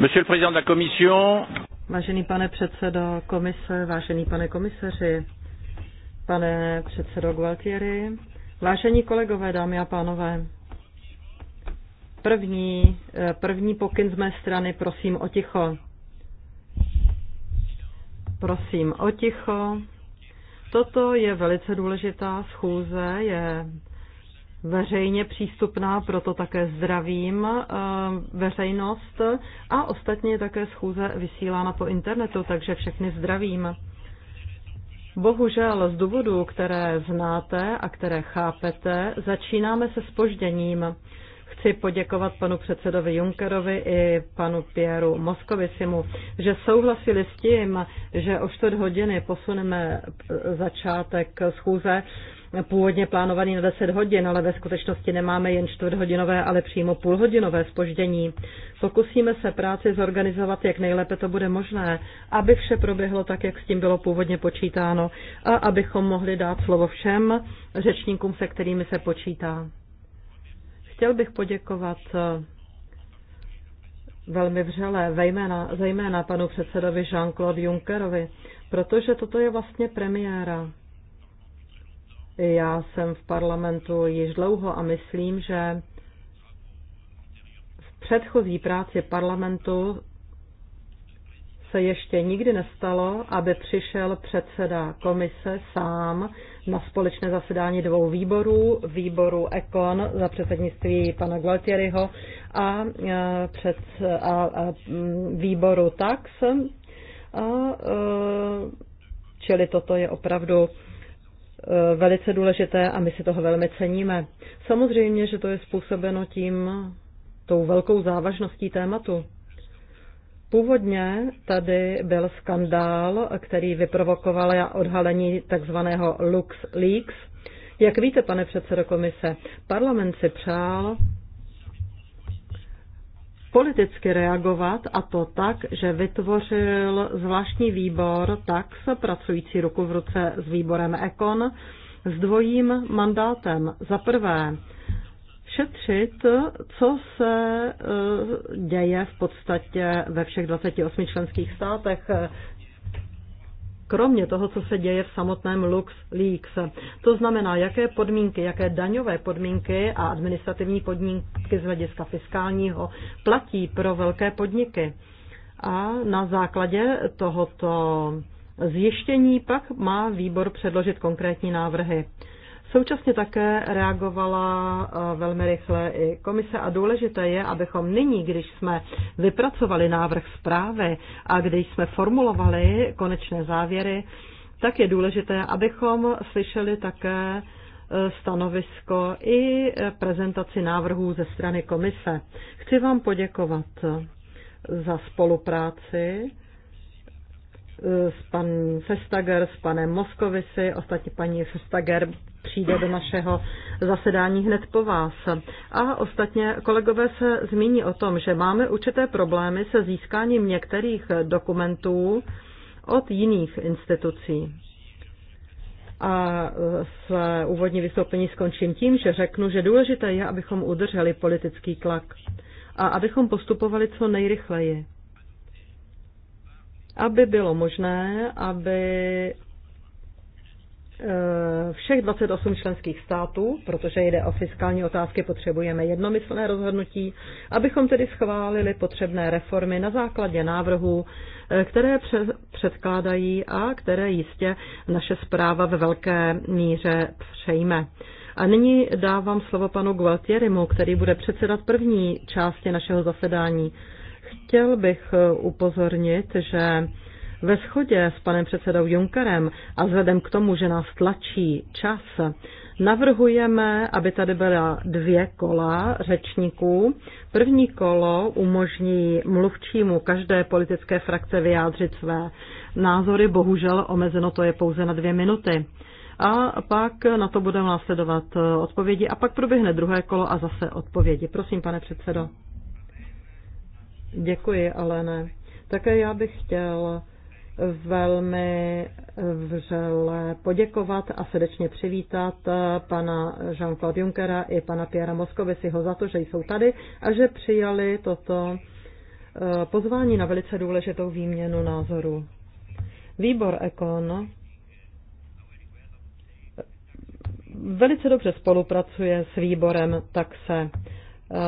Monsieur le président de la commission. Vážený pane předsedo komise, vážený pane komisaři, pane předsedo Gualtieri, vážení kolegové, dámy a pánové. První, eh, první pokyn z mé strany, prosím o ticho. Prosím o ticho. Toto je velice důležitá schůze, je veřejně přístupná, proto také zdravím eh, veřejnost a ostatně také schůze vysílána po internetu, takže všechny zdravím. Bohužel z důvodů, které znáte a které chápete, začínáme se spožděním. Chci poděkovat panu předsedovi Junkerovi i panu Pieru Moskovisimu, že souhlasili s tím, že o čtvrt hodiny posuneme začátek schůze původně plánovaný na 10 hodin, ale ve skutečnosti nemáme jen čtvrthodinové, ale přímo půlhodinové spoždění. Pokusíme se práci zorganizovat, jak nejlépe to bude možné, aby vše proběhlo tak, jak s tím bylo původně počítáno a abychom mohli dát slovo všem řečníkům, se kterými se počítá. Chtěl bych poděkovat eh, velmi vřele, zejména, zejména panu předsedovi Jean-Claude Junckerovi, protože toto je vlastně premiéra. Já jsem v parlamentu již dlouho a myslím, že v předchozí práci parlamentu se ještě nikdy nestalo, aby přišel předseda komise sám na společné zasedání dvou výborů, výboru Ekon za předsednictví pana Gualtieriho a, e, před, a, a výboru Tax. A, a, e, čili toto je opravdu e, velice důležité a my si toho velmi ceníme. Samozřejmě, že to je způsobeno tím, tou velkou závažností tématu. Původně tady byl skandál, který vyprovokovala odhalení takzvaného LuxLeaks. Jak víte, pane předsedo komise, parlament si přál politicky reagovat a to tak, že vytvořil zvláštní výbor tax pracující ruku v ruce s výborem Ekon s dvojím mandátem. Za prvé šetřit, co se eh, děje v podstatě ve všech 28 členských státech, kromě toho, co se děje v samotném Lux Leaks. To znamená, jaké podmínky, jaké daňové podmínky a administrativní podmínky z hlediska fiskálního platí pro velké podniky. A na základě tohoto zjištění pak má výbor předložit konkrétní návrhy. Současně také reagovala eh, velmi rychle i komise a důležité je, abychom nyní, když jsme vypracovali návrh zprávy a když jsme formulovali konečné závěry, tak je důležité, abychom slyšeli také eh, stanovisko i prezentaci návrhů ze strany komise. Chci vám poděkovat eh, za spolupráci s panem Festager, s panem Moskovisy, ostatně paní Festager přijde do našeho zasedání hned po vás. A ostatně kolegové se zmíní o tom, že máme určité problémy se získáním některých dokumentů od jiných institucí. A e, své úvodní vystoupení skončím tím, že řeknu, že důležité je, abychom udrželi politický tlak a abychom postupovali co nejrychleji. Aby bylo možné, aby Eh, všech 28 členských států, protože jde o fiskální otázky, potřebujeme jednomyslné rozhodnutí, abychom tedy schválili potřebné reformy na základě návrhů, eh, které předkládají a které jistě naše zpráva ve velké míře přejme. A nyní dávám slovo panu Gualtierimu, který bude předsedat první části našeho zasedání. Chtěl bych eh, upozornit, že ve shodě s panem předsedou Junkerem a vzhledem k tomu, že nás tlačí čas, navrhujeme, aby tady byla dvě kola řečníků. První kolo umožní mluvčímu každé politické frakce vyjádřit své názory, bohužel omezeno to je pouze na dvě minuty a pak na to budeme následovat odpovědi a pak proběhne druhé kolo a zase odpovědi. Prosím, pane předsedo. Děkuji, Alene. Také já bych chtěl velmi vřele poděkovat a srdečně přivítat pana Jean-Claude Junckera i pana Piera Moskovisiho za to, že jsou tady a že přijali toto eh, pozvání na velice důležitou výměnu názoru. Výbor Ekon eh, velice dobře spolupracuje s výborem tak se Eh,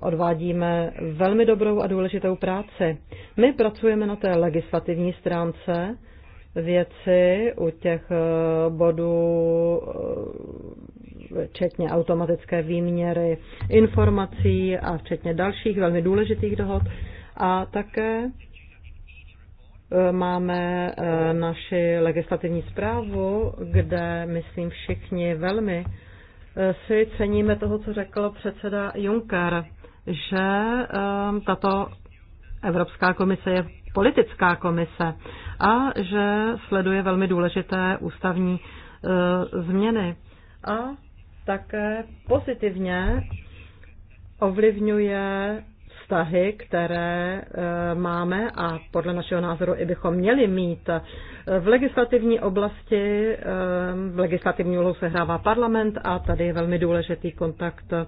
odvádíme velmi dobrou a důležitou práci. My pracujeme na té legislativní stránce věci u těch eh, bodů, eh, včetně automatické výměry informací a včetně dalších velmi důležitých dohod. A také máme naši legislativní zprávu, kde, myslím, všichni velmi si ceníme toho, co řekl předseda Juncker, že ehm, tato Evropská komise je politická komise a že sleduje velmi důležité ústavní eh, změny a také pozitivně ovlivňuje vztahy, které eh, máme a podle našeho názoru i bychom měli mít. V legislativní oblasti, eh, v legislativní úlohu se hrává parlament a tady je velmi důležitý kontakt eh,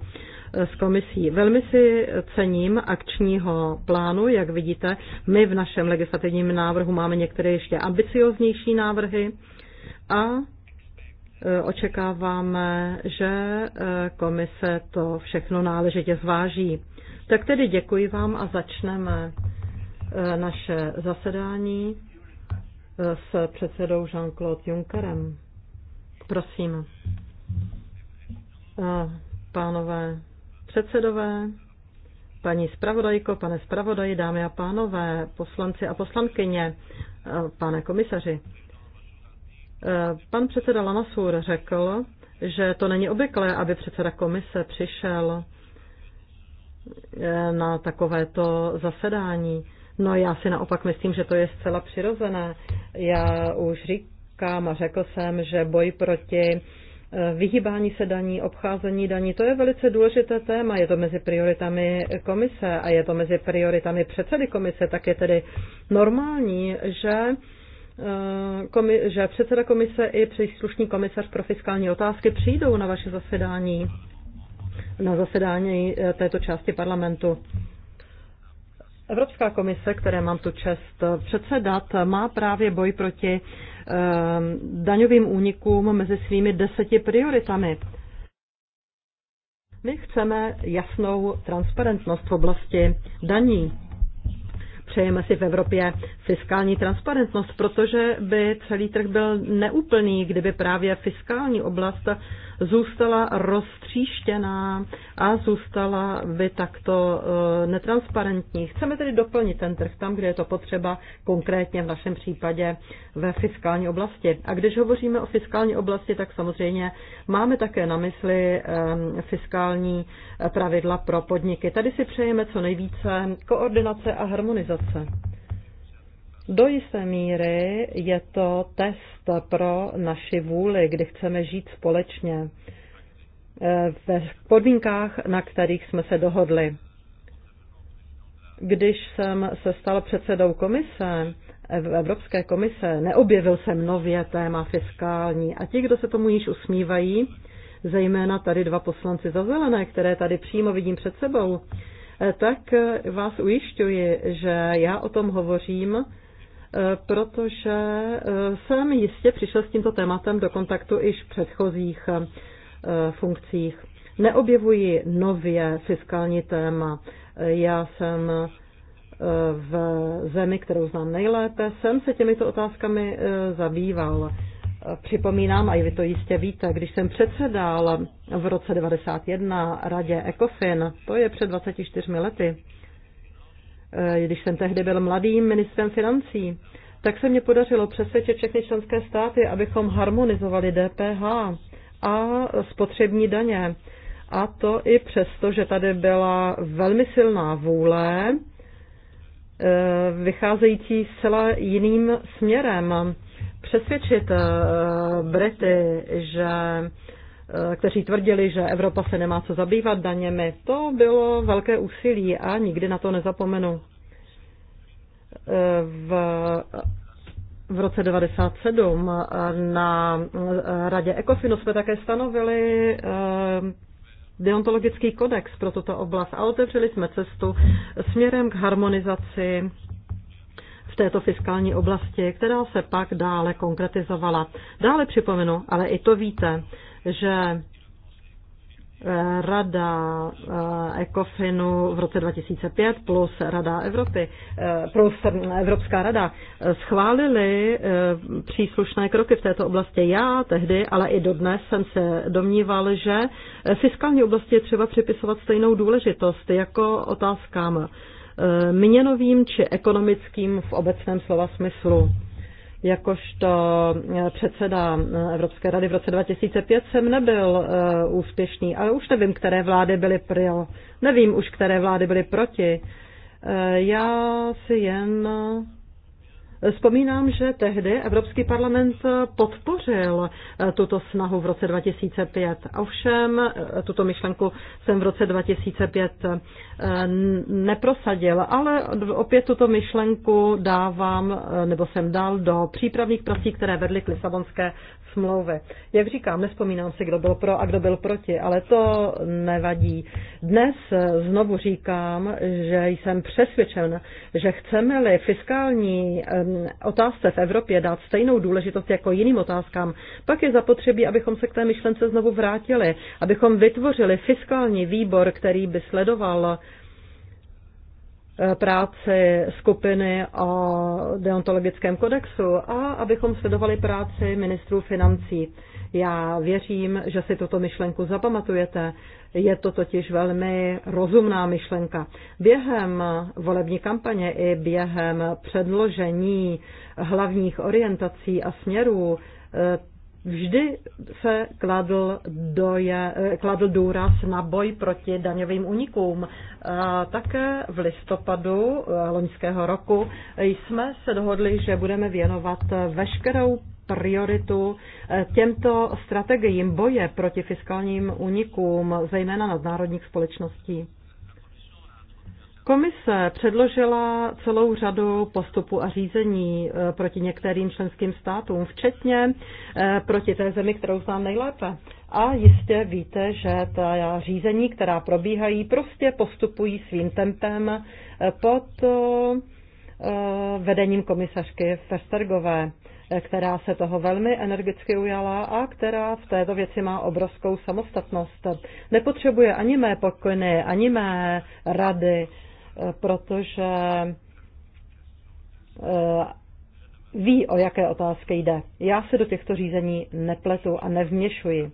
s komisí. Velmi si cením akčního plánu, jak vidíte, my v našem legislativním návrhu máme některé ještě ambicioznější návrhy a E, očekáváme, že e, komise to všechno náležitě zváží. Tak tedy děkuji vám a začneme e, naše zasedání s předsedou Jean-Claude Junckerem. Prosím. Pánové předsedové, paní zpravodajko, pane zpravodaji, dámy a pánové, poslanci a poslankyně, pane komisaři, Eh, pan předseda Lamasur řekl, že to není obvyklé, aby předseda komise přišel eh, na takovéto zasedání. No já si naopak myslím, že to je zcela přirozené. Já už říkám a řekl jsem, že boj proti eh, vyhýbání se daní, obcházení daní, to je velice důležité téma. Je to mezi prioritami komise a je to mezi prioritami předsedy komise, tak je tedy normální, že Eh, komi- že předseda komise i příslušný komisař pro fiskální otázky přijdou na vaše zasedání, na zasedání eh, této části parlamentu. Evropská komise, které mám tu čest eh, předsedat, má právě boj proti daňovým únikům mezi svými deseti prioritami. My chceme jasnou transparentnost v oblasti daní přejeme si v Evropě fiskální transparentnost, protože by celý trh byl neúplný, kdyby právě fiskální oblast zůstala roztříštěná a zůstala by takto eh, netransparentní. Chceme tedy doplnit ten trh tam, kde je to potřeba, konkrétně v našem případě ve fiskální oblasti. A když hovoříme o fiskální oblasti, tak samozřejmě máme také na mysli eh, fiskální eh, pravidla pro podniky. Tady si přejeme co nejvíce koordinace a harmonizace. Do jisté míry je to test pro naši vůli, kdy chceme žít společně eh, ve podmínkách, na kterých jsme se dohodli. Když jsem se stal předsedou komise, eh, Evropské komise, neobjevil jsem nově téma fiskální. A ti, kdo se tomu již usmívají, zejména tady dva poslanci za zelené, které tady přímo vidím před sebou, eh, tak vás ujišťuji, že já o tom hovořím Eh, protože eh, jsem jistě přišel s tímto tématem do kontaktu iž v předchozích eh, funkcích. Neobjevuji nově fiskální téma. Já jsem v zemi, kterou znám nejlépe, jsem se těmito otázkami zabýval. Připomínám, a i vy to jistě víte, když jsem předsedal v roce 91 radě ECOFIN, to je před 24 lety, Eh, když jsem tehdy byl mladým ministrem financí, tak se mě podařilo přesvědčit všechny členské státy, abychom harmonizovali DPH a spotřební daně. A to i přesto, že tady byla velmi silná vůle, eh, vycházející zcela jiným směrem. Přesvědčit eh, Brity, že Eh, kteří tvrdili, že Evropa se nemá co zabývat daněmi. To bylo velké úsilí a nikdy na to nezapomenu. Eh, v, v roce 1997 eh, na radě ECOFINu jsme také stanovili deontologický kodex pro tuto oblast a otevřeli jsme cestu směrem k harmonizaci v této fiskální oblasti, která se pak dále konkretizovala. Dále připomenu, ale i to víte, že eh, Rada eh, ECOFINu v roce 2005 plus Rada Evropy, eh, plus Evropská rada schválili příslušné kroky v této oblasti. Já tehdy, ale i dodnes jsem se domníval, že fiskální oblasti je třeba připisovat stejnou důležitost jako otázkám měnovým či ekonomickým v obecném slova smyslu. Jakožto eh, předseda eh, Evropské rady v roce 2005 jsem nebyl eh, úspěšný, ale už nevím, které vlády byly pro. Nevím už, které vlády byly proti. Já si jen Vzpomínám, že tehdy Evropský parlament podpořil eh, tuto snahu v roce 2005. Ovšem, eh, tuto myšlenku jsem v roce 2005 eh, neprosadil, ale opět tuto myšlenku dávám, nebo jsem dal do přípravných prací, které vedly k Lisabonské smlouvy. Jak říkám, nespomínám si, kdo byl pro a kdo byl proti, ale to nevadí. Dnes znovu říkám, že jsem přesvědčen, že chceme-li fiskální otázce v Evropě dát stejnou důležitost jako jiným otázkám, pak je zapotřebí, abychom se k té myšlence znovu vrátili, abychom vytvořili fiskální výbor, který by sledoval Eh, práci skupiny o deontologickém kodexu a abychom sledovali práci ministrů financí. Já věřím, že si tuto myšlenku zapamatujete. Je to totiž velmi rozumná myšlenka. Během volební kampaně i během předložení hlavních orientací a směrů eh, vždy se kladl, doje, kladl důraz na boj proti daňovým unikům. A také v listopadu loňského roku jsme se dohodli, že budeme věnovat veškerou prioritu eh, těmto strategiím boje proti fiskálním unikům, zejména nadnárodních společností. Komise předložila celou řadu postupů a řízení eh, proti některým členským státům, včetně eh, proti té zemi, kterou znám nejlépe. A jistě víte, že ta řízení, která probíhají, prostě postupují svým tempem eh, pod vedením komisařky Festergové, která se toho velmi energicky ujala a která v této věci má obrovskou samostatnost. Nepotřebuje ani mé pokyny, ani mé rady, Eh, protože eh, ví, o jaké otázky jde. Já se do těchto řízení nepletu a nevměšuji.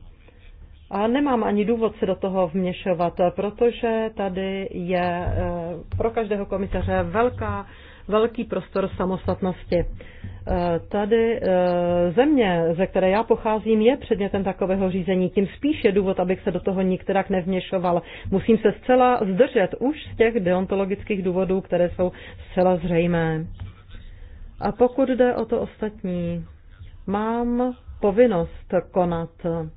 A nemám ani důvod se do toho vměšovat, protože tady je eh, pro každého komisaře velká velký prostor samostatnosti. E, tady e, země, ze které já pocházím, je předmětem takového řízení. Tím spíš je důvod, abych se do toho nikterak nevměšoval. Musím se zcela zdržet už z těch deontologických důvodů, které jsou zcela zřejmé. A pokud jde o to ostatní, mám povinnost konat e,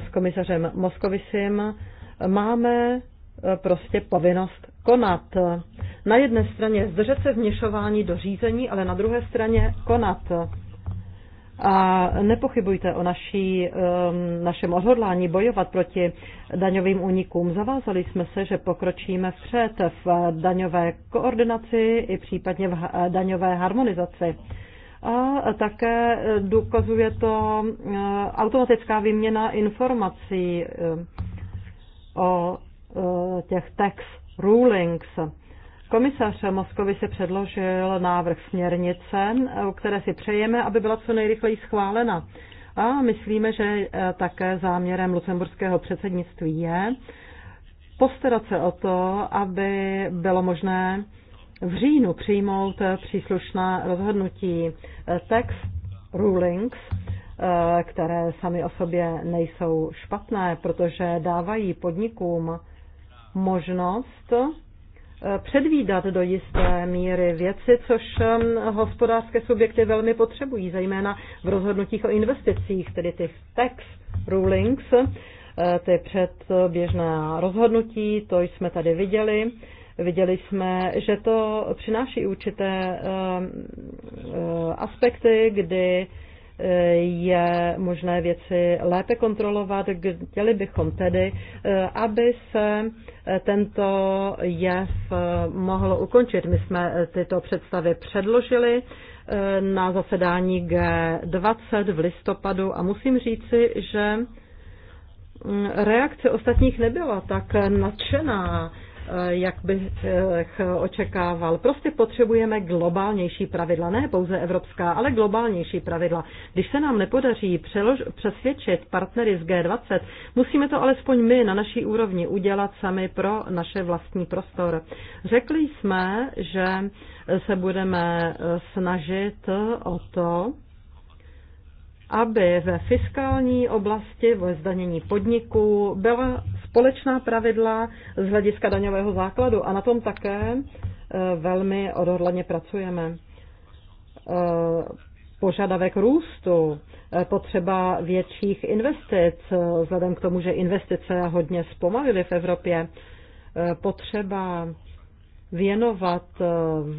s komisařem Moskovisim. Máme prostě povinnost konat. Na jedné straně zdržet se vněšování do řízení, ale na druhé straně konat. A nepochybujte o naší, um, našem odhodlání bojovat proti daňovým únikům. Zavázali jsme se, že pokročíme vpřed v daňové koordinaci i případně v daňové harmonizaci. A také důkazuje to uh, automatická výměna informací um, o uh, těch textech rulings. Komisař Moskovi se předložil návrh směrnice, o které si přejeme, aby byla co nejrychleji schválena. A myslíme, že eh, také záměrem lucemburského předsednictví je postarat se o to, aby bylo možné v říjnu přijmout eh, příslušná rozhodnutí eh, text rulings, které sami o sobě nejsou špatné, protože dávají podnikům možnost eh, předvídat do jisté míry věci, což eh, hospodářské subjekty velmi potřebují, zejména v rozhodnutích o investicích, tedy ty tax rulings, eh, ty předběžná rozhodnutí, to jsme tady viděli. Viděli jsme, že to přináší určité aspekty, kdy je možné věci lépe kontrolovat. Chtěli bychom tedy, eh, aby se eh, tento jev eh, mohl ukončit. My jsme tyto představy předložili na zasedání G20 v listopadu a musím říci, že mm, reakce ostatních nebyla tak nadšená Eh, jak bych eh, očekával. Prostě potřebujeme globálnější pravidla, ne pouze evropská, ale globálnější pravidla. Když se nám nepodaří přelož, přesvědčit partnery z G20, musíme to alespoň my na naší úrovni udělat sami pro naše vlastní prostor. Řekli jsme, že se budeme eh, snažit o to, aby ve fiskální oblasti, ve zdanění podniků byla společná pravidla z hlediska daňového základu a na tom také eh, velmi odhodlaně pracujeme. Eh, požadavek růstu, eh, potřeba větších investic, vzhledem k tomu, že investice hodně zpomalily v Evropě, potřeba věnovat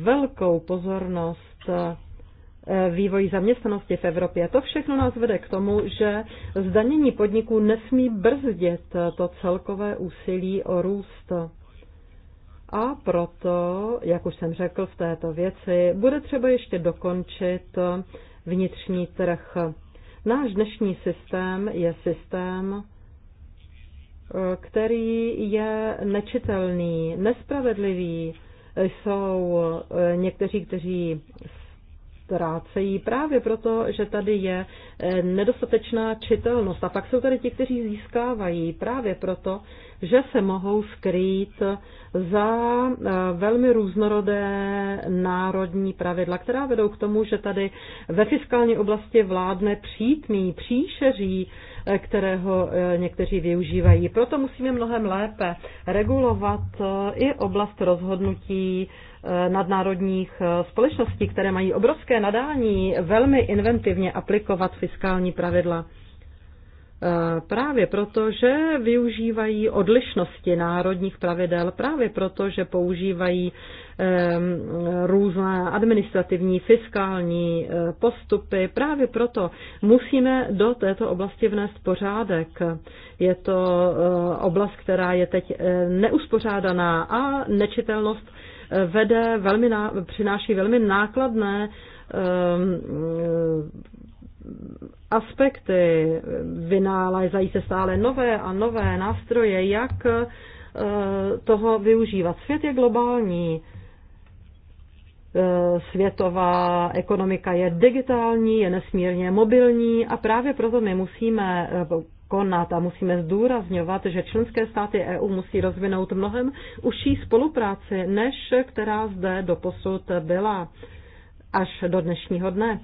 velkou pozornost vývoj zaměstnanosti v Evropě. To všechno nás vede k tomu, že zdanění podniků nesmí brzdit to celkové úsilí o růst. A proto, jak už jsem řekl v této věci, bude třeba ještě dokončit vnitřní trh. Náš dnešní systém je systém, který je nečitelný, nespravedlivý. Jsou někteří, kteří ztrácejí právě proto, že tady je eh, nedostatečná čitelnost. A pak jsou tady ti, kteří získávají právě proto, že se mohou skrýt za eh, velmi různorodé národní pravidla, která vedou k tomu, že tady ve fiskální oblasti vládne přítmí, příšeří, eh, kterého někteří využívají. Proto musíme mnohem lépe regulovat i oblast rozhodnutí Eh, nadnárodních eh, společností, které mají obrovské nadání velmi inventivně aplikovat fiskální pravidla. Eh, právě proto, že využívají odlišnosti národních pravidel, právě proto, že používají ehm, různé administrativní, fiskální postupy, právě proto musíme do této oblasti vnést pořádek. Je to oblast, která je teď neuspořádaná a nečitelnost vede velmi, ná, přináší velmi nákladné ehm, ehm, aspekty, vynálezají se stále nové a nové nástroje, jak eh, toho využívat. Svět je globální, eh, světová ekonomika je digitální, je nesmírně mobilní a právě proto my musíme eh, konat a musíme zdůrazňovat, že členské státy EU musí rozvinout mnohem užší spolupráci, než která zde doposud byla až do dnešního dne.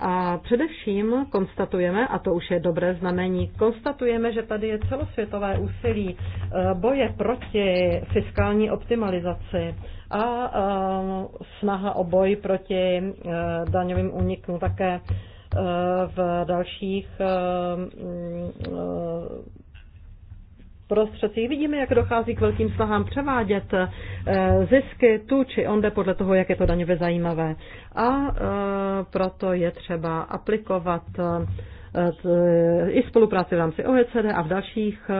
A především konstatujeme, a to už je dobré znamení, konstatujeme, že tady je celosvětové úsilí e, boje proti fiskální optimalizaci a e, snaha o boj proti e, daňovým únikům také Eh, v dalších eh, mm, eh, prostředcích. Vidíme, jak dochází k velkým snahám převádět zisky tu či onde podle toho, jak je to daňově zajímavé. A proto je třeba aplikovat i spolupráci v rámci OECD a v dalších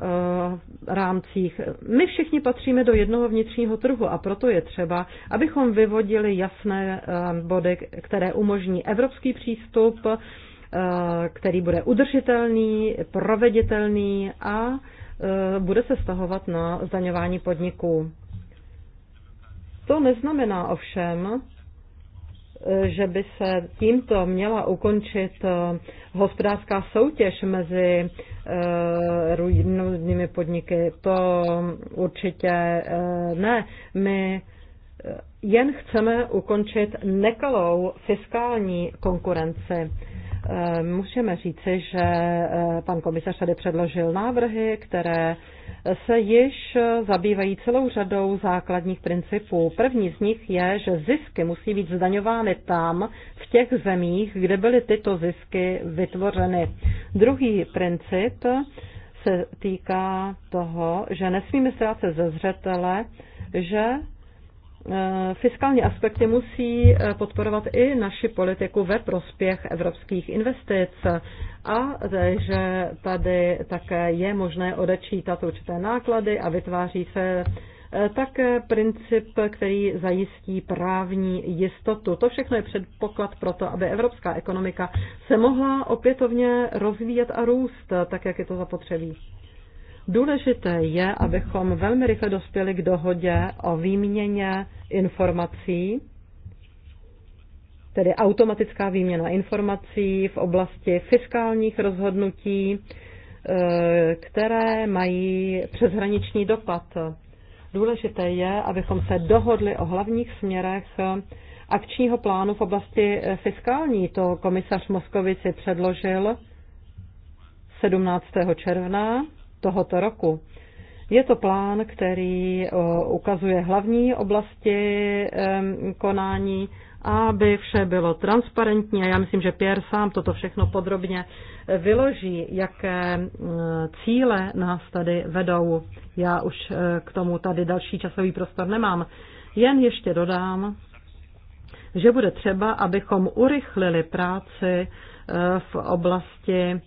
Eh, rámcích. My všichni patříme do jednoho vnitřního trhu a proto je třeba, abychom vyvodili jasné eh, body, které umožní evropský přístup, eh, který bude udržitelný, proveditelný a bude se stahovat na zdaňování podniků. To neznamená ovšem, že by se tímto měla ukončit eh, hospodářská soutěž mezi eh, různými podniky, to určitě eh, ne. My jen chceme ukončit nekalou fiskální konkurenci. Eh, můžeme říci, že eh, pan komisař tady předložil návrhy, které se již zabývají celou řadou základních principů. První z nich je, že zisky musí být zdaňovány tam, v těch zemích, kde byly tyto zisky vytvořeny. Druhý princip se týká toho, že nesmíme ztrácet ze zřetele, že Eh, fiskální aspekty musí eh, podporovat i naši politiku ve prospěch evropských investic a že tady také je možné odečítat určité náklady a vytváří se eh, také princip, který zajistí právní jistotu. To všechno je předpoklad pro to, aby evropská ekonomika se mohla opětovně rozvíjet a růst, tak jak je to zapotřebí. Důležité je, abychom velmi rychle dospěli k dohodě o výměně informací, tedy automatická výměna informací v oblasti fiskálních rozhodnutí, eh, které mají přeshraniční dopad. Důležité je, abychom se dohodli o hlavních směrech akčního plánu v oblasti eh, fiskální. To komisař Moskovici předložil 17. června tohoto roku. Je to plán, který eh, ukazuje hlavní oblasti konání, aby vše bylo transparentní a já myslím, že Pierre sám toto všechno podrobně eh, vyloží, jaké eh, cíle nás tady vedou. Já už k tomu tady další časový prostor nemám. Jen ještě dodám, že bude třeba, abychom urychlili práci v oblasti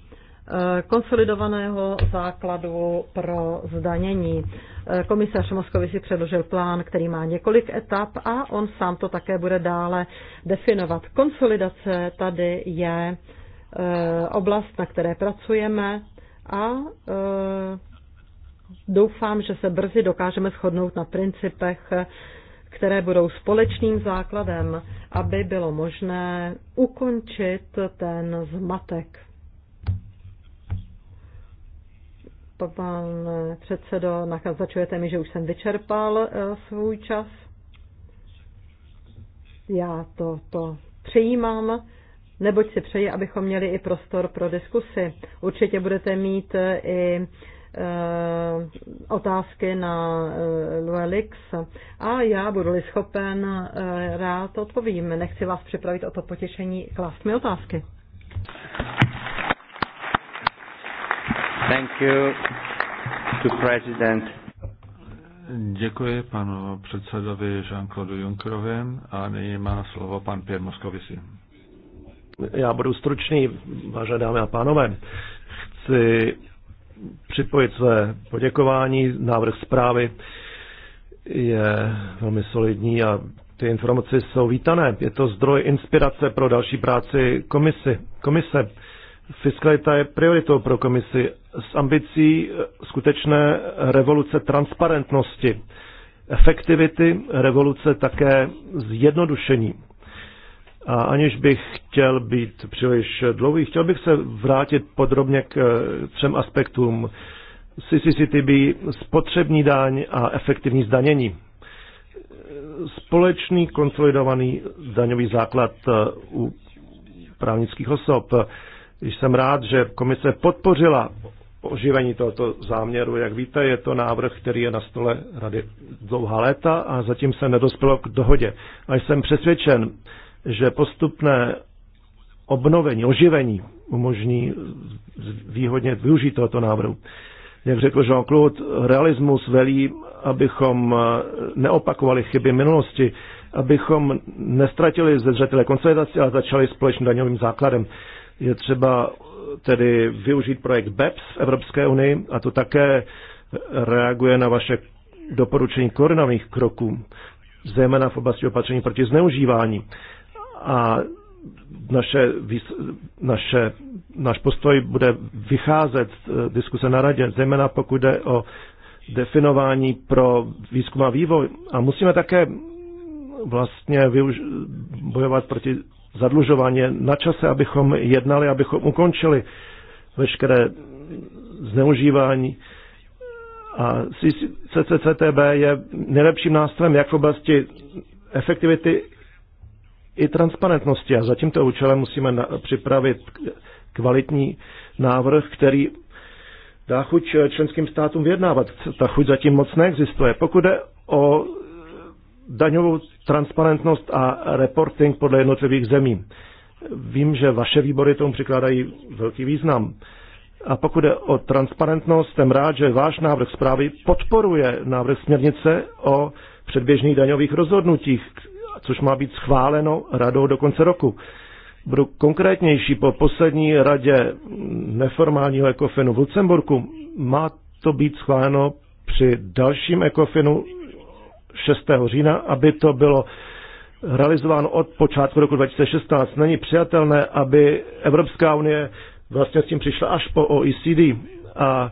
Eh, konsolidovaného základu pro zdanění. Eh, komisař Moskovi si předložil plán, který má několik etap a on sám to také bude dále definovat. Konsolidace tady je eh, oblast, na které pracujeme a doufám, že se brzy dokážeme shodnout na principech, které budou společným základem, aby bylo možné ukončit ten zmatek Pan eh, předsedo, začujete mi, že už jsem vyčerpal eh, svůj čas. Já to, to přijímám, neboť si přeji, abychom měli i prostor pro diskusy. Určitě budete mít eh, i otázky na Luelix a já budu-li schopen, rád odpovím. Nechci vás připravit o to potěšení klást mi otázky. Thank you to president. Děkuji panu předsedovi Jean-Claude Junckerovi a nyní má slovo pan Pierre Moscovici. Já budu stručný, vážené dámy a pánové. Chci připojit své poděkování. Návrh zprávy je velmi solidní a ty informace jsou vítané. Je to zdroj inspirace pro další práci komisi, komise. Fiskalita je prioritou pro komisi s ambicí eh, skutečné revoluce transparentnosti, efektivity, revoluce také zjednodušení. A aniž bych chtěl být příliš dlouhý, chtěl bych se vrátit podrobně k eh, třem aspektům CCCTB, spotřební daň a efektivní zdanění. Společný konsolidovaný daňový základ eh, u právnických osob jsem rád, že komise podpořila oživení tohoto záměru. Jak víte, je to návrh, který je na stole rady dlouhá léta a zatím se nedospělo k dohodě. A jsem přesvědčen, že postupné obnovení, oživení umožní výhodně využít tohoto návrhu. Jak řekl Jean-Claude, realismus velí, abychom neopakovali chyby minulosti, abychom nestratili ze zřetele konsolidaci, ale začali společným daňovým základem. Je třeba eh, tedy využít projekt BEPS v Evropské unii a to také eh, reaguje na vaše doporučení koordinovaných kroků, zejména v oblasti opatření proti zneužívání. A naše, naše, naš postoj bude vycházet z eh, diskuse na radě, zejména pokud jde o definování pro výzkum a vývoj. A musíme také vlastně bojovat proti zadlužování. na čase, abychom jednali, abychom ukončili veškeré zneužívání. A CCCTB je nejlepším nástrojem jak v oblasti efektivity i transparentnosti. A za tímto účelem musíme připravit kvalitní návrh, který dá chuť členským státům vyjednávat. Ta chuť zatím moc neexistuje. Pokud jde o daňovou transparentnost a reporting podle jednotlivých zemí. Vím, že vaše výbory tomu přikládají velký význam. A pokud je o transparentnost, jsem rád, že váš návrh zprávy podporuje návrh směrnice o předběžných daňových rozhodnutích, což má být schváleno radou do konce roku. Budu konkrétnější, po poslední radě neformálního ekofinu v Lucemburku má to být schváleno při dalším ekofinu 6. října, aby to bylo realizováno od počátku roku 2016. Není přijatelné, aby Evropská unie vlastně s tím přišla až po OECD. A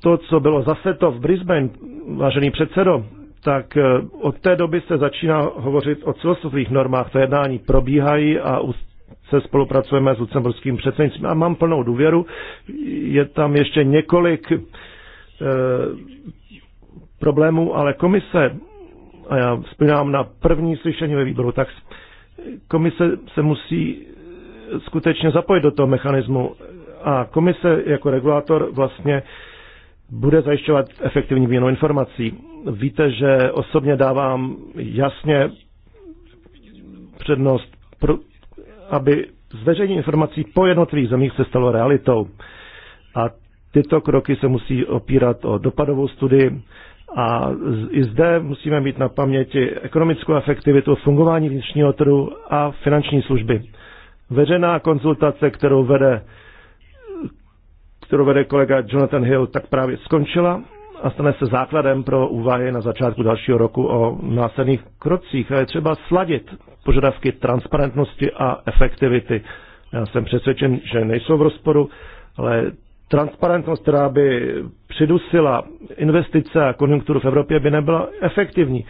to, co bylo zase to v Brisbane, vážený předsedo, tak eh, od té doby se začíná hovořit o celosvětových normách. To jednání probíhají a se spolupracujeme s lucemburským předsednictvím a mám plnou důvěru. Je tam ještě několik eh, problémů, ale komise, a já vzpomínám na první slyšení ve výboru, tak komise se musí skutečně zapojit do toho mechanismu a komise jako regulátor vlastně bude zajišťovat efektivní výměnu informací. Víte, že osobně dávám jasně přednost, pro, aby zveřejnění informací po jednotlivých zemích se stalo realitou. A tyto kroky se musí opírat o dopadovou studii a i zde musíme mít na paměti ekonomickou efektivitu, fungování vnitřního trhu a finanční služby. Veřejná konzultace, kterou vede, kterou vede kolega Jonathan Hill, tak právě skončila a stane se základem pro úvahy na začátku dalšího roku o následných krocích. A je třeba sladit požadavky transparentnosti a efektivity. Já jsem přesvědčen, že nejsou v rozporu, ale transparentnost, která by přidusila investice a konjunkturu v Evropě, by nebyla efektivní.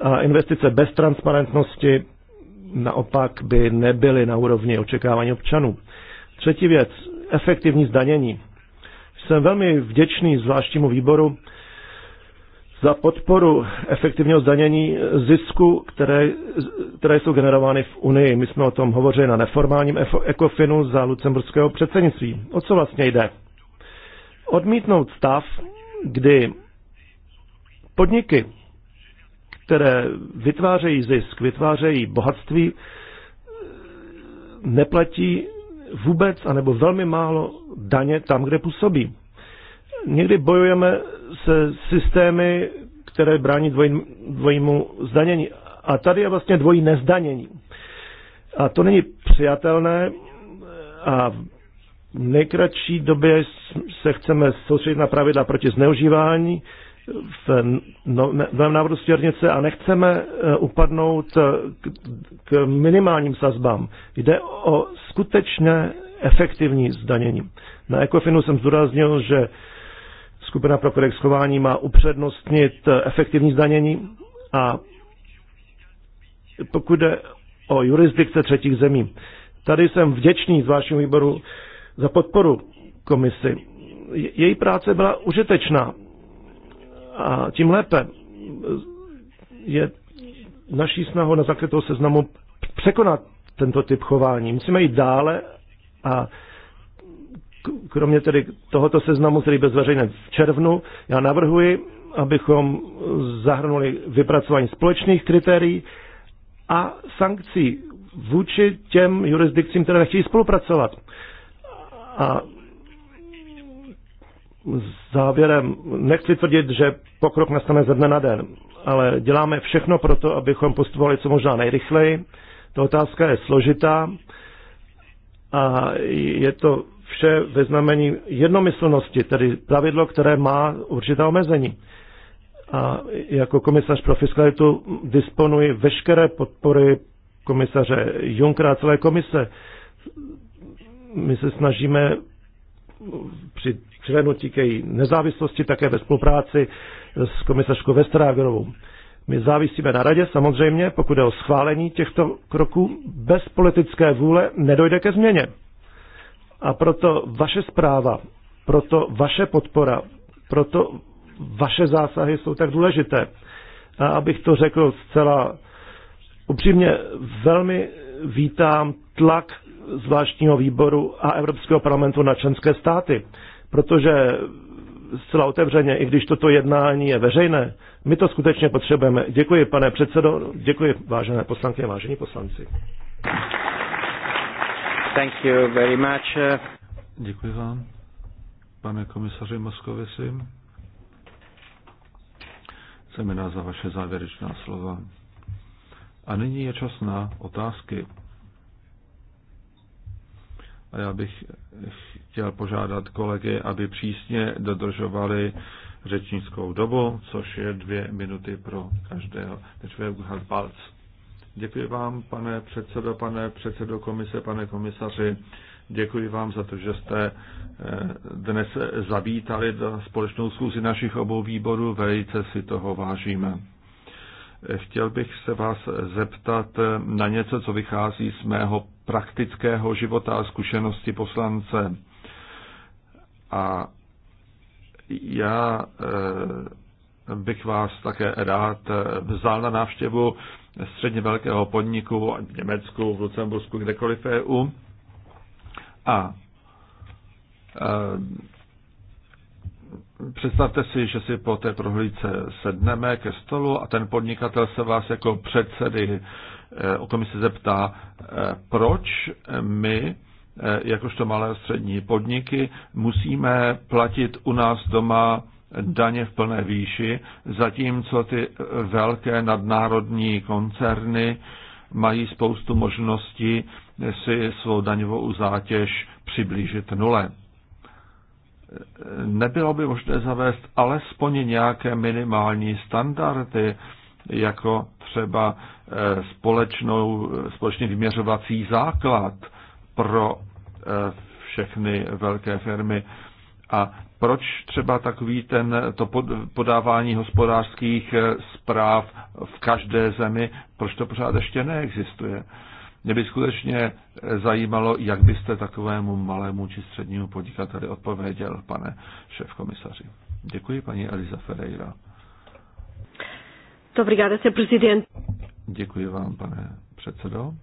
A investice bez transparentnosti naopak by nebyly na úrovni očekávání občanů. Třetí věc, efektivní zdanění. Jsem velmi vděčný zvláštnímu výboru za podporu efektivního zdanění zisku, které, které jsou generovány v Unii. My jsme o tom hovořili na neformálním ECOFINu za lucemburského předsednictví. O co vlastně jde? odmítnout stav, kdy podniky, které vytvářejí zisk, vytvářejí bohatství, neplatí vůbec anebo velmi málo daně tam, kde působí. Někdy bojujeme se systémy, které brání dvoj, dvojímu zdanění. A tady je vlastně dvojí nezdanění. A to není přijatelné a v nejkratší době se chceme soustředit na pravidla proti zneužívání v no- novém návrhu směrnice a nechceme eh, upadnout eh, k minimálním sazbám. Jde o skutečné efektivní zdanění. Na Ecofinu jsem zdůraznil, že skupina pro kodex chování má upřednostnit eh, efektivní zdanění a pokud jde o jurisdikce třetích zemí. Tady jsem vděčný z vašeho výboru za podporu komisi. Její práce byla užitečná a tím lépe je naší snahu na zakrytou seznamu překonat tento typ chování. Musíme jít dále a kromě tedy tohoto seznamu, který byl zveřejněn v červnu, já navrhuji, abychom zahrnuli vypracování společných kritérií a sankcí vůči těm jurisdikcím, které nechtějí spolupracovat. A závěrem, nechci tvrdit, že pokrok nastane ze dne na den, ale děláme všechno pro to, abychom postupovali co možná nejrychleji. Ta otázka je složitá a je to vše ve znamení jednomyslnosti, tedy pravidlo, které má určitá omezení. A jako komisař pro fiskalitu disponuji veškeré podpory komisaře Junckera a celé komise my se snažíme při přivednutí k její nezávislosti také ve spolupráci s komisařkou Vestarágerovou. My závisíme na radě samozřejmě, pokud je o schválení těchto kroků. Bez politické vůle nedojde ke změně. A proto vaše zpráva, proto vaše podpora, proto vaše zásahy jsou tak důležité. A abych to řekl zcela upřímně, velmi vítám tlak zvláštního výboru a Evropského parlamentu na členské státy. Protože zcela otevřeně, i když toto jednání je veřejné, my to skutečně potřebujeme. Děkuji, pane předsedo, děkuji, vážené poslankyně, vážení poslanci. Thank you very much. Děkuji vám, pane komisaři Moskovici. Jsem rád za vaše závěrečná slova. A nyní je čas na otázky. A já bych chtěl požádat kolegy, aby přísně dodržovali řečnickou dobu, což je dvě minuty pro každého. palc. Děkuji vám, pane předsedo, pane předsedo komise, pane komisaři. Děkuji vám za to, že jste eh, dnes zavítali do společnou schůzi našich obou výborů. Velice si toho vážíme. Chtěl bych se vás zeptat na něco, co vychází z mého praktického života a zkušenosti poslance. A já eh, bych vás také rád eh, vzal na návštěvu středně velkého podniku v Německu, v Lucembursku, kdekoliv EU. A eh, představte si, že si po té prohlídce sedneme ke stolu a ten podnikatel se vás jako předsedy Eh, se zeptá, eh, proč my eh, jakožto malé a střední podniky, musíme platit u nás doma daně v plné výši, zatímco ty velké nadnárodní koncerny mají spoustu možností si svou daňovou zátěž přiblížit nule. Nebylo by možné zavést alespoň nějaké minimální standardy, jako třeba eh, společnou, společný vyměřovací základ pro eh, všechny velké firmy. A proč třeba takový ten, to podávání hospodářských eh, zpráv v každé zemi, proč to pořád ještě neexistuje? Mě by skutečně zajímalo, jak byste takovému malému či střednímu podnikateli odpověděl, pane šéf komisaři. Děkuji, paní Eliza Ferreira. Muito obrigada, Sr. Presidente. Děkuji vám, pane předsedo.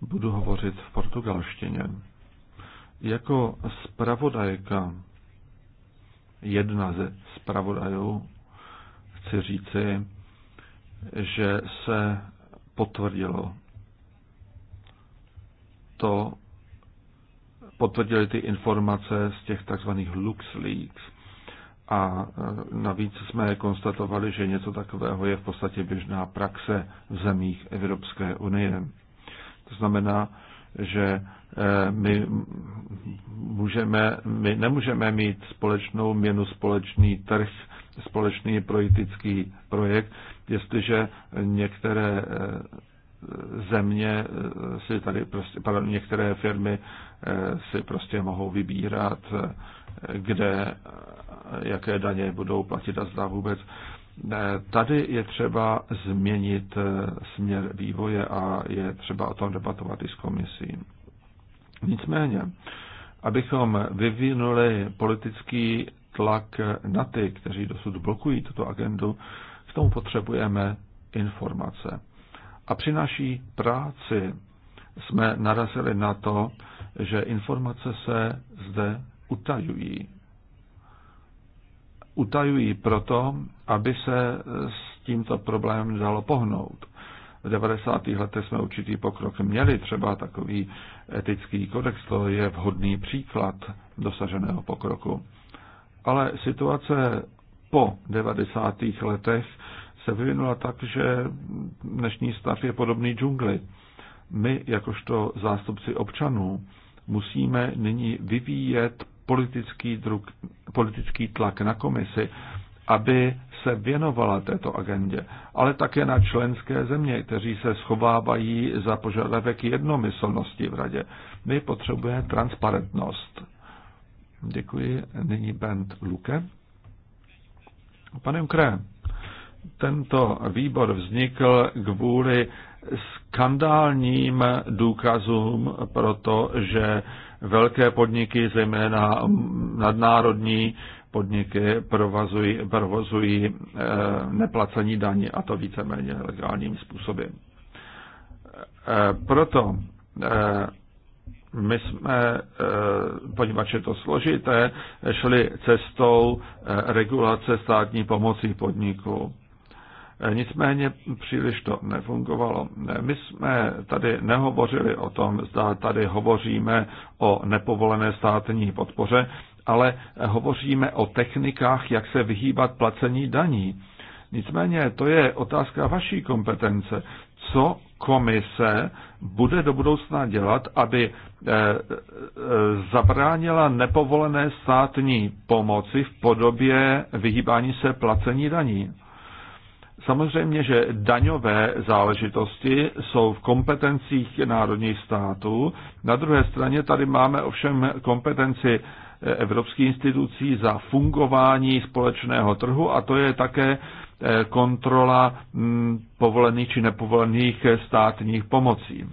Budu hovořit v portugalštině. Jako spravodajka, jedna ze spravodajů, chci říci, že se potvrdilo to, potvrdili ty informace z těch takzvaných LuxLeaks a e, navíc jsme konstatovali, že něco takového je v podstatě běžná praxe v zemích Evropské unie. To znamená, že e, my, můžeme, my nemůžeme mít společnou měnu, společný trh, společný politický projekt, jestliže některé e, země si tady prostě, pardon, některé firmy si prostě mohou vybírat, kde jaké daně budou platit a zda vůbec. Tady je třeba změnit eh, směr vývoje a je třeba o tom debatovat i s komisí. Nicméně, abychom vyvinuli politický tlak na ty, kteří dosud blokují tuto agendu, k tomu potřebujeme informace. A při naší práci jsme narazili na to, že informace se zde utajují utajují proto, aby se e, s tímto problémem dalo pohnout. V 90. letech jsme určitý pokrok měli, třeba takový etický kodex, to je vhodný příklad dosaženého pokroku. Ale situace po 90. letech se vyvinula tak, že dnešní stav je podobný džungli. My, jakožto zástupci občanů, musíme nyní vyvíjet politický, druk, politický tlak na komisi, aby se věnovala této agendě, ale také na členské země, kteří se schovávají za požadavek jednomyslnosti v radě. My potřebujeme transparentnost. Děkuji. Nyní Bent Luke. Pane Ukré, tento výbor vznikl kvůli skandálním důkazům pro to, že velké podniky, zejména nadnárodní podniky, provozují, provozují eh, neplacení daní a to víceméně legálním způsobem. Eh, proto eh, my jsme, poněvadž je to složité, šli cestou regulace státní pomoci podniku. Nicméně příliš to nefungovalo. My jsme tady nehovořili o tom, zda tady hovoříme o nepovolené státní podpoře, ale hovoříme o technikách, jak se vyhýbat placení daní. Nicméně to je otázka vaší kompetence. Co komise bude do budoucna dělat, aby eh, eh, zabránila nepovolené státní pomoci v podobě vyhýbání se placení daní? Samozřejmě, že daňové záležitosti jsou v kompetencích národních států. Na druhé straně tady máme ovšem kompetenci evropských institucí za fungování společného trhu a to je také eh, kontrola mm, povolených či nepovolených státních pomocí.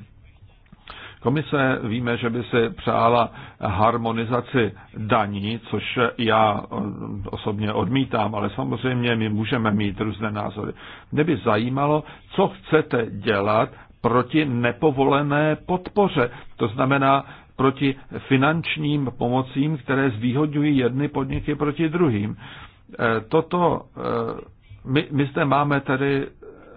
Komise víme, že by si přála harmonizaci daní, což já eh, osobně odmítám, ale samozřejmě my můžeme mít různé názory. Mě by zajímalo, co chcete dělat proti nepovolené podpoře. To znamená, proti finančním pomocím, které zvýhodňují jedny podniky proti druhým. Eh, Toto, eh, my, my zde máme tedy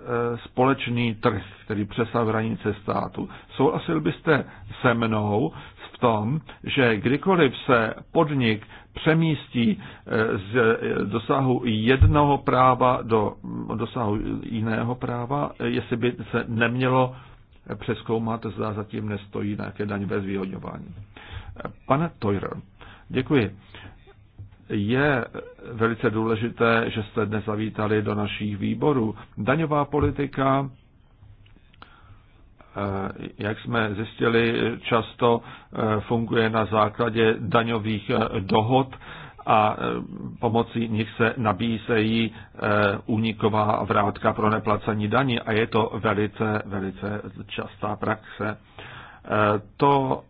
Eh, společný trh, který přesahuje hranice státu. Souhlasil byste se mnou v tom, že kdykoliv se podnik přemístí eh, z eh, dosahu jednoho práva do dosahu jiného práva, jestli by se nemělo přeskoumat, zda zatím nestojí nějaké daňové zvýhodňování. Pane Toyer, děkuji je velice důležité, že jste dnes zavítali do našich výborů. Daňová politika, eh, jak jsme zjistili, často eh, funguje na základě daňových eh, dohod a pomocí nich se nabízejí úniková vrátka pro neplacení daní a je to velice, velice častá praxe. To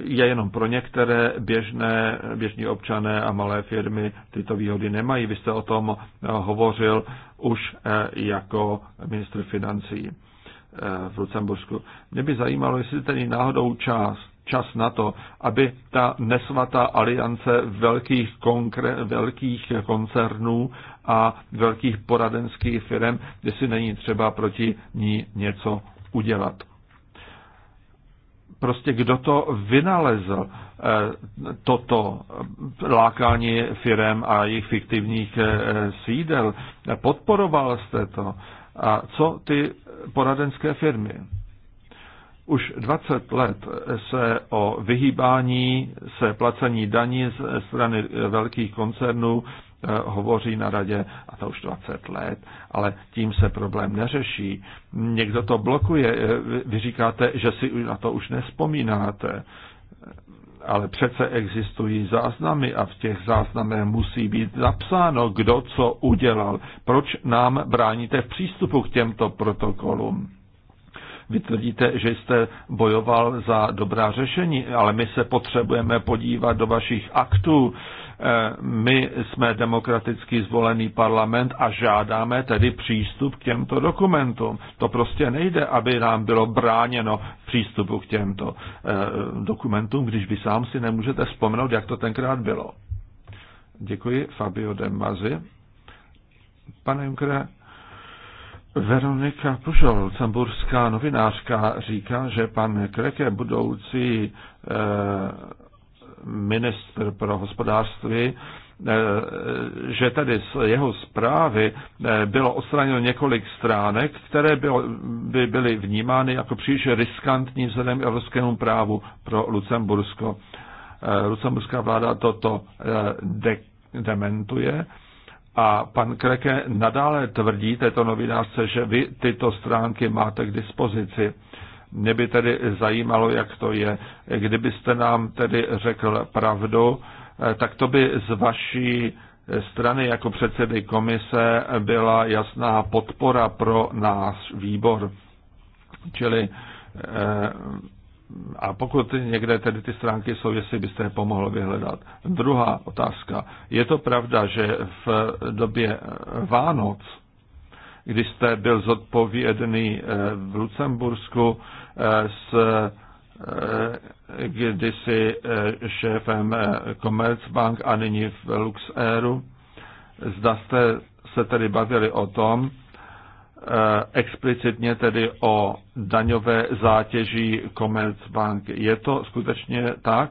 je jenom pro některé běžné, běžní občané a malé firmy tyto výhody nemají. Vy jste o tom hovořil už eh, jako ministr financí eh, v Lucembursku. Mě by zajímalo, jestli tedy náhodou čas, čas na to, aby ta nesvatá aliance velkých, konkre- velkých koncernů a velkých poradenských firm, jestli není třeba proti ní něco udělat prostě kdo to vynalezl, eh, toto lákání firem a jejich fiktivních eh, sídel. Podporoval jste to. A co ty poradenské firmy? Už 20 let se o vyhýbání se placení daní ze strany velkých koncernů Eh, hovoří na radě, a to už 20 let, ale tím se problém neřeší. Někdo to blokuje, eh, vy říkáte, že si na to už nespomínáte, eh, ale přece existují záznamy a v těch záznamech musí být zapsáno, kdo co udělal. Proč nám bráníte v přístupu k těmto protokolům? Vy tvrdíte, že jste bojoval za dobrá řešení, ale my se potřebujeme podívat do vašich aktů, Eh, my jsme demokraticky zvolený parlament a žádáme tedy přístup k těmto dokumentům. To prostě nejde, aby nám bylo bráněno přístupu k těmto eh, dokumentům, když vy sám si nemůžete vzpomenout, jak to tenkrát bylo. Děkuji, Fabio de Mazi. Pane Junkere, Veronika Pužol, camburská novinářka, říká, že pan Kreke, budoucí eh, ministr pro hospodářství, eh, že tedy z jeho zprávy eh, bylo odstraněno několik stránek, které bylo, by byly vnímány jako příliš riskantní vzhledem evropskému právu pro Lucembursko. Eh, Lucemburská vláda toto de- dementuje. A pan Kreke nadále tvrdí této novinářce, že vy tyto stránky máte k dispozici. Mě by tedy zajímalo, jak to je. Kdybyste nám tedy řekl pravdu, eh, tak to by z vaší strany jako předsedy komise byla jasná podpora pro náš výbor. Čili eh, a pokud někde tedy ty stránky jsou, jestli byste je pomohl vyhledat. Druhá otázka. Je to pravda, že v době Vánoc když jste byl zodpovědný eh, v Lucembursku eh, s eh, kdysi šéfem Commerzbank a nyní v Luxéru, Zda jste se tedy bavili o tom, explicitně tedy o daňové zátěží Commerzbank. Je to skutečně tak?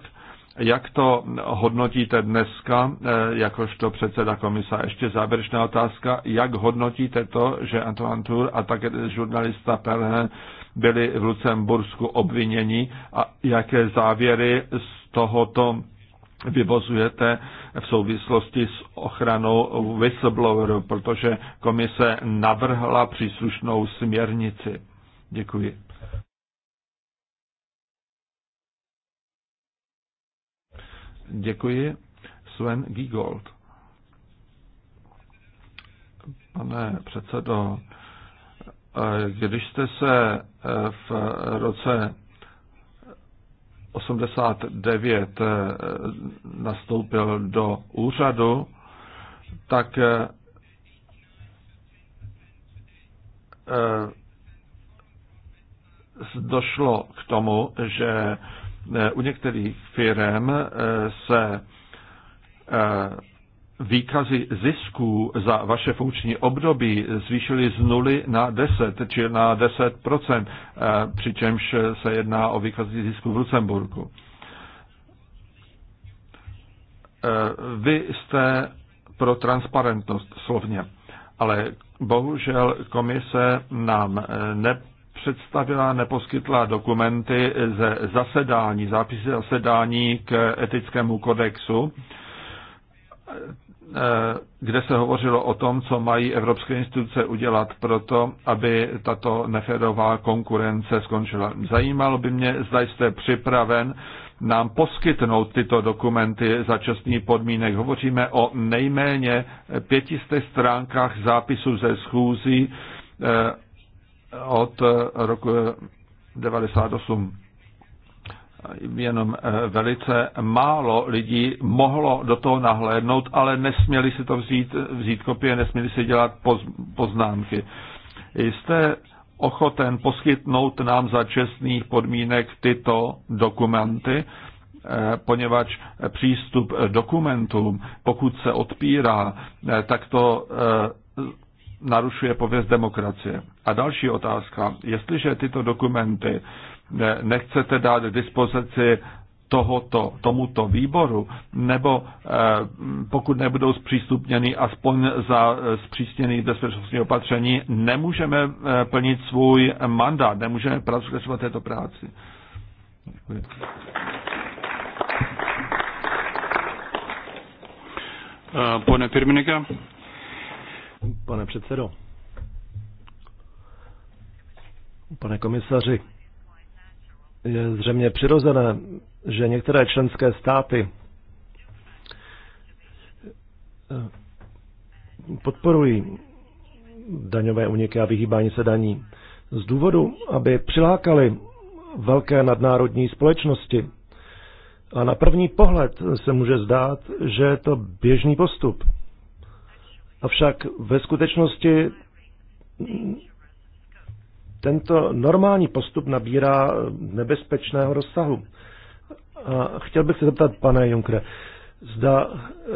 Jak to hodnotíte dneska, eh, jakožto předseda komisa? Ještě závěrečná otázka. Jak hodnotíte to, že Antoine Tour a také žurnalista Perhen byli v Lucembursku obviněni a jaké závěry z tohoto vyvozujete v souvislosti s ochranou whistleblowerů, protože komise navrhla příslušnou směrnici. Děkuji. Děkuji. Sven Giegold. Pane předsedo, když jste se eh, v roce 89 eh, nastoupil do úřadu, tak eh, došlo k tomu, že Eh, u některých firm eh, se eh, výkazy zisků za vaše funkční období zvýšily z 0 na 10, či na 10%, přičemž se jedná o výkazy zisků v Lucemburku. Vy jste pro transparentnost slovně, ale bohužel komise nám ne představila, neposkytla dokumenty ze zasedání, zápisy zasedání k etickému kodexu, eh, kde se hovořilo o tom, co mají evropské instituce udělat pro to, aby tato neférová konkurence skončila. Zajímalo by mě, zda jste připraven nám poskytnout tyto dokumenty za čestný podmínek. Hovoříme o nejméně pětistech stránkách zápisu ze schůzí eh, od eh, roku 98. Jenom eh, velice málo lidí mohlo do toho nahlédnout, ale nesměli si to vzít, vzít kopie, nesměli si dělat poz, poznámky. Jste ochoten poskytnout nám za čestných podmínek tyto dokumenty, eh, poněvadž přístup dokumentům, pokud se odpírá, tak to narušuje pověst demokracie. A další otázka. Jestliže tyto dokumenty nechcete dát k dispozici tohoto, tomuto výboru, nebo eh, pokud nebudou zpřístupněny aspoň za eh, zpřístěný bezpečnostní opatření, nemůžeme eh, plnit svůj mandát, nemůžeme pracovat této práci. Děkuji. Pone pirmininke, Pane předsedo, pane komisaři, je zřejmě přirozené, že některé členské státy eh, podporují daňové uniky a vyhýbání se daní z důvodu, aby přilákali velké nadnárodní společnosti. A na první pohled se může zdát, že je to běžný postup. Avšak ve skutečnosti tento normální postup nabírá nebezpečného rozsahu. A chtěl bych se zeptat, pane Junkre, zda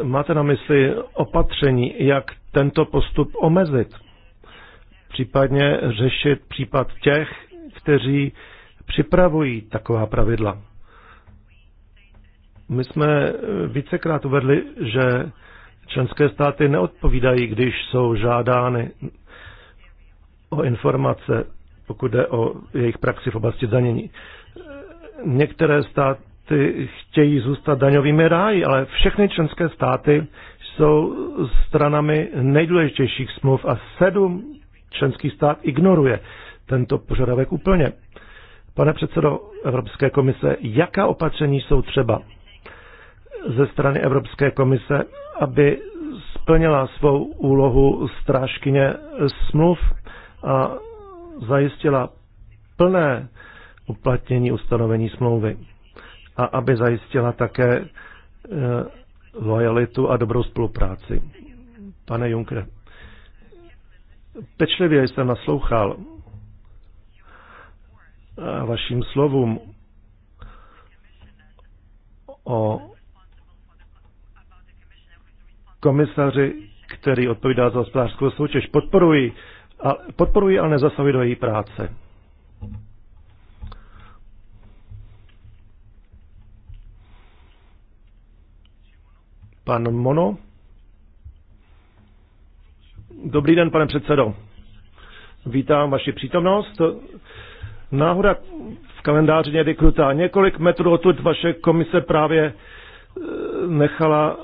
máte na mysli opatření, jak tento postup omezit, případně řešit případ těch, kteří připravují taková pravidla. My jsme vícekrát uvedli, že Členské státy neodpovídají, když jsou žádány o informace, pokud jde o jejich praxi v oblasti danění. Některé státy chtějí zůstat daňovými ráji, ale všechny členské státy jsou stranami nejdůležitějších smluv a sedm členský stát ignoruje tento požadavek úplně. Pane předsedo Evropské komise, jaká opatření jsou třeba, ze strany Evropské komise, aby splnila svou úlohu strážkyně smluv a zajistila plné uplatnění ustanovení smlouvy a aby zajistila také eh, lojalitu a dobrou spolupráci. Pane Juncker, pečlivě jsem naslouchal eh, vaším slovům o komisaři, který odpovídá za hospodářskou soutěž. podporují, ale, podporují, ale nezasahují do její práce. Pan Mono. Dobrý den, pane předsedo. Vítám vaši přítomnost. Náhoda v kalendáři někdy krutá. Několik metrů odtud vaše komise právě eh, nechala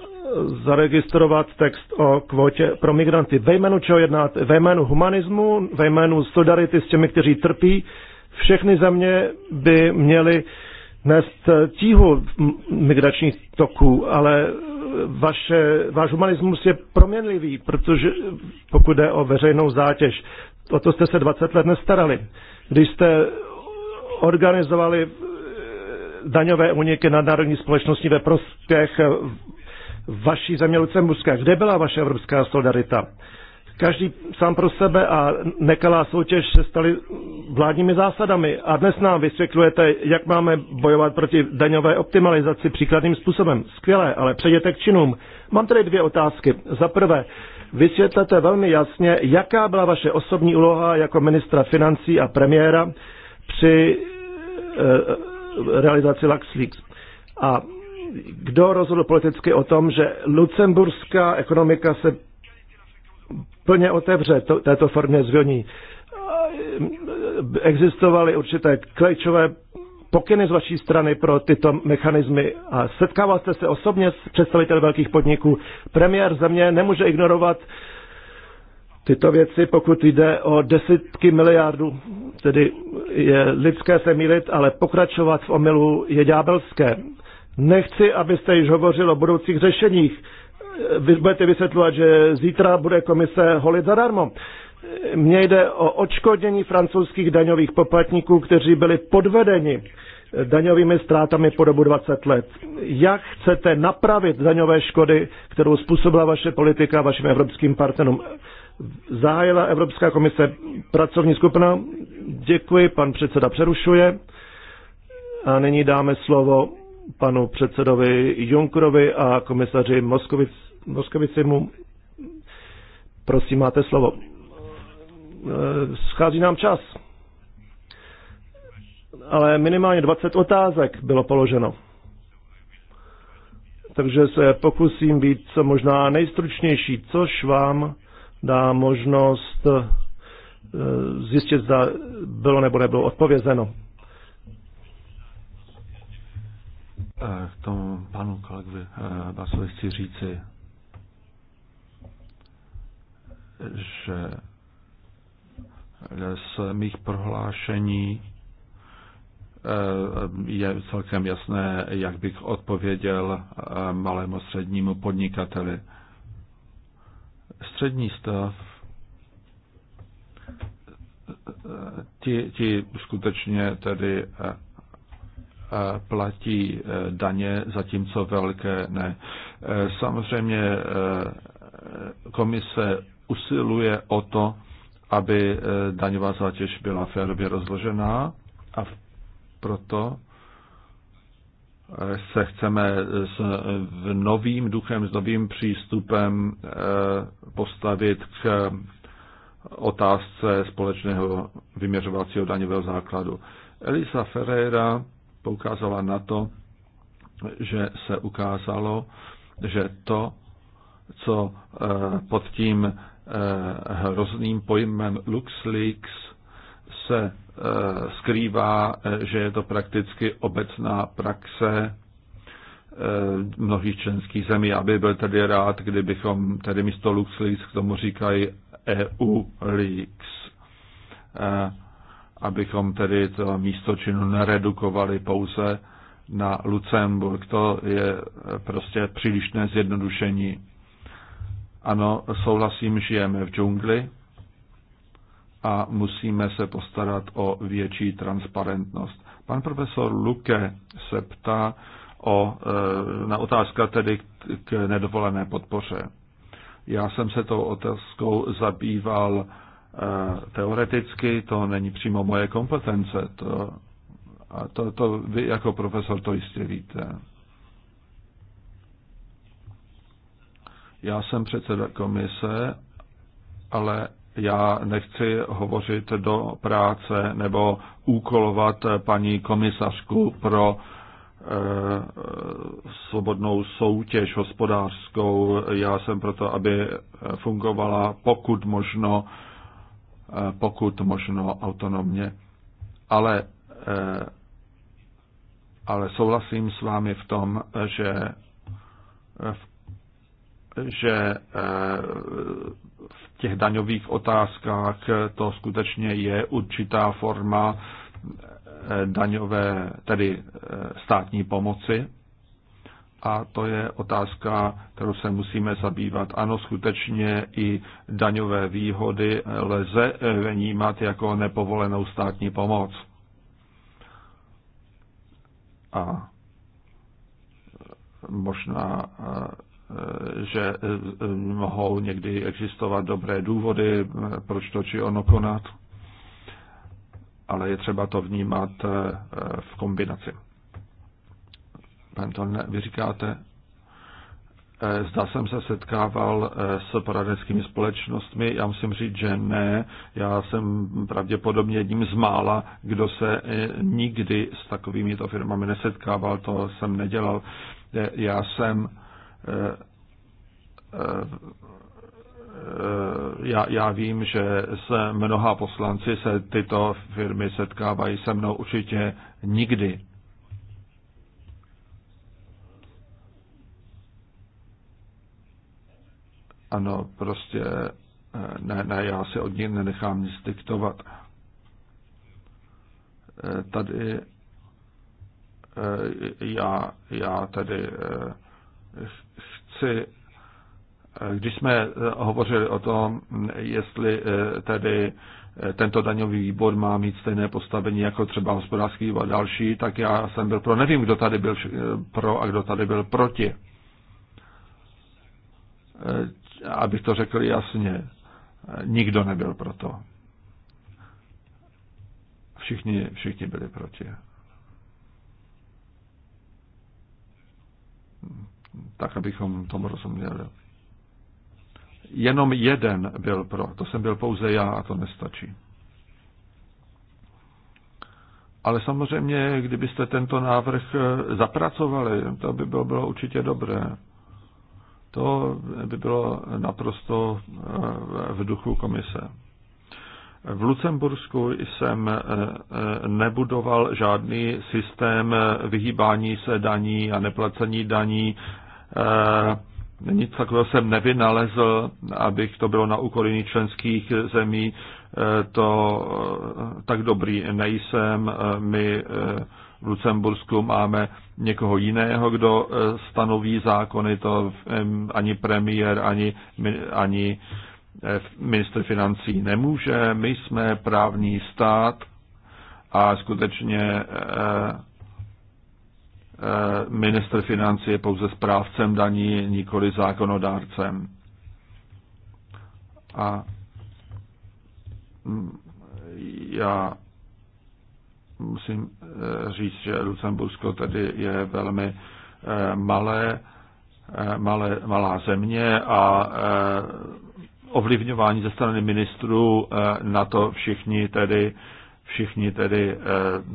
zaregistrovat text o kvotě pro migranty. Ve jménu čeho jednáte? Ve jménu humanismu, ve jménu solidarity s těmi, kteří trpí. Všechny země by měly nést tíhu migračních toků, ale vaše, váš humanismus je proměnlivý, protože pokud jde o veřejnou zátěž, o to jste se 20 let nestarali. Když jste organizovali daňové uniky nadnárodní společnosti ve prospěch vaší země Lucemburska. Kde byla vaše evropská solidarita? Každý sám pro sebe a nekalá soutěž se staly vládními zásadami. A dnes nám vysvětlujete, jak máme bojovat proti daňové optimalizaci příkladným způsobem. Skvělé, ale přejděte k činům. Mám tady dvě otázky. Za prvé, vysvětlete velmi jasně, jaká byla vaše osobní úloha jako ministra financí a premiéra při e, realizaci LuxLeaks. A kdo rozhodl politicky o tom, že lucemburská ekonomika se plně otevře to, této formě zvoní. Existovaly určité klíčové pokyny z vaší strany pro tyto mechanismy a setkával jste se osobně s představiteli velkých podniků. Premiér země nemůže ignorovat tyto věci, pokud jde o desítky miliardů, tedy je lidské se mílit, ale pokračovat v omilu je ďábelské. Nechci, abyste již hovořil o budoucích řešeních. Vy budete vysvětlovat, že zítra bude komise holit zadarmo. Mně jde o odškodnění francouzských daňových poplatníků, kteří byli podvedeni daňovými ztrátami po dobu 20 let. Jak chcete napravit daňové škody, kterou způsobila vaše politika vašim evropským partnerům? Zahájila Evropská komise pracovní skupina. Děkuji, pan předseda přerušuje. A nyní dáme slovo panu předsedovi Junkerovi a komisaři Moskovic, Moskovicimu. Prosím, máte slovo. E, schází nám čas. Ale minimálně 20 otázek bylo položeno. Takže se pokusím být co možná nejstručnější, což vám dá možnost e, zjistit, zda bylo nebo nebylo odpovězeno. Eh, k tomu panu kolegovi Basovi eh, chci říci, že z mých prohlášení eh, je celkem jasné, jak bych odpověděl malému střednímu podnikateli. Střední stav, ti, ti skutečně tedy platí e, daně, zatímco velké ne. E, samozřejmě e, komise usiluje o to, aby daňová zátěž byla férově rozložená a proto se chceme s novým duchem, s novým přístupem postavit k otázce společného vyměřovacího daňového základu. Elisa Ferreira poukázala na to, že se ukázalo, že to, co eh, pod tím eh, hrozným pojmem LuxLeaks se eh, skrývá, že je to prakticky obecná praxe mnohých členských zemí. Aby byl tedy rád, kdybychom tedy místo LuxLeaks k tomu říkají EU Leaks abychom tedy to místo činu neredukovali pouze na Lucemburg. To je prostě přílišné zjednodušení. Ano, souhlasím, žijeme v džungli a musíme se postarat o větší transparentnost. Pan profesor Luke se ptá o, e, na otázka tedy k nedovolené podpoře. Já jsem se tou otázkou zabýval Eh, teoreticky to není přímo moje kompetence. To, a to, to vy jako profesor to jistě víte. Já jsem předseda komise, ale já nechci hovořit do práce nebo úkolovat paní komisařku pro eh, svobodnou soutěž hospodářskou. Já jsem proto, aby fungovala pokud možno Eh, pokud možno autonomně. Ale, eh, ale souhlasím s vámi v tom, že, eh, že v těch daňových otázkách to skutečně je určitá forma daňové, tedy státní pomoci a to je otázka, kterou se musíme zabývat. Ano, skutečně i daňové výhody lze vnímat jako nepovolenou státní pomoc. A možná, že mohou někdy existovat dobré důvody, proč to či ono konat, ale je třeba to vnímat v kombinaci. Pane ne, vy říkáte, eh, Zda jsem se setkával eh, s poradenskými společnostmi, já musím říct, že ne. Já jsem pravděpodobně jedním z mála, kdo se eh, nikdy s takovými to firmami nesetkával, to jsem nedělal. Já jsem já, já vím, že se mnoha poslanci se tyto firmy setkávají se mnou určitě nikdy Ano, prostě eh, ne, ne, já se od něj nenechám nic diktovat. Eh, tady eh, já, já tady chci, když jsme hovořili o tom, jestli tedy tento daňový výbor má mít stejné postavení jako třeba hospodářský a další, tak já jsem byl pro. Nevím, kdo tady byl pro a kdo tady byl proti abych to řekl jasně, nikdo nebyl proto. Všichni, všichni byli proti. Tak, abychom tomu rozuměli. Jenom jeden byl pro. To jsem byl pouze já a to nestačí. Ale samozřejmě, kdybyste tento návrh eh, zapracovali, to by bylo, bylo určitě dobré. To by bylo naprosto eh, v duchu komise. V Lucembursku jsem eh, nebudoval žádný systém vyhýbání se daní a neplacení daní. Eh, nic takového jsem nevynalezl, abych to bylo na úkor jiných členských zemí. To tak dobrý nejsem. My v Lucembursku máme někoho jiného, kdo eh, stanoví zákony, to ani premiér, ani, ani eh, ministr financí nemůže. My jsme právní stát a skutečně eh, minister financí je pouze správcem daní, nikoli zákonodárcem. A mm, já musím eh, říct, že Lucembursko tedy je velmi eh, malé, eh, malé, malá země a ovlivňování ze strany ministrů na to všichni tedy všichni tedy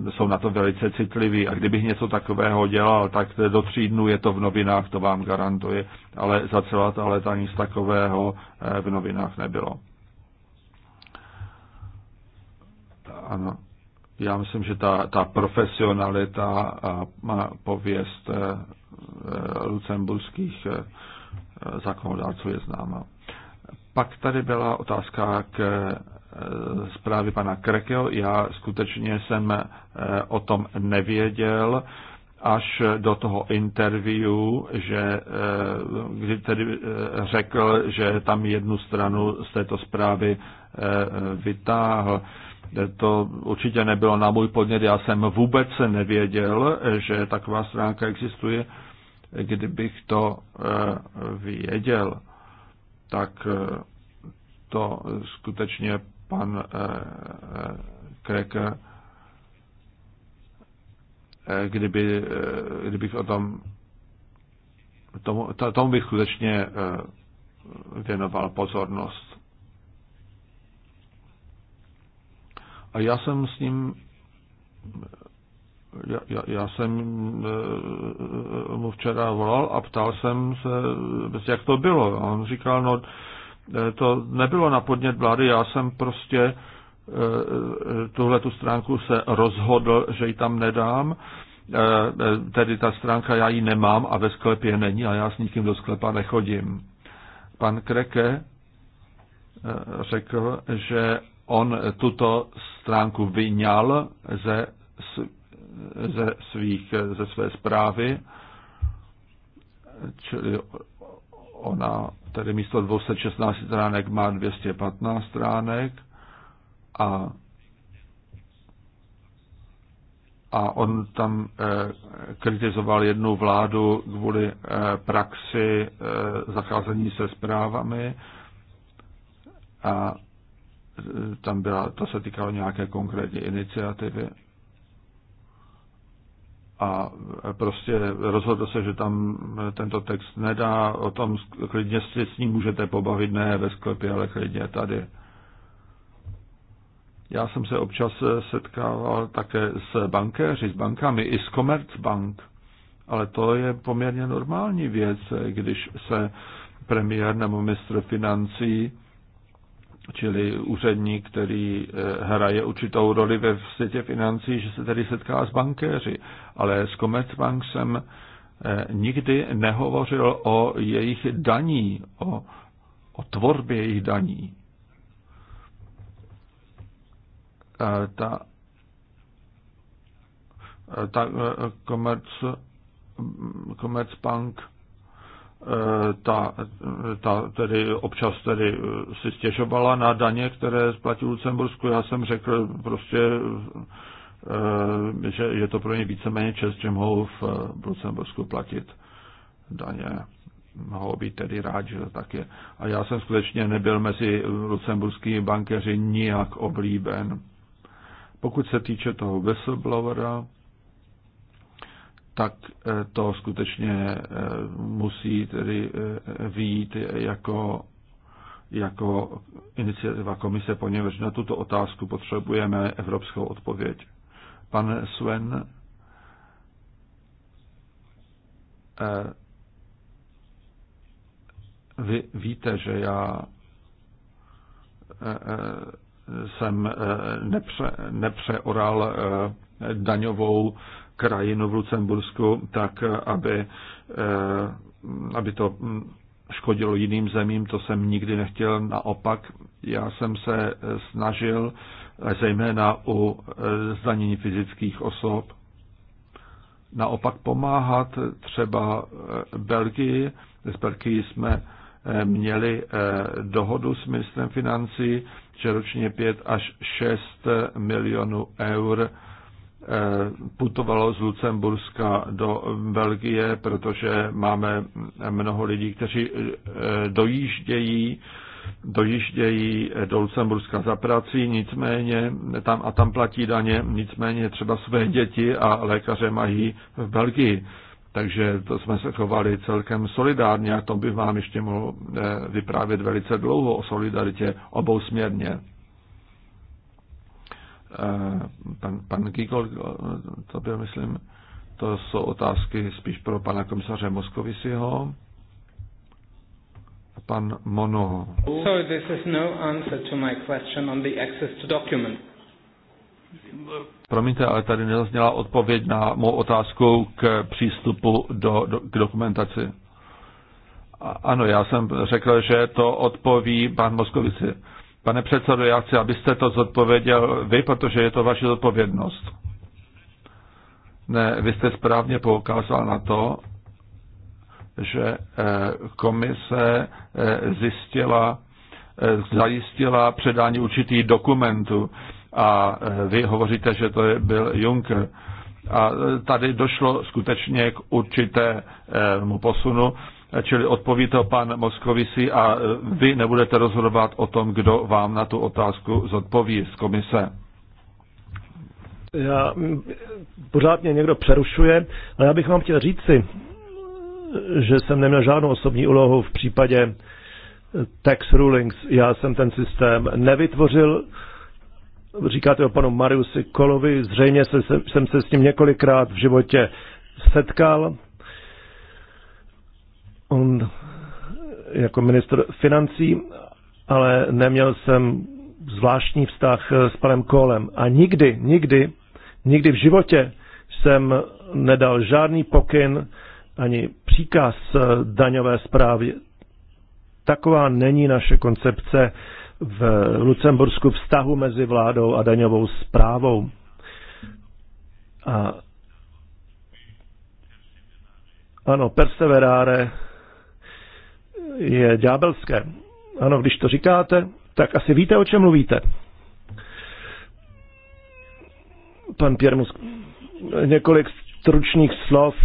jsou na to velice citliví a kdybych něco takového dělal, tak do tří dnů je to v novinách, to vám garantuji, ale za celá ta leta nic takového v novinách nebylo. Ano já myslím, že ta, ta profesionalita a, pověst eh, lucemburských eh, zákonodárců je známa. Pak tady byla otázka k eh, zprávě pana Krekeho. Já skutečně jsem o tom nevěděl až do toho interview, že, kdy tedy řekl, že tam jednu stranu z této zprávy vytáhl to určitě nebylo na můj podnět, já jsem vůbec nevěděl, že taková stránka existuje. Kdybych to eh, věděl, tak eh, to skutečně pan eh, Krek, kdyby, kdybych o tom, tomu, tomu bych skutečně věnoval pozornost. A já jsem s ním já, já, já jsem eh, mu včera volal a ptal jsem se, jak to bylo. A on říkal, no eh, to nebylo na podnět vlády, já jsem prostě eh, tuhle tu stránku se rozhodl, že ji tam nedám. Tedy ta stránka já ji nemám a ve sklepě není a já s nikým do sklepa nechodím. Pan Kreke řekl, že on tuto stránku vyňal ze, ze, svých, ze své zprávy, čili ona tedy místo 216 stránek má 215 stránek a a on tam eh, kritizoval jednu vládu kvůli eh, praxi eh, zacházení se zprávami a tam byla, to se týkalo nějaké konkrétní iniciativy. A prostě rozhodl se, že tam tento text nedá, o tom klidně si s ním můžete pobavit, ne ve sklepě, ale klidně tady. Já jsem se občas setkával také s bankéři, s bankami, i s Commerzbank, ale to je poměrně normální věc, když se premiér nebo ministr financí čili úředník, který eh, hraje určitou roli ve světě financí, že se tady setká s bankéři. Ale s Commerzbank jsem eh, nikdy nehovořil o jejich daní, o, o tvorbě jejich daní. Eh, ta, ta Commerz, Commerzbank ta, ta tedy občas tedy eh, si stěžovala na daně, které splatí Lucembursku. Já jsem řekl prostě, eh, že je to pro ně víceméně čest, že mohou v eh, Lucembursku platit daně. Mohou být tedy rád, že to tak je. A já jsem skutečně nebyl mezi lucemburskými bankeři nijak oblíben. Pokud se týče toho whistleblowera, tak eh, to skutečně eh, musí tedy eh, výjít jako, jako iniciativa komise, poněvadž na tuto otázku potřebujeme evropskou odpověď. Pan Sven vy víte, že já jsem nepře, nepřeoral daňovou krajinu v Lucembursku tak, eh, aby, eh, aby to mm, škodilo jiným zemím, to jsem nikdy nechtěl. Naopak, já jsem se eh, snažil, zejména u zdanění fyzických osob, naopak pomáhat třeba Belgii. Z Belgii jsme měli dohodu s ministrem financí, že ročně 5 až 6 milionů eur Eh, putovalo z Lucemburska do Belgie, protože máme mnoho lidí, kteří eh, dojíždějí, dojíždějí do Lucemburska za prací, nicméně tam a tam platí daně, nicméně třeba své děti a lékaře mají v Belgii. Takže to jsme se chovali celkem solidárně a to bych vám ještě mohl eh, vyprávět velice dlouho o solidaritě obousměrně pan, pan Gigol, to byl, myslím, to jsou otázky spíš pro pana komisaře Moskovisiho a pan Mono. So this is no answer to my question on the access to document. Promiňte, ale tady nezazněla odpověď na mou otázku k přístupu do, do, k dokumentaci. A, ano, já jsem řekl, že to odpoví pan Moskovici. Pane předsedo, já chci, abyste to zodpověděl vy, protože je to vaše zodpovědnost. Ne, vy jste správně poukázal na to, že eh, komise eh, zjistila, eh, zajistila předání určitých dokumentů a vy hovoříte, že to byl Juncker. A tady došlo skutečně k určitému posunu čili odpoví to pan Moskovisi a e, vy nebudete rozhodovat o tom, kdo vám na tu otázku zodpoví z komise. Já, pořád mě někdo přerušuje, ale já bych vám chtěl říci, že jsem neměl žádnou osobní úlohu v případě e, tax rulings. Já jsem ten systém nevytvořil. Říkáte o panu Mariusi Kolovi, zřejmě se, jsem se s ním několikrát v životě setkal on jako ministr financí, ale neměl jsem zvláštní vztah s panem Kolem. A nikdy, nikdy, nikdy v životě jsem nedal žádný pokyn ani příkaz daňové zprávy. Taková není naše koncepce v Lucembursku vztahu mezi vládou a daňovou zprávou. A ano, perseveráre je ďábelské. Ano, když to říkáte, tak asi víte, o čem mluvíte. Pan Pierre Musk, několik stručných slov.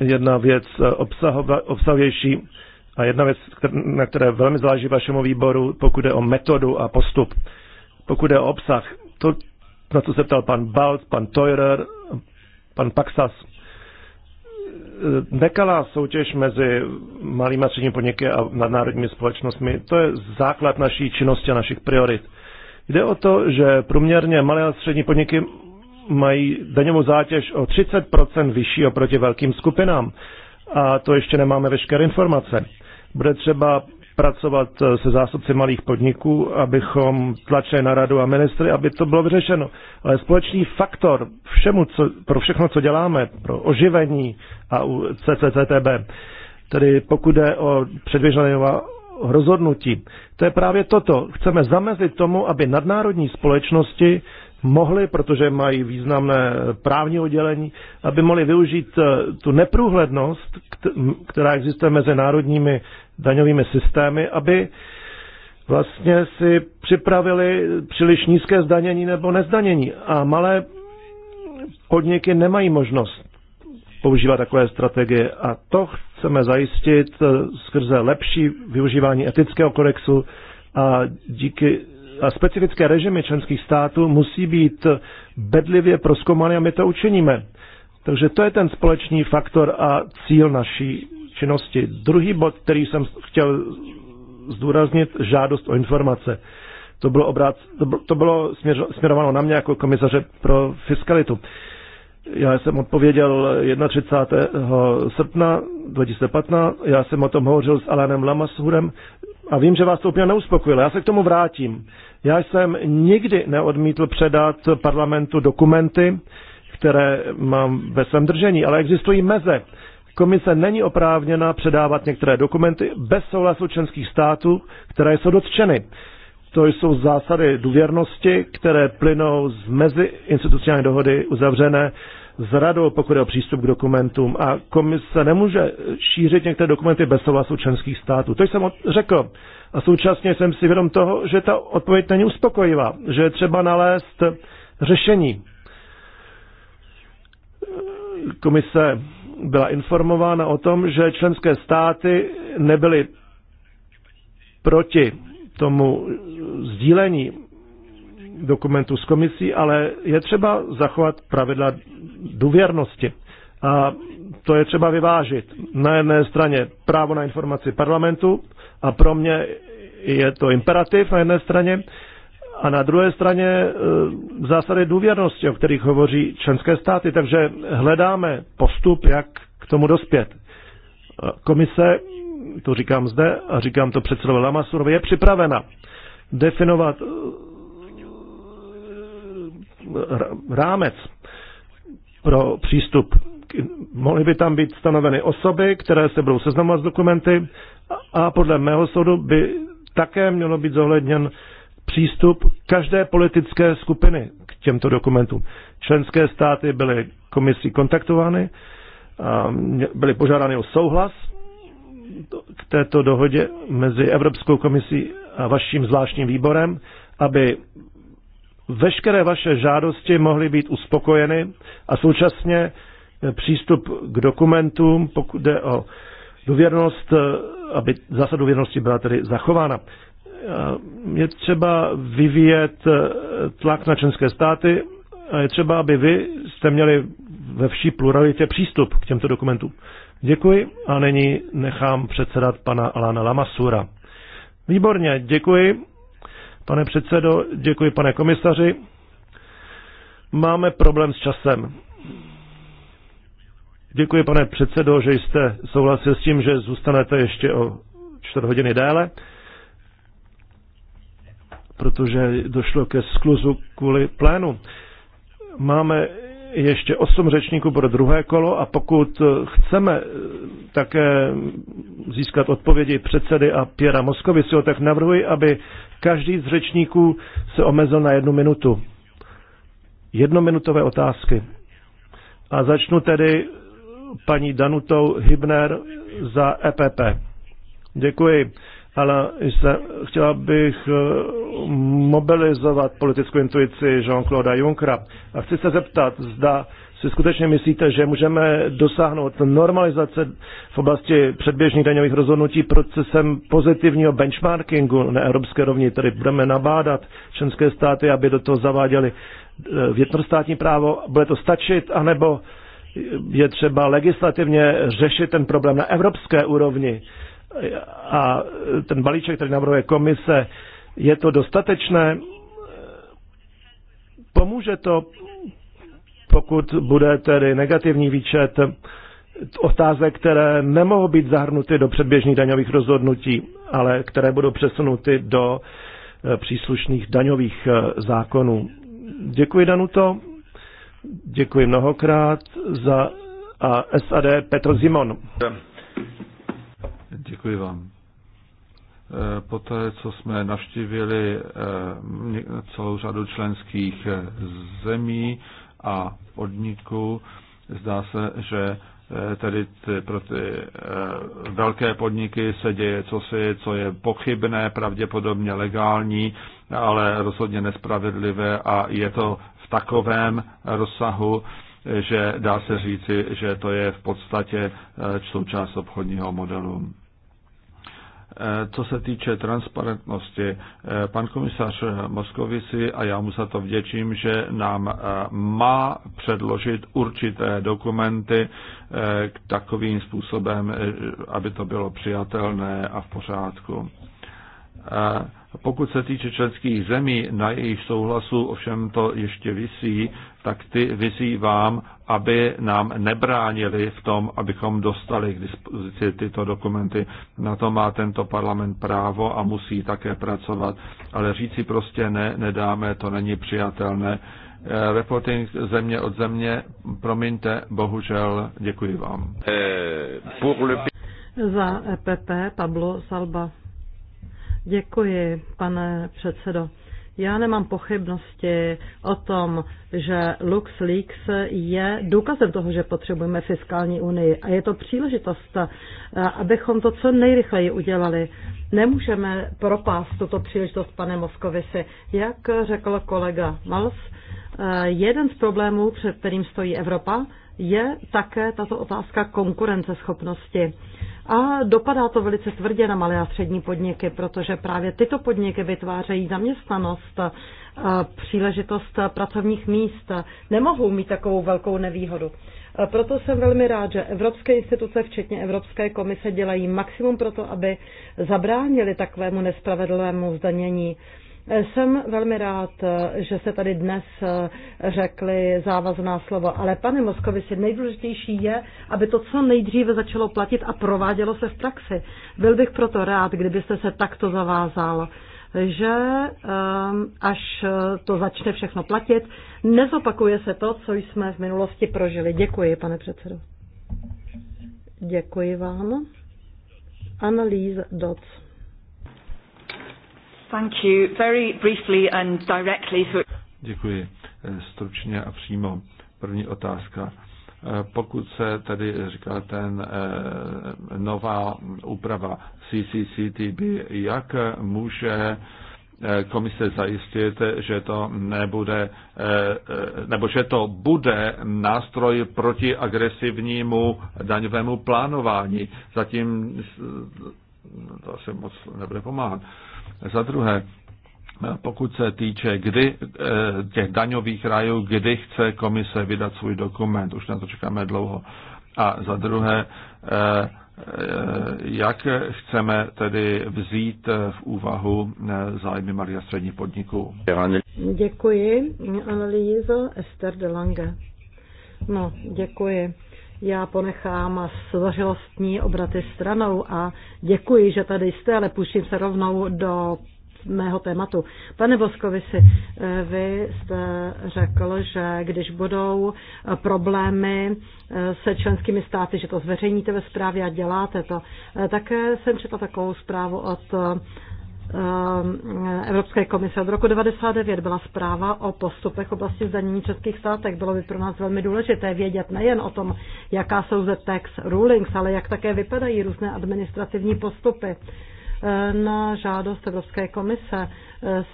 Jedna věc eh, obsahovější a jedna věc, na které velmi záleží vašemu výboru, pokud je o metodu a postup. Pokud je o obsah, to, na co se ptal pan Balc, pan Teurer, pan Paxas, Eh, nekalá soutěž mezi malými a středními podniky a nadnárodními společnostmi, to je základ naší činnosti a našich priorit. Jde o to, že průměrně malé a střední podniky mají daňovou zátěž o 30% vyšší oproti velkým skupinám. A to ještě nemáme veškeré informace. Bude třeba pracovat eh, se zástupci malých podniků, abychom tlačili na radu a ministry, aby to bylo vyřešeno. Ale společný faktor všemu, co, pro všechno, co děláme, pro oživení a u CCCTB, tedy pokud jde o předběžné rozhodnutí, to je právě toto. Chceme zamezit tomu, aby nadnárodní společnosti mohli, protože mají významné právní oddělení, aby mohli využít eh, tu neprůhlednost, která existuje mezi národními daňovými systémy, aby vlastně si připravili příliš nízké zdanění nebo nezdanění. A malé podniky nemají možnost používat takové strategie. A to chceme zajistit skrze lepší využívání etického kodexu a díky a specifické režimy členských států musí být bedlivě proskoumány a my to učiníme. Takže to je ten společný faktor a cíl naší činnosti. Druhý bod, který jsem chtěl zdůraznit, žádost o informace. To bylo, obrát, to bylo směř, směrováno na mě jako komisaře pro fiskalitu. Já jsem odpověděl 31. srpna 2015, já jsem o tom hovořil s Alanem Lamasurem a vím, že vás to úplně neuspokojilo. Já se k tomu vrátím. Já jsem nikdy neodmítl předat parlamentu dokumenty, které mám ve svém držení, ale existují meze. Komise není oprávněna předávat některé dokumenty bez souhlasu členských států, které jsou dotčeny. To jsou zásady důvěrnosti, které plynou z meziinstitucionální dohody uzavřené s radou, pokud je o přístup k dokumentům. A komise nemůže šířit některé dokumenty bez souhlasu členských států. To jsem řekl. A současně jsem si vědom toho, že ta odpověď není uspokojivá, že je třeba nalézt řešení. Komise byla informována o tom, že členské státy nebyly proti tomu sdílení dokumentů s komisí, ale je třeba zachovat pravidla důvěrnosti. A to je třeba vyvážit. Na jedné straně právo na informaci parlamentu a pro mě je to imperativ na jedné straně a na druhé straně e, zásady důvěrnosti, o kterých hovoří členské státy. Takže hledáme postup, jak k tomu dospět. E, komise, to říkám zde a říkám to předsedovi Lamasurovi, je připravena definovat e, rámec pro přístup. Mohly by tam být stanoveny osoby, které se budou seznamovat s dokumenty a podle mého soudu by také mělo být zohledněn přístup každé politické skupiny k těmto dokumentům. Členské státy byly komisí kontaktovány, a byly požádány o souhlas k této dohodě mezi Evropskou komisí a vaším zvláštním výborem, aby veškeré vaše žádosti mohly být uspokojeny a současně eh, přístup k dokumentům, pokud jde o důvěrnost, eh, aby zásada důvěrnosti byla tedy zachována. Eh, je třeba vyvíjet eh, tlak na členské státy a je třeba, aby vy jste měli ve vší pluralitě přístup k těmto dokumentům. Děkuji a nyní nechám předsedat pana Alana Lamasura. Výborně, děkuji. Pane předsedo, děkuji pane komisaři. Máme problém s časem. Děkuji pane předsedo, že jste souhlasil s tím, že zůstanete ještě o čtvrt hodiny déle protože došlo ke skluzu kvůli plénu. Máme ještě osm řečníků pro druhé kolo a pokud chceme také získat odpovědi předsedy a Pěra Moskoviciho, tak navrhuji, aby každý z řečníků se omezil na jednu minutu. Jednominutové otázky. A začnu tedy paní Danutou Hybner za EPP. Děkuji ale jsem, chtěla bych eh, mobilizovat politickou intuici Jean-Claude Junckera. A chci se zeptat, zda si skutečně myslíte, že můžeme dosáhnout normalizace v oblasti předběžných daňových rozhodnutí procesem pozitivního benchmarkingu na evropské rovni, tedy budeme nabádat členské státy, aby do toho zaváděli eh, vnitrostátní právo, bude to stačit, anebo je třeba legislativně řešit ten problém na evropské úrovni a ten balíček, který navrhuje komise, je to dostatečné? Pomůže to, pokud bude tedy negativní výčet otázek, které nemohou být zahrnuty do předběžných daňových rozhodnutí, ale které budou přesunuty do eh, příslušných daňových eh, zákonů. Děkuji, Danuto. Děkuji mnohokrát za a SAD Petr Zimon. Děkuji vám. Eh, poté, co jsme navštívili eh, celou řadu členských eh, zemí a podniků, zdá se, že tedy ty, pro ty velké podniky se děje cosi, co je pochybné, pravděpodobně legální, ale rozhodně nespravedlivé a je to v takovém rozsahu, že dá se říci, že to je v podstatě součást obchodního modelu. Eh, co se týče transparentnosti, eh, pan komisař Moskovici a já mu za to vděčím, že nám eh, má předložit určité dokumenty k takovým způsobem, aby to bylo přijatelné a v pořádku. Pokud se týče členských zemí, na jejich souhlasu ovšem to ještě visí, tak ty vyzývám, aby nám nebránili v tom, abychom dostali k dispozici tyto dokumenty. Na to má tento parlament právo a musí také pracovat. Ale říci prostě ne, nedáme, to není přijatelné. Eh, reporting země od země, promiňte, bohužel, děkuji vám. Eh, Za EPP Pablo Salba. Děkuji, pane předsedo. Já nemám pochybnosti o tom, že LuxLeaks je důkazem toho, že potřebujeme fiskální unii a je to příležitost, eh, abychom to co nejrychleji udělali. Nemůžeme propást tuto příležitost, pane Moskovisi. Jak řekl kolega Mals, eh, jeden z problémů, před kterým stojí Evropa, je také tato otázka konkurenceschopnosti. A dopadá to velice tvrdě na malé a střední podniky, protože právě tyto podniky vytvářejí zaměstnanost, eh, příležitost pracovních míst, nemohou mít takovou velkou nevýhodu. Eh, proto jsem velmi rád, že evropské instituce, včetně Evropské komise, dělají maximum pro to, aby zabránili takovému nespravedlivému zdanění jsem velmi rád, že se tady dnes eh, řekly závazná slova, ale pane Moskovici, nejdůležitější je, aby to co nejdříve začalo platit a provádělo se v praxi. Byl bych proto rád, kdybyste se takto zavázal že ehm, až eh, to začne všechno platit, nezopakuje se to, co jsme v minulosti prožili. Děkuji, pane předsedo. Děkuji vám. Analýza Doc. Thank you. Very briefly and directly. Děkuji. Eh, stručně a přímo. První otázka. Eh, pokud se tady eh, říká ten nová úprava CCCTB, jak může komise zajistit, že to nebude, nebo že to bude nástroj proti agresivnímu daňovému plánování. Zatím to asi moc nebude pomáhat. Za druhé, pokud se týče kdy, eh, těch daňových rájů, kdy chce komise vydat svůj dokument, už na to čekáme dlouho. A za druhé, eh, eh, jak chceme tedy vzít v úvahu zájmy malých a středních podniků. Děkuji, Analýzo Esther de Lange. No, děkuji. Já ponechám zařilostní obraty stranou a děkuji, že tady jste, ale půjčím se rovnou do mého tématu. Pane Boskovici, vy jste řekl, že když budou problémy se členskými státy, že to zveřejníte ve zprávě a děláte to. Také jsem četla takovou zprávu od Eh, Evropské komise. Od roku 1999 byla zpráva o postupech oblasti zdanění českých státek. Bylo by pro nás velmi důležité vědět nejen o tom, jaká jsou ze tax rulings, ale jak také vypadají různé administrativní postupy. Eh, na žádost Evropské komise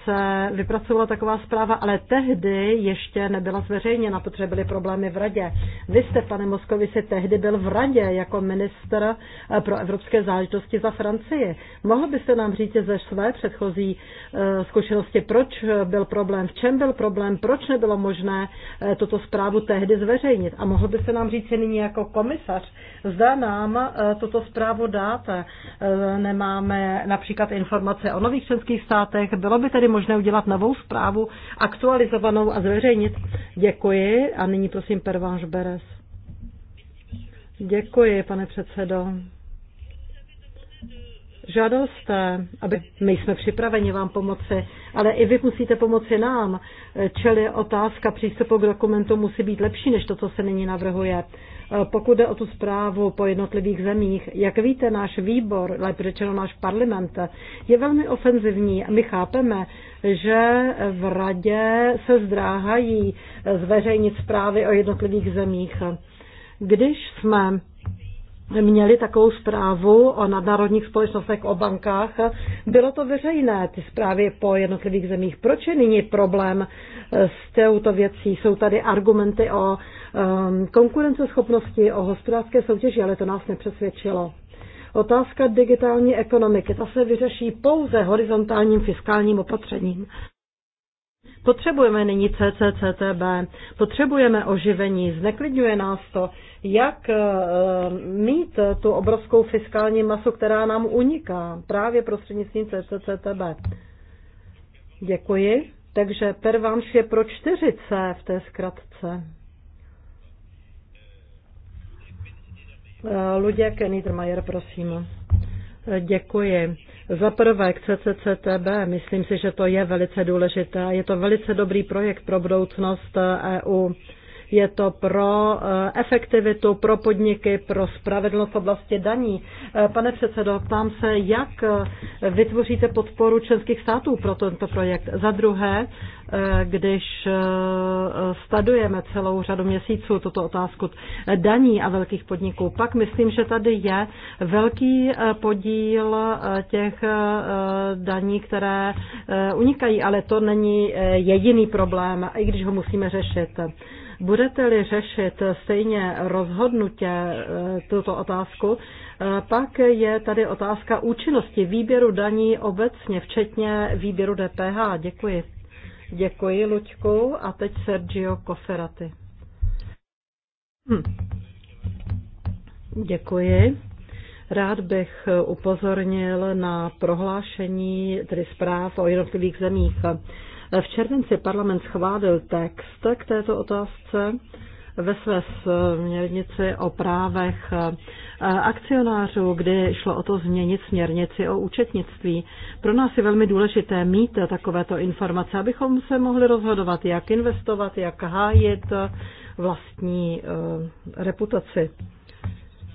se vypracovala taková zpráva, ale tehdy ještě nebyla zveřejněna, protože byly problémy v radě. Vy jste, pane se tehdy byl v radě jako minister eh, pro evropské záležitosti za Francii. Mohl byste nám říct ze své předchozí eh, zkušenosti, proč byl problém, v čem byl problém, proč nebylo možné eh, tuto zprávu tehdy zveřejnit? A mohl byste nám říct nyní jako komisař, zda nám tuto zprávu dáte. Nemáme například informace o nových členských státech, bylo by tady možné udělat novou zprávu, aktualizovanou a zveřejnit? Děkuji a nyní prosím Pervanš Beres. Děkuji, pane předsedo. Žádal jste, aby my jsme připraveni vám pomoci, ale i vy musíte pomoci nám. Čili otázka přístupu k dokumentu musí být lepší než to, co se nyní navrhuje. Pokud jde o tu zprávu po jednotlivých zemích, jak víte, náš výbor, lépe řečeno náš parlament, je velmi ofenzivní. My chápeme, že v radě se zdráhají zveřejnit zprávy o jednotlivých zemích. Když jsme měli takovou zprávu o nadnárodních společnostech, o bankách. Bylo to veřejné, ty zprávy po jednotlivých zemích. Proč je nyní problém eh, s touto věcí? Jsou tady argumenty o um, konkurenceschopnosti, o hospodářské soutěži, ale to nás nepřesvědčilo. Otázka digitální ekonomiky, ta se vyřeší pouze horizontálním fiskálním opatřením. Potřebujeme nyní CCCTB, potřebujeme oživení, zneklidňuje nás to, jak eh, mít tu obrovskou fiskální masu, která nám uniká právě prostřednictvím CCCTB. Děkuji. Takže pervanš je pro 4C v té zkratce. Eh, Luděk Niedermayer, prosím. Eh, Děkuji. Za prvé k CCCTB, myslím si, že to je velice důležité. Je to velice dobrý projekt pro budoucnost EU. Eh, e je to pro eh, efektivitu, pro podniky, pro spravedlnost v oblasti daní. Eh, pane předsedo, ptám se, jak eh, vytvoříte podporu členských států pro tento projekt. Za druhé, když stadujeme celou řadu měsíců tuto otázku daní a velkých podniků, pak myslím, že tady je velký podíl těch daní, které unikají, ale to není jediný problém, i když ho musíme řešit. Budete-li řešit stejně rozhodnutě e, tuto otázku, e, pak je tady otázka účinnosti výběru daní obecně, včetně výběru DPH. Děkuji. Děkuji, Luďku. A teď Sergio Koferaty. Hm. Děkuji. Rád bych upozornil na prohlášení, tedy zpráv o jednotlivých zemích. V červenci parlament schválil text k této otázce ve své směrnici o právech akcionářů, kdy šlo o to změnit směrnici o účetnictví. Pro nás je velmi důležité mít takovéto informace, abychom se mohli rozhodovat, jak investovat, jak hájit vlastní eh, reputaci.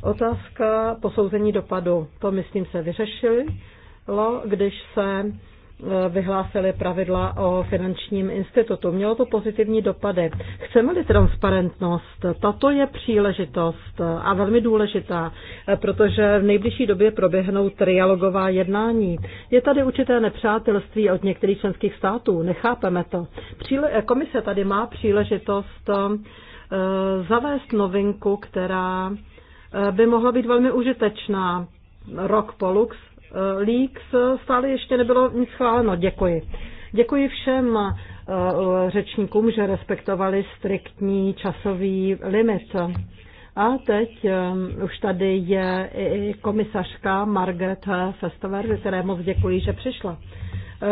Otázka posouzení dopadu. To, myslím, se vyřešilo, když se vyhlásili pravidla o finančním institutu. Mělo to pozitivní dopady. Chceme-li transparentnost, tato je příležitost a velmi důležitá, protože v nejbližší době proběhnou trialogová jednání. Je tady určité nepřátelství od některých členských států, nechápeme to. Příle- komise tady má příležitost eh, zavést novinku, která eh, by mohla být velmi užitečná. Rok Lux, Eh, leaks eh, stále ještě nebylo nic schváleno. Děkuji. Děkuji všem eh, řečníkům, že respektovali striktní časový limit. A teď už tady je i komisařka Margaret Festover, které moc děkuji, že přišla.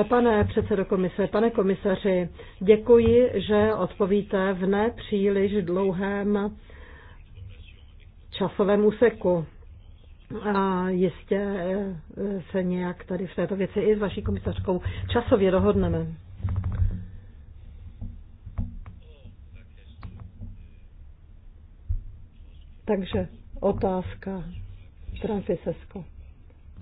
Pane předsedo komise, pane komisaři, děkuji, že odpovíte v nepříliš dlouhém časovém úseku a jistě eh, se nějak tady v této věci i s vaší komisařkou časově dohodneme. Takže otázka Francisesko.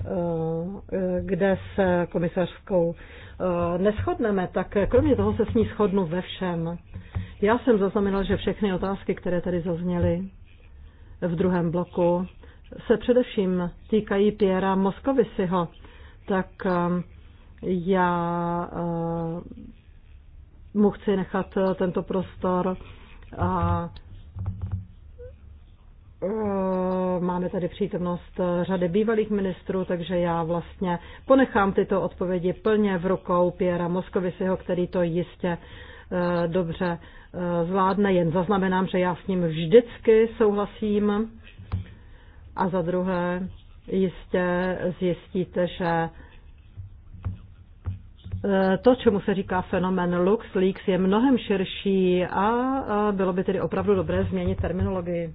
Eh, kde se komisařskou eh, neschodneme, tak kromě toho se s ní shodnu ve všem. Já jsem zaznamenal, že všechny otázky, které tady zazněly v druhém bloku, se především týkají Piera Moskovisiho, tak um, já uh, mu chci nechat uh, tento prostor a uh, máme tady přítomnost řady bývalých ministrů, takže já vlastně ponechám tyto odpovědi plně v rukou Piera Moskovisiho, který to jistě dobře zvládne. Jen zaznamenám, že já s ním vždycky souhlasím a za druhé, jistě zjistíte, že e, to, čemu se říká fenomen LuxLeaks, je mnohem širší a e, bylo by tedy opravdu dobré změnit terminologii.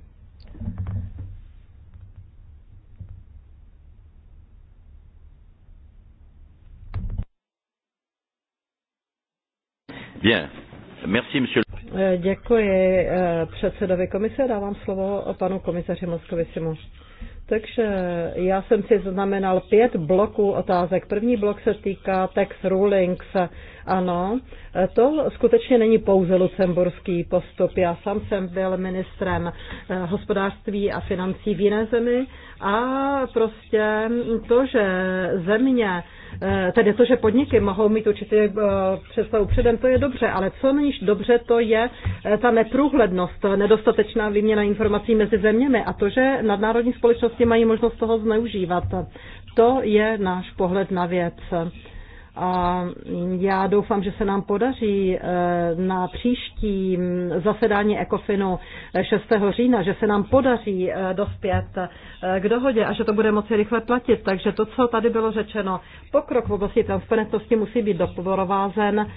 Bien. Merci, monsieur. Eh, děkuji eh, předsedovi komise dávám slovo panu komisaři Simu. Takže já jsem si znamenal pět bloků otázek. První blok se týká tax rulings. Ano, eh, to skutečně není pouze lucemburský postup. Já sám jsem byl ministrem hospodářství a financí v jiné zemi a prostě to, že země Eh, tedy to, že podniky mohou mít určitě eh, představu předem, to je dobře, ale co není dobře, to je eh, ta neprůhlednost, nedostatečná výměna informací mezi zeměmi a to, že nadnárodní společnosti mají možnost toho zneužívat. To je náš pohled na věc. A já doufám, že se nám podaří eh, na příští mm, zasedání Ekofinu 6. Eh, října, že se nám podaří eh, dospět k dohodě a že to bude moci rychle platit. Takže to, co tady bylo řečeno, pokrok v oblasti transparentnosti musí být doprovázen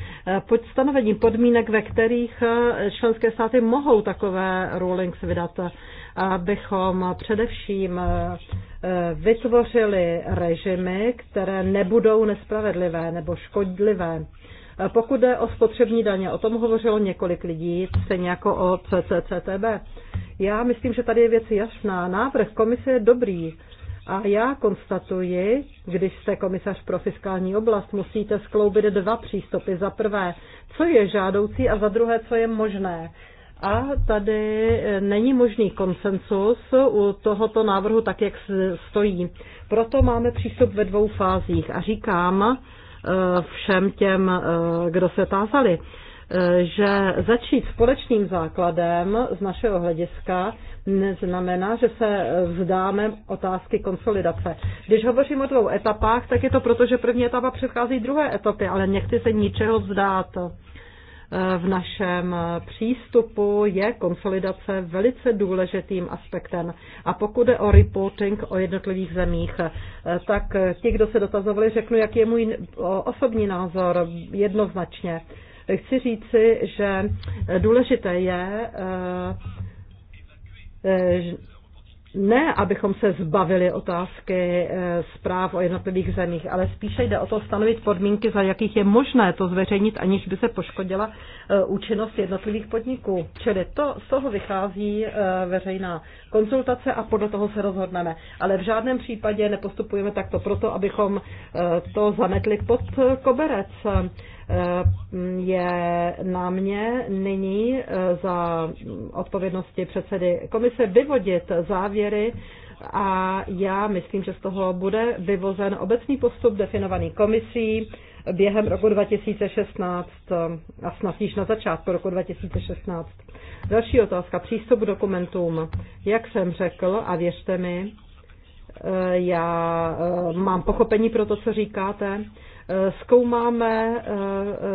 pod stanovením podmínek, ve kterých členské státy mohou takové rulings vydat abychom především eh, eh, vytvořili režimy, které nebudou nespravedlivé nebo škodlivé. Eh, pokud jde o spotřební daně, o tom hovořilo několik lidí, stejně jako o CCCTB. Já myslím, že tady je věc jasná. Návrh komise je dobrý. A já konstatuji, když jste komisař pro fiskální oblast, musíte skloubit dva přístupy. Za prvé, co je žádoucí a za druhé, co je možné. A tady eh, není možný konsensus u tohoto návrhu tak, jak stojí. Proto máme přístup ve dvou fázích a říkám eh, všem těm, eh, kdo se tázali, že začít společným základem z našeho hlediska neznamená, že se vzdáme otázky konsolidace. Když hovořím o dvou etapách, tak je to proto, že první etapa předchází druhé etapě, ale někdy se ničeho vzdát v našem přístupu je konsolidace velice důležitým aspektem. A pokud je o reporting o jednotlivých zemích, tak ti, kdo se dotazovali, řeknu, jaký je můj osobní názor jednoznačně. Chci říci, že důležité je ne, abychom se zbavili otázky eh, zpráv o jednotlivých zemích, ale spíše jde o to stanovit podmínky, za jakých je možné to zveřejnit, aniž by se poškodila eh, účinnost jednotlivých podniků. Čili to, z toho vychází eh, veřejná konzultace a podle toho se rozhodneme. Ale v žádném případě nepostupujeme takto proto, abychom to zametli pod koberec je na mě nyní eh, za odpovědnosti předsedy komise vyvodit závěry a já myslím, že z toho bude vyvozen obecný postup definovaný komisí během roku 2016 eh, a snad již na začátku roku 2016. Další otázka, přístup k dokumentům. Jak jsem řekl, a věřte mi, eh, já mám pochopení pro to, co říkáte, Eh, zkoumáme eh,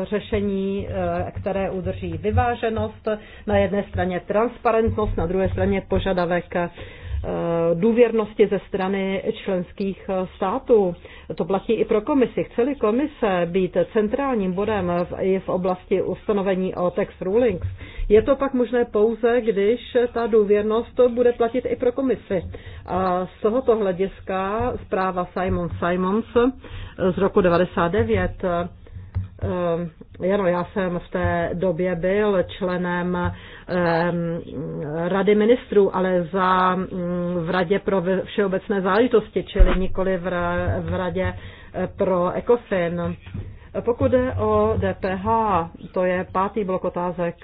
řešení, eh, které udrží vyváženost, na jedné straně transparentnost, na druhé straně požadavek důvěrnosti ze strany členských států. To platí i pro komisi. Chceli komise být centrálním bodem i v oblasti ustanovení o tax rulings, je to pak možné pouze, když ta důvěrnost bude platit i pro komisi. A z tohoto hlediska zpráva Simon Simons z roku 99 eh, Jano, já jsem v té době byl členem ehm, Rady ministrů, ale za, mm, v Radě pro všeobecné záležitosti, čili nikoli v, v Radě eh, pro ECOFIN. Pokud jde o DPH, to je pátý blok otázek.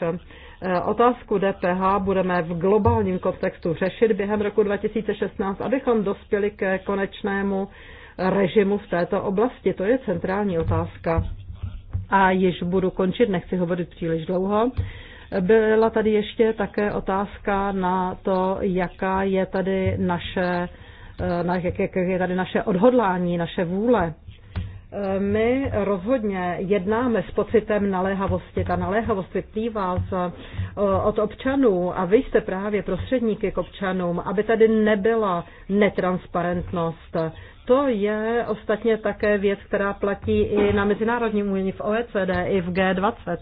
Eh, otázku DPH budeme v globálním kontextu řešit během roku 2016, abychom dospěli ke konečnému režimu v této oblasti. To je centrální otázka. A již budu končit, nechci hovořit příliš dlouho. Byla tady ještě také otázka na to, jaká je tady naše, eh, na, jak, jak je tady naše odhodlání, naše vůle my rozhodně jednáme s pocitem naléhavosti. Ta naléhavost vyplývá z, eh, od občanů a vy jste právě prostředníky k občanům, aby tady nebyla netransparentnost. To je ostatně také věc, která platí i na mezinárodním úrovni v OECD, i v G20.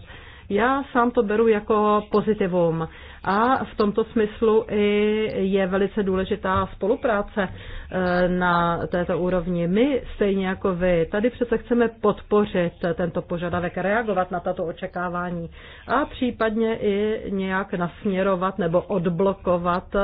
Já sám to beru jako pozitivum. A v tomto smyslu i je velice důležitá spolupráce eh, na této úrovni. My, stejně jako vy, tady přece chceme podpořit tento požadavek, reagovat na tato očekávání a případně i nějak nasměrovat nebo odblokovat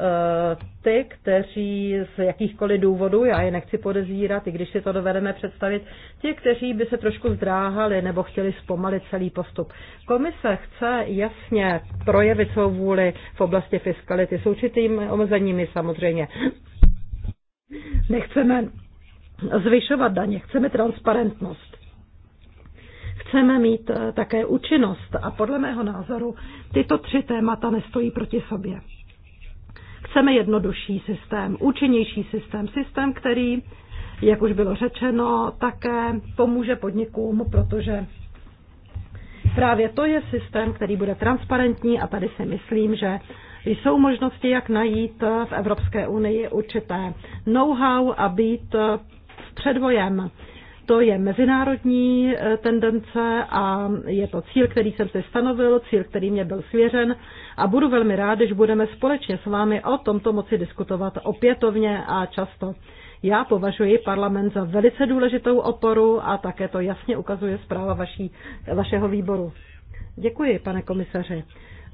Eh, ty, kteří z jakýchkoliv důvodů, já je nechci podezírat, i když si to dovedeme představit, ti, kteří by se trošku zdráhali nebo chtěli zpomalit celý postup. Komise chce jasně projevit svou vůli v oblasti fiskality s určitými omezeními samozřejmě. Nechceme zvyšovat daně, chceme transparentnost chceme mít eh, také účinnost. A podle mého názoru tyto tři témata nestojí proti sobě. Chceme jednodušší systém, účinnější systém, systém, který, jak už bylo řečeno, také pomůže podnikům, protože právě to je systém, který bude transparentní a tady si myslím, že jsou možnosti, jak najít v Evropské unii určité know-how a být v předvojem. To je mezinárodní eh, tendence a je to cíl, který jsem si stanovil, cíl, který mě byl svěřen a budu velmi rád, když budeme společně s vámi o tomto moci diskutovat opětovně a často. Já považuji parlament za velice důležitou oporu a také to jasně ukazuje zpráva vaší, vašeho výboru. Děkuji, pane komisaři.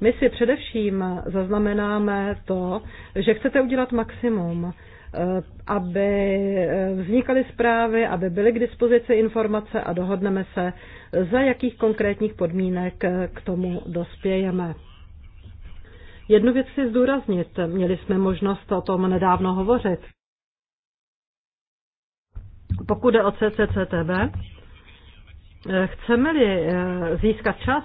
My si především zaznamenáme to, že chcete udělat maximum, eh, aby eh, vznikaly zprávy, aby byly k dispozici informace a dohodneme se, za jakých konkrétních podmínek eh, k tomu dospějeme. Jednu věc si zdůraznit. Měli jsme možnost o tom nedávno hovořit. Pokud jde o CCCTV, chceme-li eh, získat čas,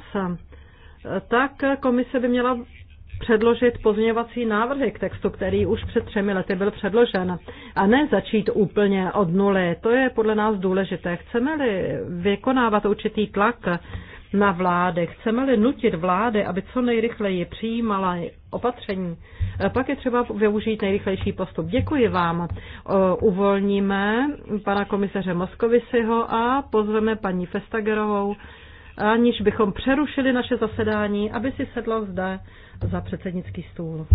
tak komise by měla předložit pozměňovací návrhy k textu, který už před třemi lety byl předložen. A ne začít úplně od nuly. To je podle nás důležité. Chceme-li vykonávat určitý tlak na vládě. Chceme-li nutit vlády, aby co nejrychleji přijímala opatření, eh, pak je třeba využít nejrychlejší postup. Děkuji vám. Eh, uvolníme pana komisaře Moskovisiho a pozveme paní Festagerovou, aniž bychom přerušili naše zasedání, aby si sedla zde za předsednický stůl.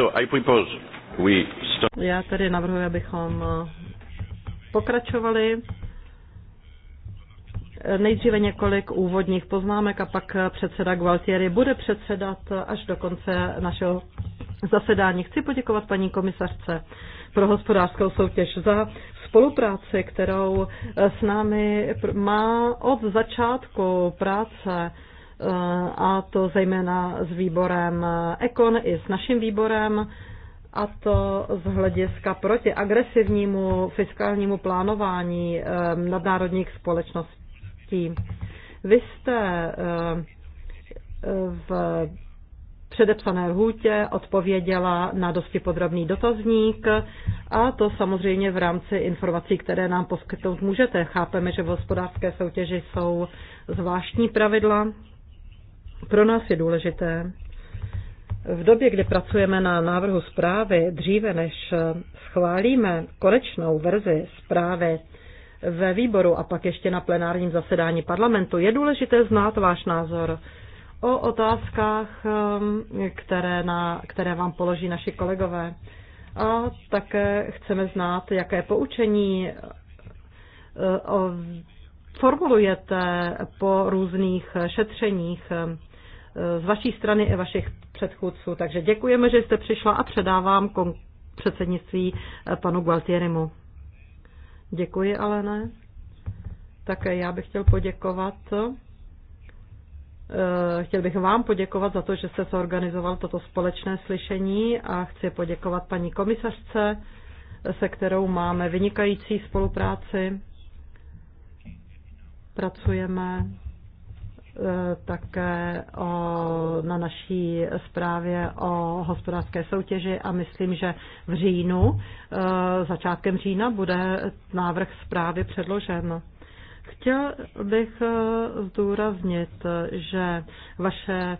So I propose we stop. Já tedy navrhuji, abychom eh, pokračovali. Nejdříve několik úvodních poznámek a pak eh, předseda Gualtieri bude předsedat eh, až do konce našeho zasedání. Chci poděkovat paní komisařce pro hospodářskou soutěž za spolupráci, kterou s námi má od začátku práce a to zejména s výborem Ekon i s naším výborem, a to z hlediska proti agresivnímu fiskálnímu plánování eh, nadnárodních společností. Vy jste eh, v předepsané lhůtě odpověděla na dosti podrobný dotazník a to samozřejmě v rámci informací, které nám poskytnout můžete. Chápeme, že v hospodářské soutěži jsou zvláštní pravidla pro nás je důležité, v době, kdy pracujeme na návrhu zprávy, dříve než schválíme konečnou verzi zprávy ve výboru a pak ještě na plenárním zasedání parlamentu, je důležité znát váš názor o otázkách, um, které, na, které vám položí naši kolegové. A také chceme znát, jaké poučení uh, formulujete po různých šetřeních um, z vaší strany i vašich předchůdců. Takže děkujeme, že jste přišla a předávám předsednictví eh, panu Gualtierimu. Děkuji, Alene. Tak já bych chtěl poděkovat. Eh, chtěl bych vám poděkovat za to, že jste zorganizoval toto společné slyšení a chci poděkovat paní komisařce, se kterou máme vynikající spolupráci. Pracujeme Eh, také o, na naší zprávě o hospodářské soutěži a myslím, že v říjnu, eh, začátkem října, bude návrh zprávy předložen. Chtěl bych eh, zdůraznit, že vaše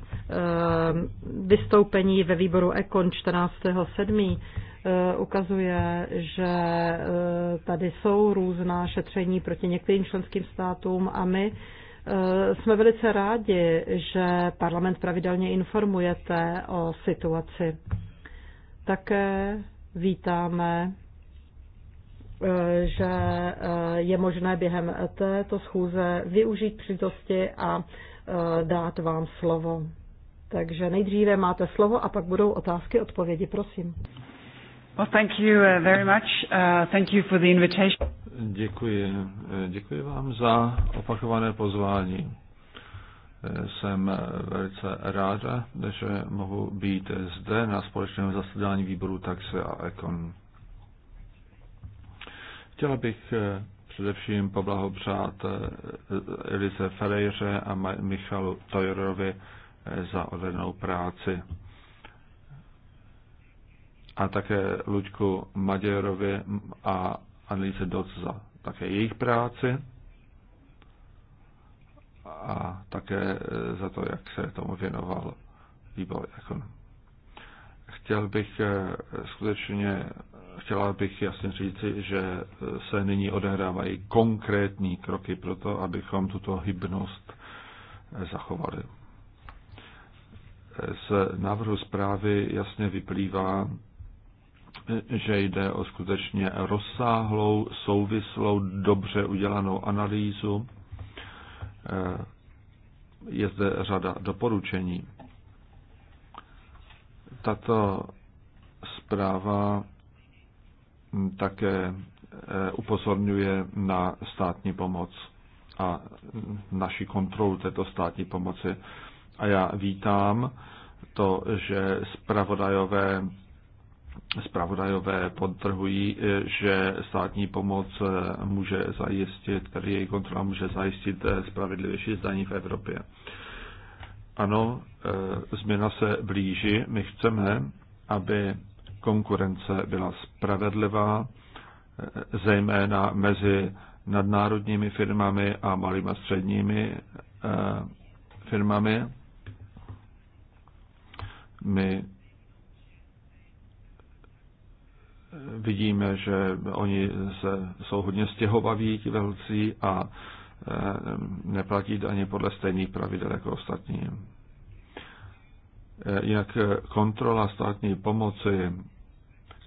vystoupení ve výboru Ekon 14.7. ukazuje, že tady jsou různá šetření proti některým členským státům a my Eh, jsme velice rádi, že parlament pravidelně informujete o situaci. Také vítáme, eh, že eh, je možné během této schůze využít přítosti a dát vám slovo. Takže nejdříve máte slovo a pak budou otázky, odpovědi, prosím. Well, thank you very much. Uh, thank you for the invitation. Děkuji. Děkuji vám za opakované pozvání. Jsem velice ráda, že mohu být zde na společném zasedání výboru Taxe a Ekon. Chtěla bych především poblahopřát Elize Ferejře a Michalu Tojorovi za odvednou práci. A také Luďku Maděrovi a a Annelise dost za také jejich práci a také e, za to, jak se tomu věnoval výbor ekonom. Chtěl bych e, skutečně, chtěla bych jasně říci, že e, se nyní odehrávají konkrétní kroky pro to, abychom tuto hybnost zachovali. Z návrhu zprávy jasně vyplývá, že jde o skutečně rozsáhlou, souvislou, dobře udělanou analýzu. Eh, je zde řada doporučení. Tato zpráva také eh, upozorňuje na státní pomoc a naši kontrolu této státní pomoci. A já vítám to, že zpravodajové Spravodajové podtrhují, eh, že státní pomoc eh, může zajistit, tedy její kontrola může zajistit eh, spravedlivější zdaní v Evropě. Ano, změna se blíží. My chceme, aby konkurence byla spravedlivá, zejména mezi nadnárodními firmami a malými a středními firmami. My vidíme, že oni se, jsou hodně stěhovaví, ti velcí, a e, neplatí ani podle stejných pravidel jako ostatní. E, Jinak kontrola státní pomoci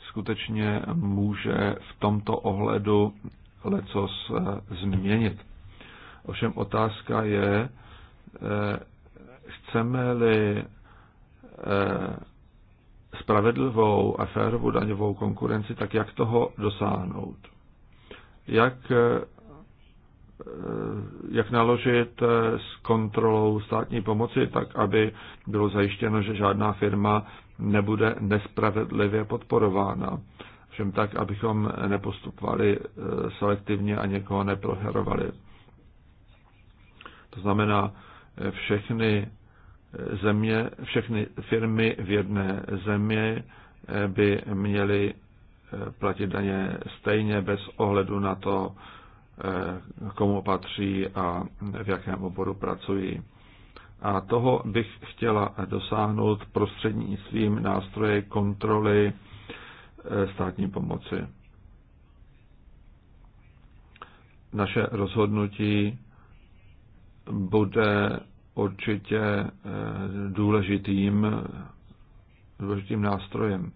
skutečně může v tomto ohledu lecos e, změnit. Ovšem otázka je, chceme-li spravedlivou a férovou daňovou konkurenci, tak jak toho dosáhnout? Jak, eh, eh, jak naložit eh, s kontrolou státní pomoci, tak aby bylo zajištěno, že žádná firma nebude nespravedlivě podporována? Všem tak, abychom nepostupovali selektivně a někoho neproherovali. To znamená, všechny země, všechny firmy v jedné zemi eh, by měly eh, platit daně stejně bez ohledu na to, eh, komu patří a v jakém oboru pracují. A toho bych chtěla dosáhnout prostřednictvím nástroje kontroly státní pomoci. Naše rozhodnutí bude určitě eh, důležitým, důležitým nástrojem.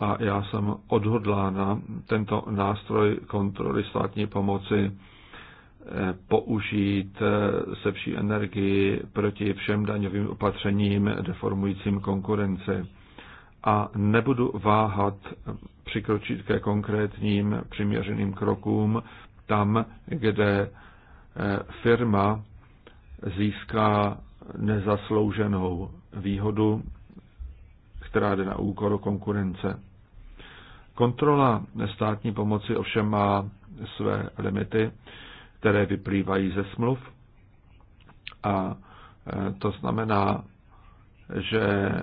A já jsem odhodlána tento nástroj kontroly státní pomoci eh, použít eh, se vší energii proti všem daňovým opatřením deformujícím konkurenci. A nebudu váhat přikročit ke konkrétním přiměřeným krokům tam, kde firma získá nezaslouženou výhodu, která jde na úkor konkurence. Kontrola státní pomoci ovšem má své limity, které vyplývají ze smluv a e, to znamená, že e,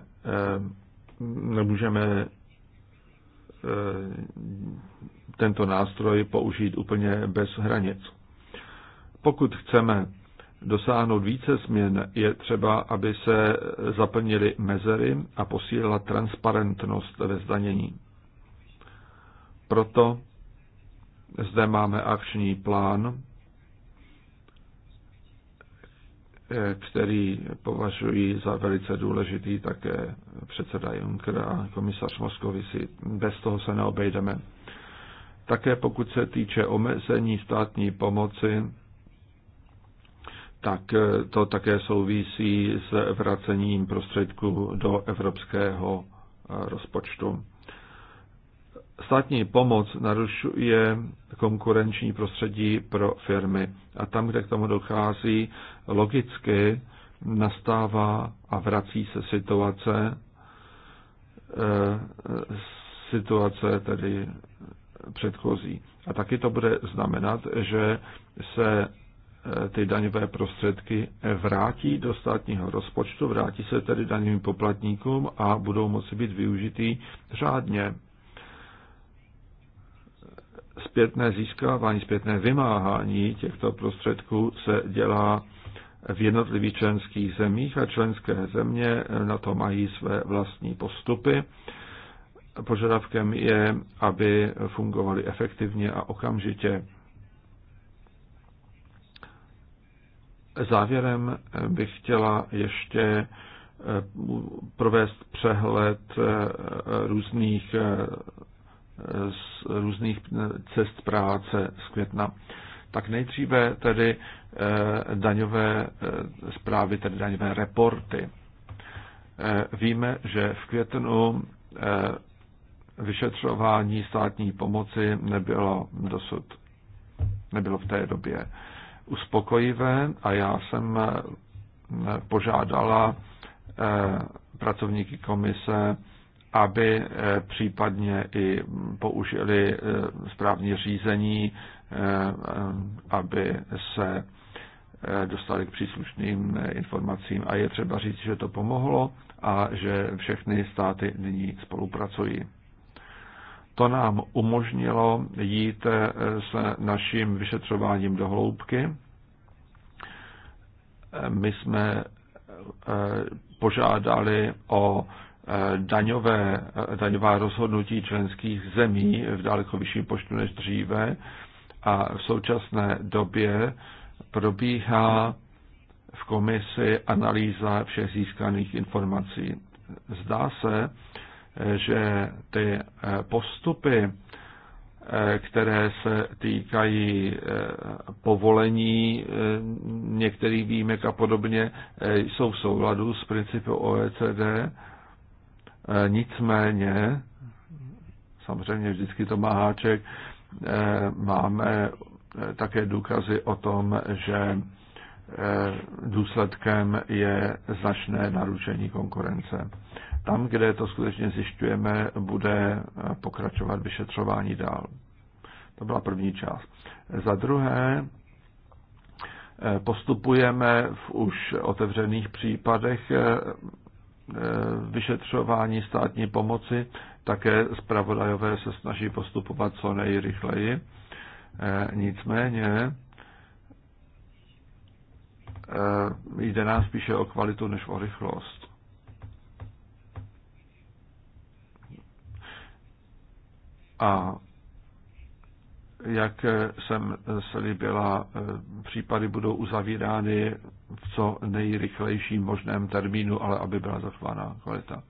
nemůžeme e, tento nástroj použít úplně bez hranic. Pokud chceme dosáhnout více změn, je třeba, aby se zaplnily mezery a posílila transparentnost ve zdanění. Proto zde máme akční plán, který považuji za velice důležitý také předseda Juncker a komisař Moskovici. Bez toho se neobejdeme. Také pokud se týče omezení státní pomoci, tak eh, to také souvisí s vracením prostředků do evropského eh, rozpočtu. Státní pomoc narušuje konkurenční prostředí pro firmy a tam, kde k tomu dochází, logicky nastává a vrací se situace, eh, situace tedy předchozí. A taky to bude znamenat, že se Eh, ty daňové prostředky vrátí do státního rozpočtu, vrátí se tedy daňovým poplatníkům a budou moci být využitý řádně. Zpětné získávání, zpětné vymáhání těchto prostředků se dělá v jednotlivých členských zemích a členské země na to mají své vlastní postupy. Požadavkem je, aby fungovaly efektivně a okamžitě. Závěrem eh, bych chtěla ještě eh, provést přehled eh, různých, různých cest práce z května. Tak nejdříve tedy daňové zprávy, tedy daňové reporty. Víme, že v květnu vyšetřování státní pomoci nebylo dosud, nebylo v té době uspokojivé a já jsem eh, požádala eh, pracovníky komise, aby eh, případně i použili správní řízení, aby se dostali k příslušným informacím. A je třeba říct, že to pomohlo a že všechny státy nyní spolupracují. To nám umožnilo jít eh, s naším vyšetřováním do hloubky. Eh, my jsme eh, požádali o daňové, daňová rozhodnutí členských zemí v daleko vyšším počtu než dříve a v současné době probíhá v komisi analýza všech získaných informací. Zdá se, že ty eh, postupy, eh, které se týkají eh, povolení některých výjimek a podobně, jsou v souladu s principy OECD. Nicméně, samozřejmě vždycky to má háček, máme také důkazy o tom, že důsledkem je značné narušení konkurence tam, kde to skutečně zjišťujeme, bude pokračovat vyšetřování dál. To byla první část. Za druhé, eh, postupujeme v už otevřených případech eh, eh, vyšetřování státní pomoci. Také zpravodajové se snaží postupovat co nejrychleji. Nicméně jde nám spíše o kvalitu než o rychlost. A jak jsem slíbila, případy budou uzavírány v co nejrychlejším možném termínu, ale aby byla zachována kvalita.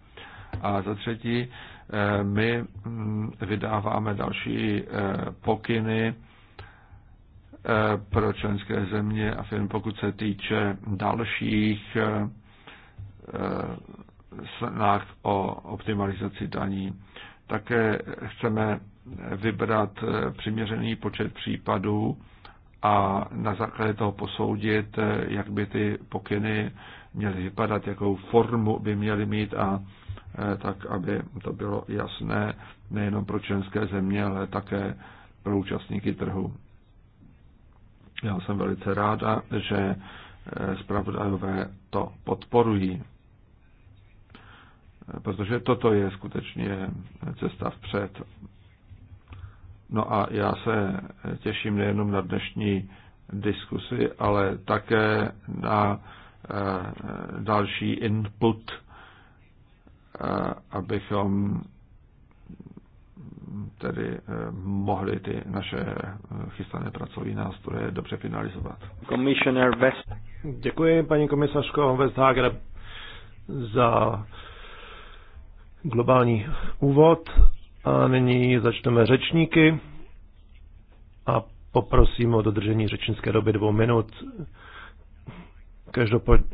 A za třetí, eh, my mm, vydáváme další eh, pokyny eh, pro členské země a firmy, pokud se týče dalších snah o optimalizaci daní. Také chceme vybrat eh, přiměřený počet případů a na základě toho posoudit, eh, jak by ty pokyny měly vypadat, jakou formu by měly mít a eh, tak, aby to bylo jasné nejenom pro členské země, ale také pro účastníky trhu. Já jsem velice ráda, že zpravodajové to podporují protože toto je skutečně cesta vpřed. No a já se těším nejenom na dnešní diskusi, ale také na eh, další input, eh, abychom tedy eh, mohli ty naše chystané pracovní nástroje dobře finalizovat. Commissioner West. Děkuji, paní komisařko Westhager, za globální úvod a nyní začneme řečníky a poprosím o dodržení řečnické doby dvou minut.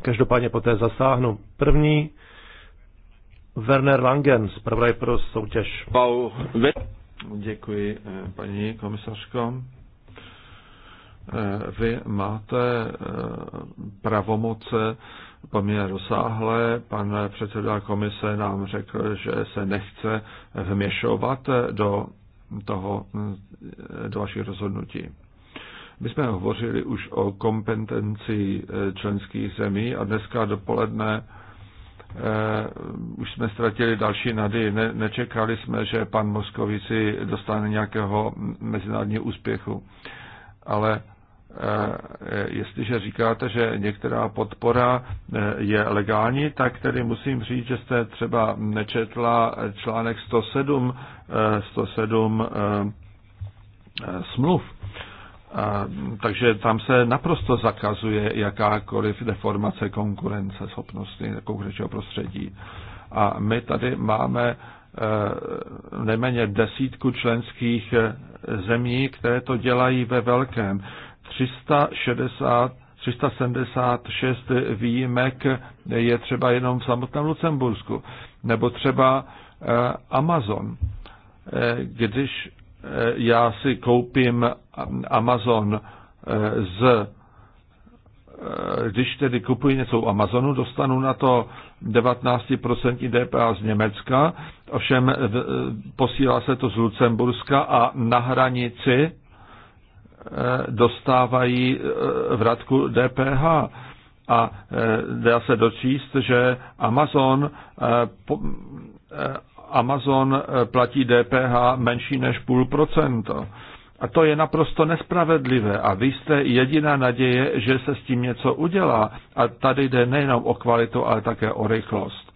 Každopádně poté zasáhnu. První, Werner Langen, zpravodaj pro soutěž. Děkuji, eh, paní komisařko. Eh, vy máte eh, pravomoce poměrně rozsáhlé. Pan předseda komise nám řekl, že se nechce vměšovat do, toho, do vašich rozhodnutí. My jsme hovořili už o kompetenci členských zemí a dneska dopoledne Uh, už jsme ztratili další nady. Ne, nečekali jsme, že pan Moskovici dostane nějakého mezinárodního úspěchu. Ale Eh, jestliže říkáte, že některá podpora eh, je legální, tak tedy musím říct, že jste třeba nečetla článek 107, 107 eh, smluv. Takže tam se naprosto zakazuje jakákoliv deformace konkurence schopnosti konkurenčního prostředí. A my tady máme nejméně desítku členských zemí, které to dělají ve velkém. 360, 376 výjimek je třeba jenom v samotném Lucembursku, nebo třeba eh, Amazon. Eh, když eh, já si koupím Amazon z když tedy kupuji něco u Amazonu, dostanu na to 19% DPA z Německa, ovšem posílá se to z Lucemburska a na hranici Eh, dostávají eh, vratku DPH. A eh, dá se dočíst, že Amazon, Amazon platí DPH menší než půl procento. A to je naprosto nespravedlivé a vy jste jediná naděje, že se s tím něco udělá. A tady jde nejenom o kvalitu, ale také o rychlost.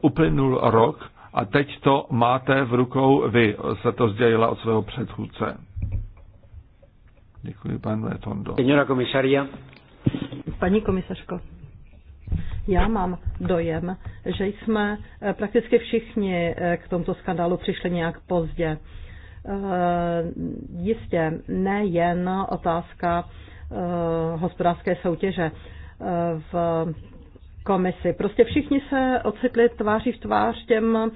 Uplynul rok a teď to máte v rukou vy, se to sdělila od svého předchůdce. Děkuji, pan Letondo. Paní komisařko, já mám dojem, že jsme eh, prakticky všichni eh, k tomuto skandálu přišli nějak pozdě. Eh, jistě nejen otázka hospodářské soutěže. V komisi. Prostě všichni se ocitli tváří v tvář těm eh,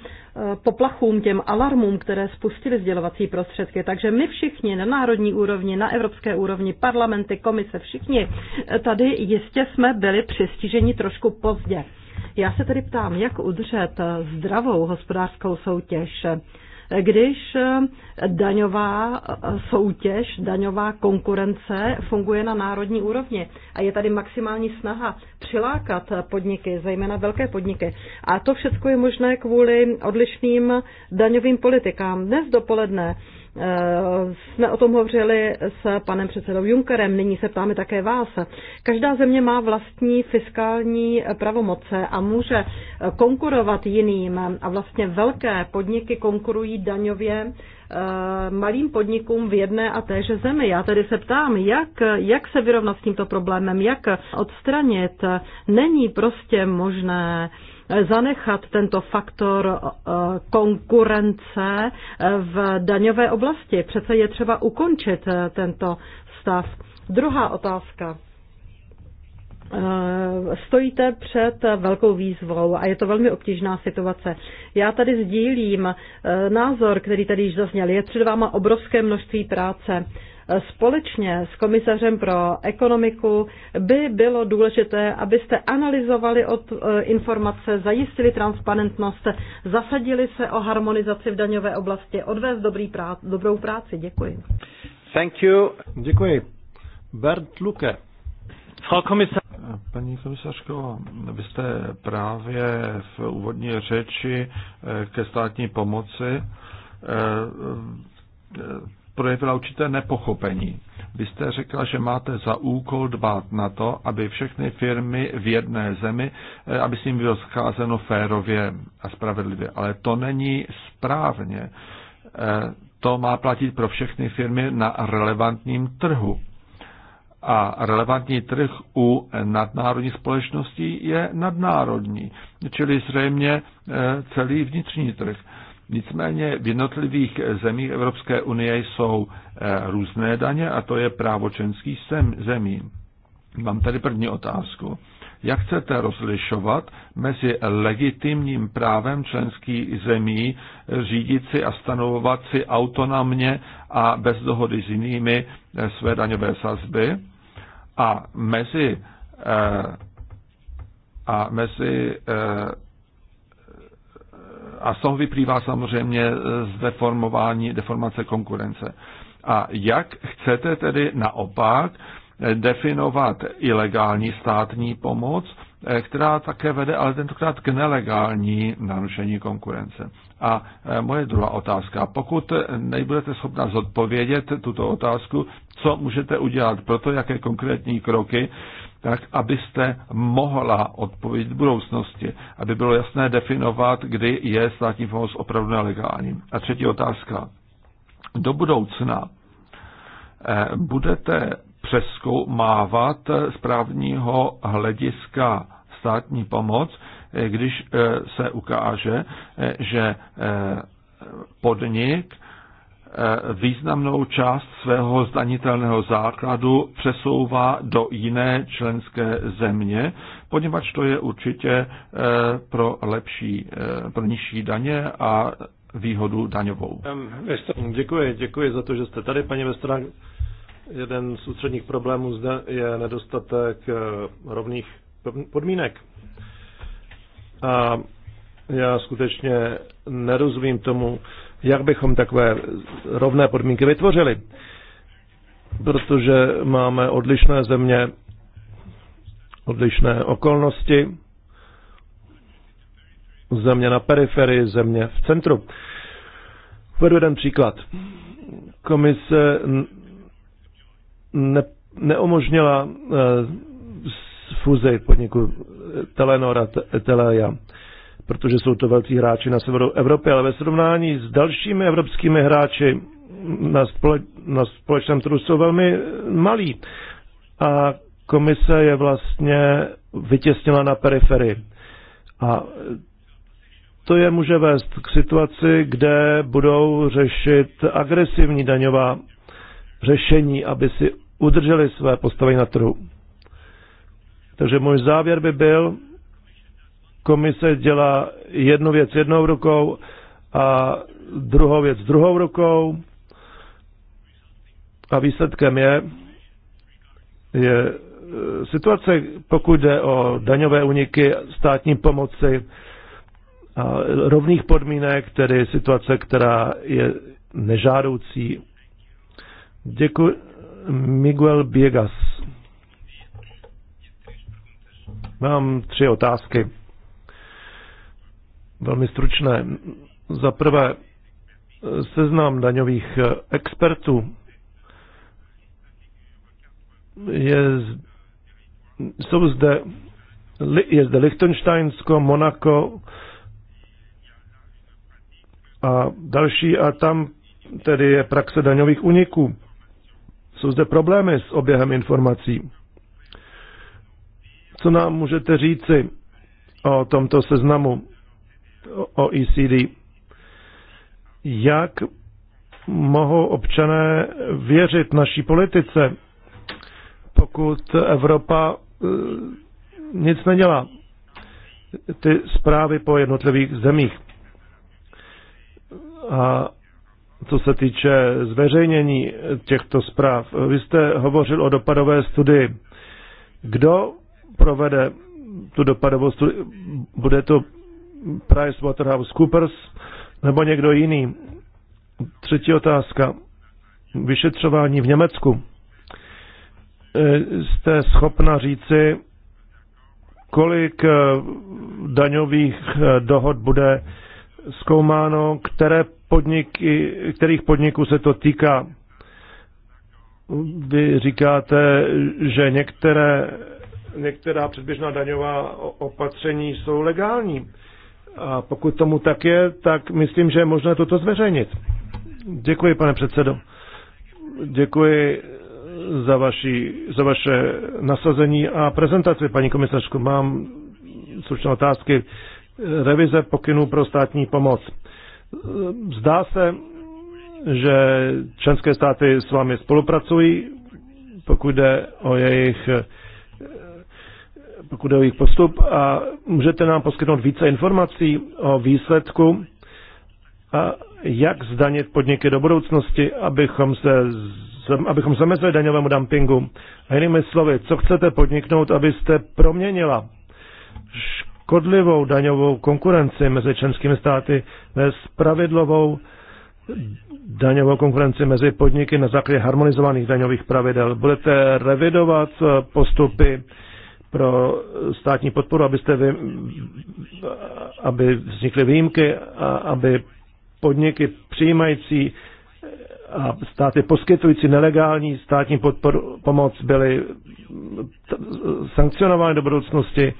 poplachům, těm alarmům, které spustily sdělovací prostředky. Takže my všichni na národní úrovni, na evropské úrovni, parlamenty, komise, všichni eh, tady jistě jsme byli přistiženi trošku pozdě. Já se tedy ptám, jak udržet eh, zdravou hospodářskou soutěž když eh, daňová eh, soutěž, daňová konkurence funguje na národní úrovni a je tady maximální snaha přilákat eh, podniky, zejména velké podniky. A to všechno je možné kvůli odlišným daňovým politikám. Dnes dopoledne jsme o tom hovořili s panem předsedou Junkerem, nyní se ptáme také vás. Každá země má vlastní fiskální pravomoce a může konkurovat jiným a vlastně velké podniky konkurují daňově eh, malým podnikům v jedné a téže zemi. Já tedy se ptám, jak, jak se vyrovnat s tímto problémem, jak odstranit. Není prostě možné zanechat tento faktor eh, konkurence eh, v daňové oblasti. Přece je třeba ukončit eh, tento stav. Druhá otázka stojíte před velkou výzvou a je to velmi obtížná situace. Já tady sdílím názor, který tady již zazněl. Je před váma obrovské množství práce společně s komisařem pro ekonomiku by bylo důležité, abyste analyzovali od eh, informace, zajistili transparentnost, zasadili se o harmonizaci v daňové oblasti, odvést dobrý prác, dobrou práci. Děkuji. Thank you. Děkuji. Bert Luke. Frau Kommissar. Paní komisařko, vy jste právě v úvodní řeči eh, ke státní pomoci eh, projevila určité nepochopení. Vy jste řekla, že máte za úkol dbát na to, aby všechny firmy v jedné zemi, eh, aby s ním bylo scházeno férově a spravedlivě. Ale to není správně. Eh, to má platit pro všechny firmy na relevantním trhu. A relevantní trh u nadnárodních společností je nadnárodní, čili zřejmě eh, celý vnitřní trh. Nicméně v jednotlivých zemích Evropské unie jsou eh, různé daně a to je právo členských zemí. Mám tady první otázku. Jak chcete rozlišovat mezi legitimním právem členských zemí eh, řídit si a stanovovat si autonomně a bez dohody s jinými eh, své daňové sazby a mezi, a mezi a z toho vyplývá samozřejmě eh, z deformování, deformace konkurence. A jak chcete tedy naopak eh, definovat ilegální státní pomoc, eh, která také vede ale tentokrát k nelegální narušení konkurence. A moje druhá otázka. Pokud nebudete schopna zodpovědět tuto otázku, co můžete udělat pro to, jaké konkrétní kroky tak abyste mohla odpovědět v budoucnosti, aby bylo jasné definovat, kdy je státní pomoc opravdu nelegální. A třetí otázka. Do budoucna eh, budete přeskoumávat z právního hlediska státní pomoc, eh, když eh, se ukáže, že podnik Eh, významnou část svého zdanitelného základu přesouvá do jiné členské země, poněvadž to je určitě eh, pro lepší, eh, pro nižší daně a výhodu daňovou. Děkuji, děkuji za to, že jste tady, paní Vestra. Jeden z ústředních problémů zde je nedostatek rovných podmínek. A já skutečně nerozumím tomu, jak bychom takové rovné podmínky vytvořili. Protože máme odlišné země, odlišné okolnosti, země na periferii, země v centru. Uvedu jeden příklad. Komise ne, neumožnila e, eh, fuzi podniku Telenor a Teleja protože jsou to velcí hráči na severu Evropy, ale ve srovnání s dalšími evropskými hráči na, spole, na společném trhu jsou velmi malí. A komise je vlastně vytěsnila na periferii. A to je může vést k situaci, kde budou řešit agresivní daňová řešení, aby si udrželi své postavení na trhu. Takže můj závěr by byl, komise dělá jednu věc jednou rukou a druhou věc druhou rukou. A výsledkem je, je e, situace, pokud jde o daňové uniky, státní pomoci, a rovných podmínek, tedy situace, která je nežádoucí. Děkuji. Miguel Biegas. Mám tři otázky velmi stručné. Za prvé, seznam daňových expertů je, jsou zde, je zde Liechtensteinsko, Monako a další a tam tedy je praxe daňových uniků. Jsou zde problémy s oběhem informací. Co nám můžete říci o tomto seznamu? OECD. Jak mohou občané věřit naší politice, pokud Evropa eh, nic nedělá? Ty zprávy po jednotlivých zemích. A co se týče zveřejnění těchto zpráv, vy jste hovořil o dopadové studii. Kdo provede tu dopadovou studii? Bude to PricewaterhouseCoopers nebo někdo jiný. Třetí otázka. Vyšetřování v Německu. E, jste schopna říci, kolik e, daňových e, dohod bude zkoumáno, které podniky, kterých podniků se to týká. Vy říkáte, že některé, některá předběžná daňová opatření jsou legální. A pokud tomu tak je, tak myslím, že je možné toto zveřejnit. Děkuji, pane předsedo. Děkuji za, vaši, za vaše nasazení a prezentaci, paní komisařku. Mám slušné otázky. Revize pokynů pro státní pomoc. Zdá se, že členské státy s vámi spolupracují, pokud jde o jejich pokud je o jejich postup a můžete nám poskytnout více informací o výsledku a jak zdanit podniky do budoucnosti, abychom se abychom zamezili daňovému dumpingu. A jinými slovy, co chcete podniknout, abyste proměnila škodlivou daňovou konkurenci mezi členskými státy ve spravedlovou daňovou konkurenci mezi podniky na základě harmonizovaných daňových pravidel. Budete revidovat eh, postupy pro státní podporu, abyste vy, aby vznikly výjimky a aby podniky přijímající a státy poskytující nelegální státní podporu, pomoc byly sankcionovány do budoucnosti.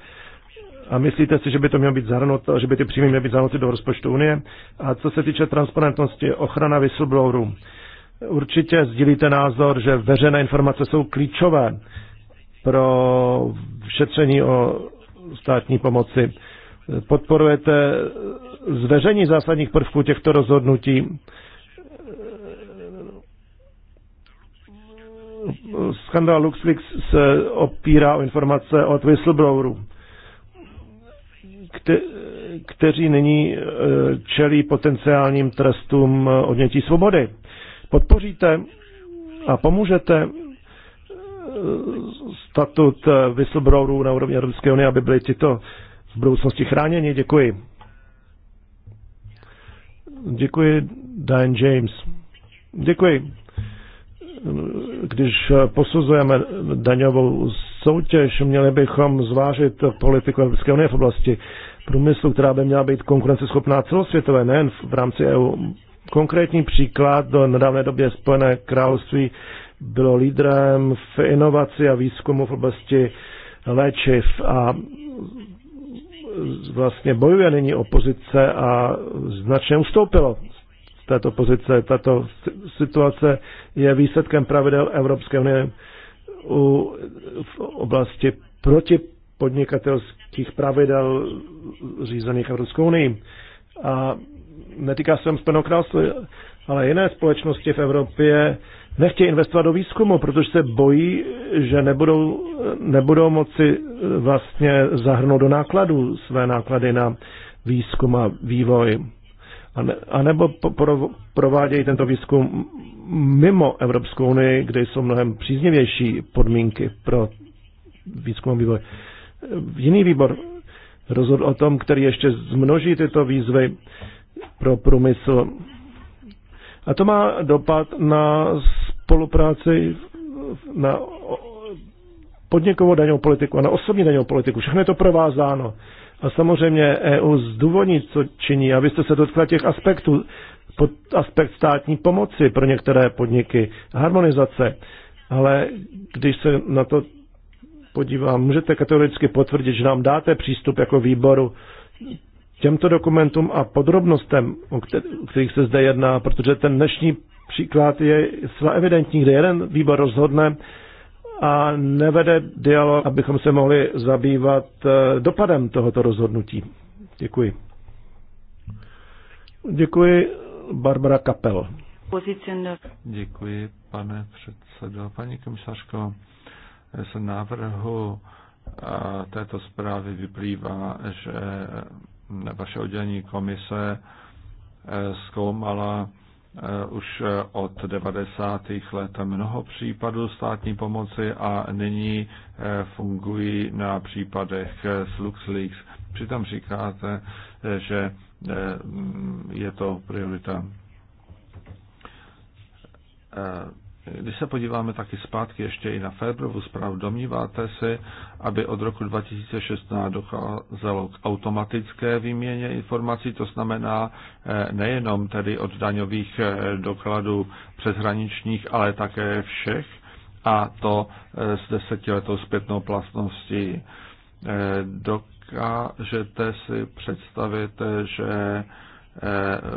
A myslíte si, že by to mělo být zahrnuto, že by ty příjmy měly být zahrnuty do rozpočtu Unie? A co se týče transparentnosti, ochrana whistleblowerů, určitě sdílíte názor, že veřejné informace jsou klíčové pro šetření o státní pomoci. Podporujete zveřejnění zásadních prvků těchto rozhodnutí. Skandál LuxLeaks se opírá o informace od whistleblowerů, kte, kteří nyní e, čelí potenciálním trestům odnětí svobody. Podpoříte a pomůžete statut eh, whistleblowerů na úrovni Evropské unie, aby byly tyto v budoucnosti chráněni. Děkuji. Děkuji, Diane James. Děkuji. Když posuzujeme daňovou soutěž, měli bychom zvážit politiku Evropské unie v oblasti průmyslu, která by měla být konkurenceschopná celosvětové, nejen v rámci EU. Konkrétní příklad do nedávné době Spojené království bylo lídrem v inovaci a výzkumu v oblasti léčiv a vlastně bojuje nyní opozice a značně ustoupilo z této pozice. Tato situace je výsledkem pravidel Evropské unie u, v oblasti protipodnikatelských pravidel řízených Evropskou unii. A netýká se jen Spojeného ale jiné společnosti v Evropě nechtějí investovat do výzkumu, protože se bojí, že nebudou, nebudou moci eh, vlastně zahrnout do nákladů své náklady na výzkum a vývoj. A, ne, a nebo pro, provádějí tento výzkum mimo Evropskou unii, kde jsou mnohem příznivější podmínky pro výzkum a vývoj. Eh, jiný výbor rozhodl o tom, který ještě zmnoží tyto výzvy pro průmysl. A to má dopad na spolupráci na podnikovou daňovou politiku a na osobní daňovou politiku. Všechno je to provázáno. A samozřejmě EU zdůvodní, co činí. A se dotkla těch aspektů, pod aspekt státní pomoci pro některé podniky, harmonizace. Ale když se na to podívám, můžete kategoricky potvrdit, že nám dáte přístup jako výboru těmto dokumentům a podrobnostem, o kterých se zde jedná, protože ten dnešní příklad je zcela evidentní, kde jeden výbor rozhodne a nevede dialog, abychom se mohli zabývat eh, dopadem tohoto rozhodnutí. Děkuji. Děkuji, Barbara Kapel. Děkuji, pane předsedo. Paní komisařko, z návrhu eh, této zprávy vyplývá, že vaše oddělení komise eh, zkoumala Eh, už eh, od 90. let mnoho případů státní pomoci a nyní eh, fungují na případech s LuxLeaks. Přitom říkáte, že mm, je to priorita když se podíváme taky zpátky ještě i na Ferberovu zprávu, domníváte se, aby od roku 2016 docházelo k automatické výměně informací, to znamená eh, nejenom tedy od daňových eh, dokladů přeshraničních, ale také všech, a to s eh, desetiletou zpětnou platností. Dokážete si představit, že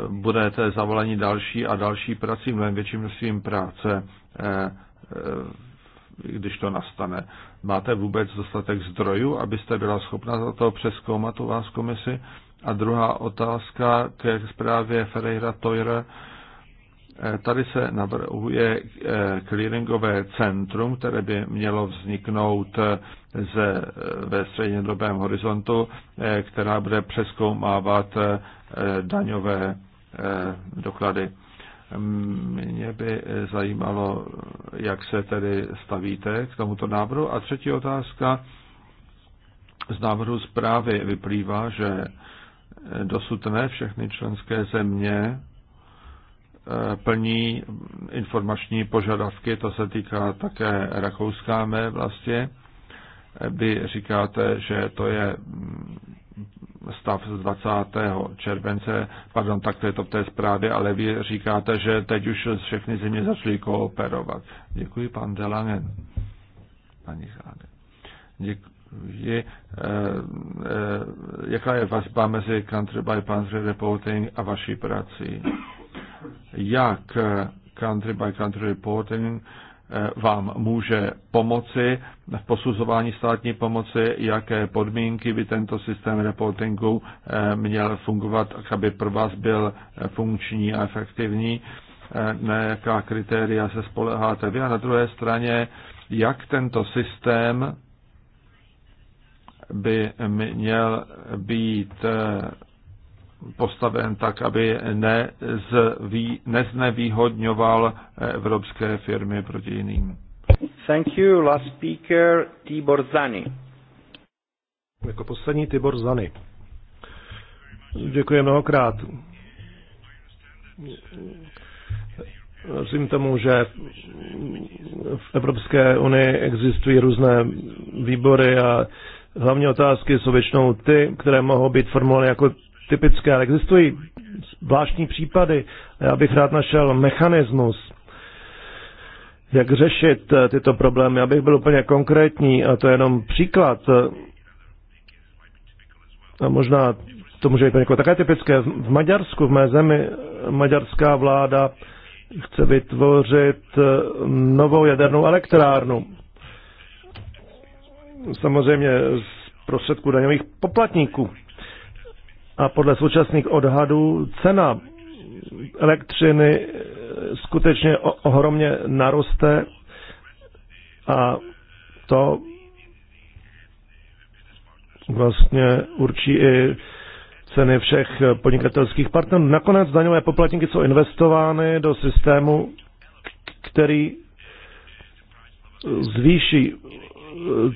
budete zavoleni další a další prací, mnohem větším množstvím práce. Eh, eh, když to nastane. Máte vůbec dostatek zdrojů, abyste byla schopna za to přeskoumat u vás komisi? A druhá otázka ke zprávě Ferreira Toyer. Eh, tady se navrhuje clearingové centrum, které by mělo vzniknout ze, ve střednědobém horizontu, která bude přeskoumávat daňové doklady. Mě by zajímalo, jak se tedy stavíte k tomuto návrhu. A třetí otázka. Z návrhu zprávy vyplývá, že dosud ne všechny členské země eh, plní informační požadavky, to se týká také Rakouská mé vlastně. Vy říkáte, že to je stav z 20. července, pardon, tak to je to v té zprávě, ale vy říkáte, že teď už všechny země začaly kooperovat. Děkuji, pan Delangen. Pani Záde. Děkuji. Eh, eh, jaká je vazba mezi country by country reporting a vaší prací? Jak country by country reporting vám může pomoci v posuzování státní pomoci, jaké podmínky by tento systém reportingu eh, měl fungovat, aby pro vás byl eh, funkční a efektivní, eh, na jaká kritéria se spoleháte vy a na druhé straně, jak tento systém by měl být postaven tak, aby nezví, neznevýhodňoval evropské firmy proti jiným. Thank you. Last speaker, Tibor Zani. Jako poslední Tibor Zany. Děkuji mnohokrát. Rozumím tomu, že v Evropské unii existují různé výbory a hlavní otázky jsou většinou ty, které mohou být formulovány jako typické, ale existují zvláštní případy. Já bych rád našel mechanismus, jak řešit eh, tyto problémy. Abych byl úplně konkrétní, a to je jenom příklad, eh, a možná to může být jako také typické. V Maďarsku, v mé zemi, maďarská vláda chce vytvořit eh, novou jadernou elektrárnu. Samozřejmě z prostředků daňových poplatníků. A podle současných odhadů cena elektřiny eh, skutečně ohromně naroste a to vlastně určí i ceny všech podnikatelských partnerů. Nakonec daňové poplatníky jsou investovány do systému, který zvýší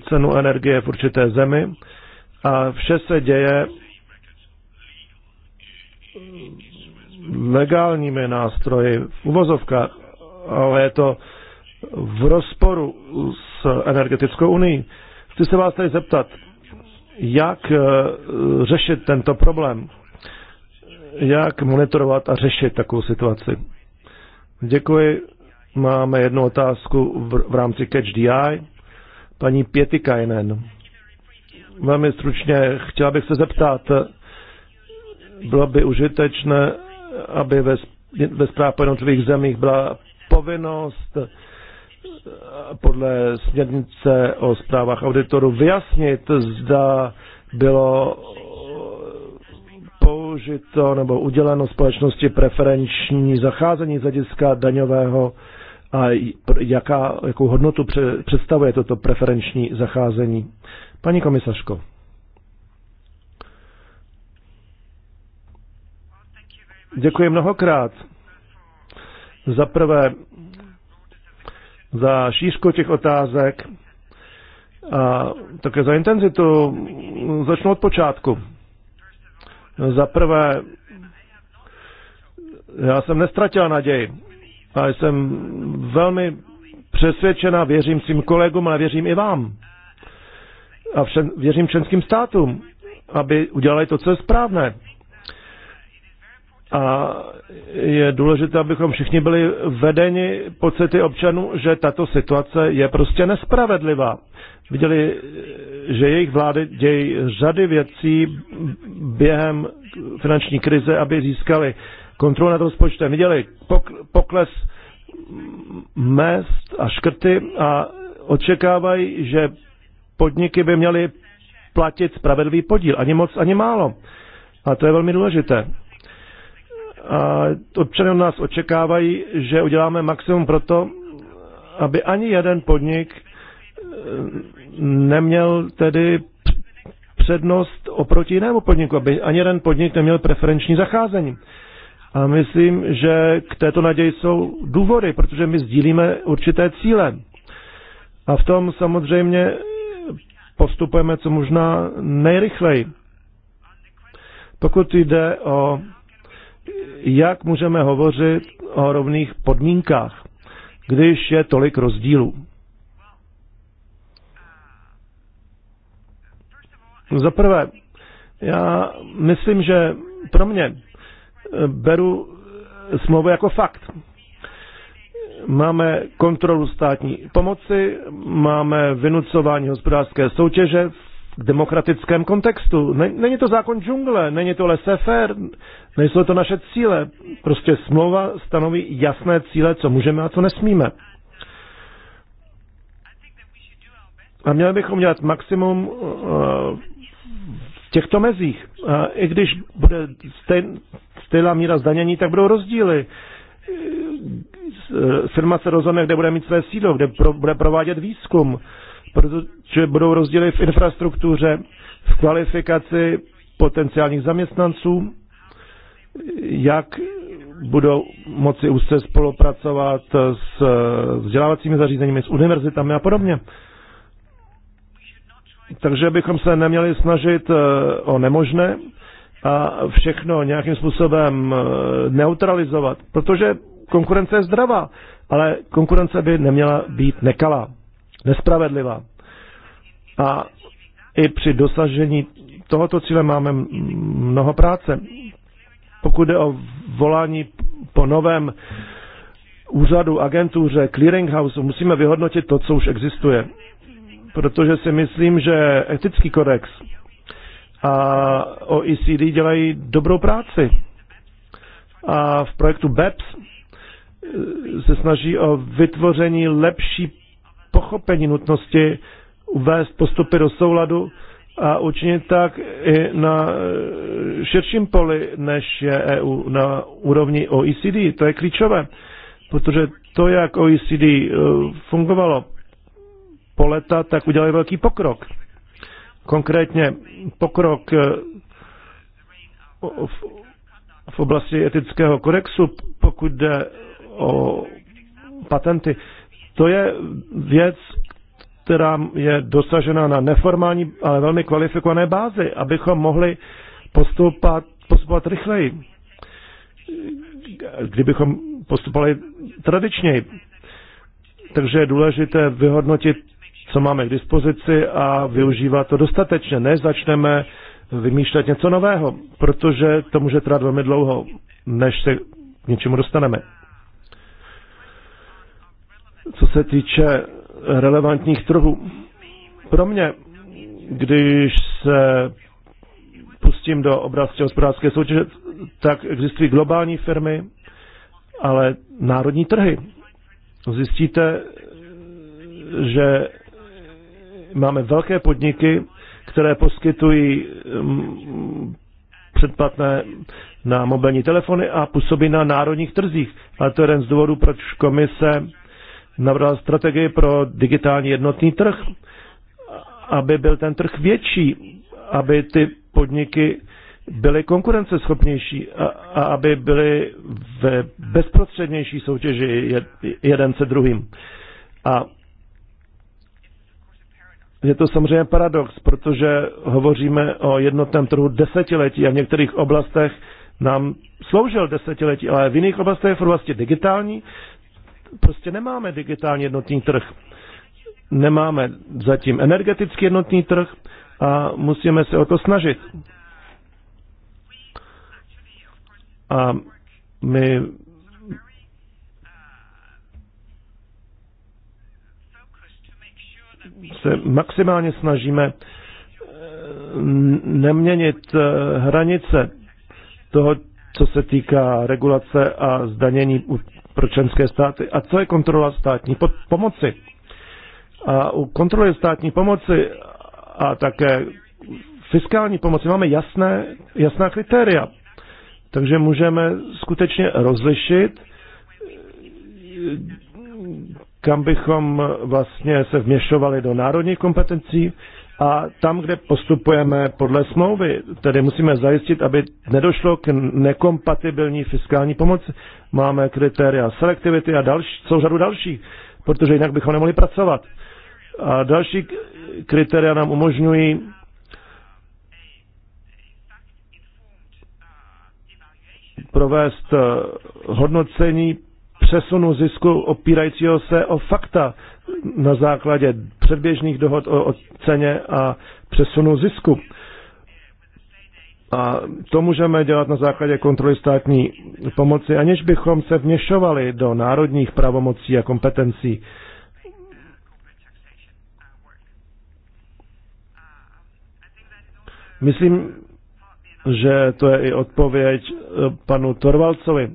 cenu energie v určité zemi a vše se děje legálními nástroji v uvozovkách, ale je to v rozporu s energetickou unii. Chci se vás tady zeptat, jak eh, řešit tento problém? Jak monitorovat a řešit takovou situaci? Děkuji. Máme jednu otázku v, v rámci Catch DI. Paní Pietikainen. Velmi stručně chtěla bych se zeptat, bylo by užitečné, aby ve, ve zpráv jednotlivých zemích byla povinnost eh, podle směrnice o zprávách auditorů vyjasnit, zda bylo eh, použito nebo uděleno společnosti preferenční zacházení z hlediska daňového a jaká, jakou hodnotu představuje toto preferenční zacházení. Paní komisařko. Děkuji mnohokrát. Za prvé, za šířku těch otázek a také za intenzitu. Začnu od počátku. Za prvé, já jsem nestratil naději a jsem velmi přesvědčena, věřím svým kolegům, ale věřím i vám. A všem, věřím členským státům, aby udělali to, co je správné. A je důležité, abychom všichni byli vedeni pocity občanů, že tato situace je prostě nespravedlivá. Viděli, že jejich vlády dějí řady věcí během finanční krize, aby získali kontrolu nad rozpočtem. Viděli pokles mest a škrty a očekávají, že podniky by měly platit spravedlivý podíl. Ani moc, ani málo. A to je velmi důležité. A občané od nás očekávají, že uděláme maximum pro to, aby ani jeden podnik eh, neměl tedy přednost oproti jinému podniku, aby ani jeden podnik neměl preferenční zacházení. A myslím, že k této naději jsou důvody, protože my sdílíme určité cíle. A v tom samozřejmě postupujeme co možná nejrychleji. Pokud jde o jak můžeme hovořit o rovných podmínkách, když je tolik rozdílů. Za prvé, já myslím, že pro mě eh, beru smlouvu jako fakt. Máme kontrolu státní pomoci, máme vynucování hospodářské soutěže v demokratickém kontextu. Není to zákon džungle, není to laissez-faire, nejsou to naše cíle. Prostě smlouva stanoví jasné cíle, co můžeme a co nesmíme. A měli bychom dělat maximum eh, v těchto mezích. A I když bude stejná míra zdanění, tak budou rozdíly. Eh, eh, firma se rozhodne, kde bude mít své sídlo, kde pro, bude provádět výzkum protože budou rozdíly v infrastruktuře, v kvalifikaci potenciálních zaměstnanců, jak budou moci úzce spolupracovat s eh, vzdělávacími zařízeními, s univerzitami a podobně. Takže bychom se neměli snažit eh, o nemožné a všechno nějakým způsobem eh, neutralizovat, protože konkurence je zdravá, ale konkurence by neměla být nekalá nespravedlivá. A i při dosažení tohoto cíle máme mnoho práce. Pokud jde o volání po novém úřadu, agentuře, clearinghouse, musíme vyhodnotit to, co už existuje. Protože si myslím, že etický kodex a OECD dělají dobrou práci. A v projektu BEPS e, se snaží o vytvoření lepší pochopení nutnosti uvést postupy do souladu a učinit tak i na eh, širším poli, než je EU na úrovni OECD. To je klíčové, protože to, jak OECD eh, fungovalo po leta, tak udělali velký pokrok. Konkrétně pokrok eh, v oblasti etického kodexu, pokud jde o patenty. To je věc, která je dosažena na neformální, ale velmi kvalifikované bázi, abychom mohli postupovat, postupovat rychleji, kdybychom postupovali tradičněji. Takže je důležité vyhodnotit, co máme k dispozici a využívat to dostatečně, než začneme vymýšlet něco nového, protože to může trvat velmi dlouho, než se k něčemu dostaneme co se týče relevantních trhů. Pro mě, když se pustím do oblasti hospodářské soutěže, tak existují globální firmy, ale národní trhy. Zjistíte, že máme velké podniky, které poskytují mm, předplatné na mobilní telefony a působí na národních trzích. A to je jeden z důvodů, proč komise navrhla strategii pro digitální jednotný trh, aby byl ten trh větší, aby ty podniky byly konkurenceschopnější a, a aby byly v bezprostřednější soutěži jed, jeden se druhým. A je to samozřejmě paradox, protože hovoříme o jednotném trhu desetiletí a v některých oblastech nám sloužil desetiletí, ale v jiných oblastech, v oblasti digitální, prostě nemáme digitální jednotný trh. Nemáme zatím energetický jednotný trh a musíme se o to snažit. A my se maximálně snažíme eh, neměnit eh, hranice toho, co se týká regulace a zdanění pro členské státy a co je kontrola státní pomoci. A u kontroly státní pomoci a také fiskální pomoci máme jasné, jasná kritéria. Takže můžeme skutečně rozlišit, kam bychom vlastně se vměšovali do národních kompetencí a tam, kde postupujeme podle smlouvy, tedy musíme zajistit, aby nedošlo k nekompatibilní fiskální pomoci. Máme kritéria selektivity a další, celou řadu dalších, protože jinak bychom nemohli pracovat. A další kritéria nám umožňují provést eh, hodnocení přesunu zisku opírajícího se o fakta, na základě předběžných dohod o, o ceně a přesunu zisku. A to můžeme dělat na základě kontroly státní pomoci, aniž bychom se vněšovali do národních pravomocí a kompetencí. Myslím, že to je i odpověď eh, panu Torvalcovi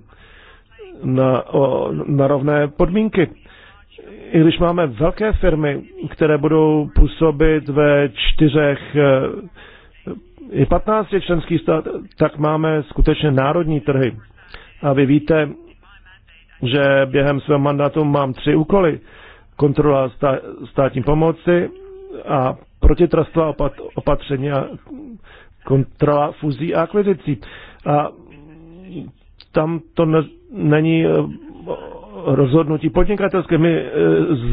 na, o, na rovné podmínky i když máme velké firmy, které budou působit ve čtyřech eh, i patnácti členských stát, tak máme skutečně národní trhy. A vy víte, že během svého mandátu mám tři úkoly. Kontrola státní pomoci a protitrastová opat, opatření a kontrola fuzí a akvizicí. A tam to ne, není eh, rozhodnutí podnikatelské. My e,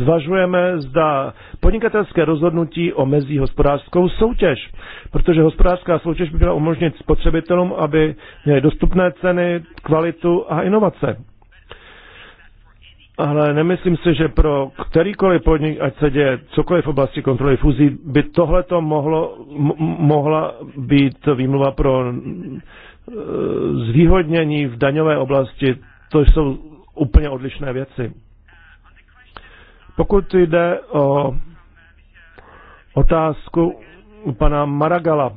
zvažujeme, zda podnikatelské rozhodnutí omezí hospodářskou soutěž, protože hospodářská soutěž by měla umožnit spotřebitelům, aby měli dostupné ceny, kvalitu a inovace. Ale nemyslím si, že pro kterýkoliv podnik, ať se děje cokoliv v oblasti kontroly fuzí, by tohle to mohlo, mohla být výmluva pro e, zvýhodnění v daňové oblasti. To jsou úplně odlišné věci. Pokud jde o otázku u pana Maragala,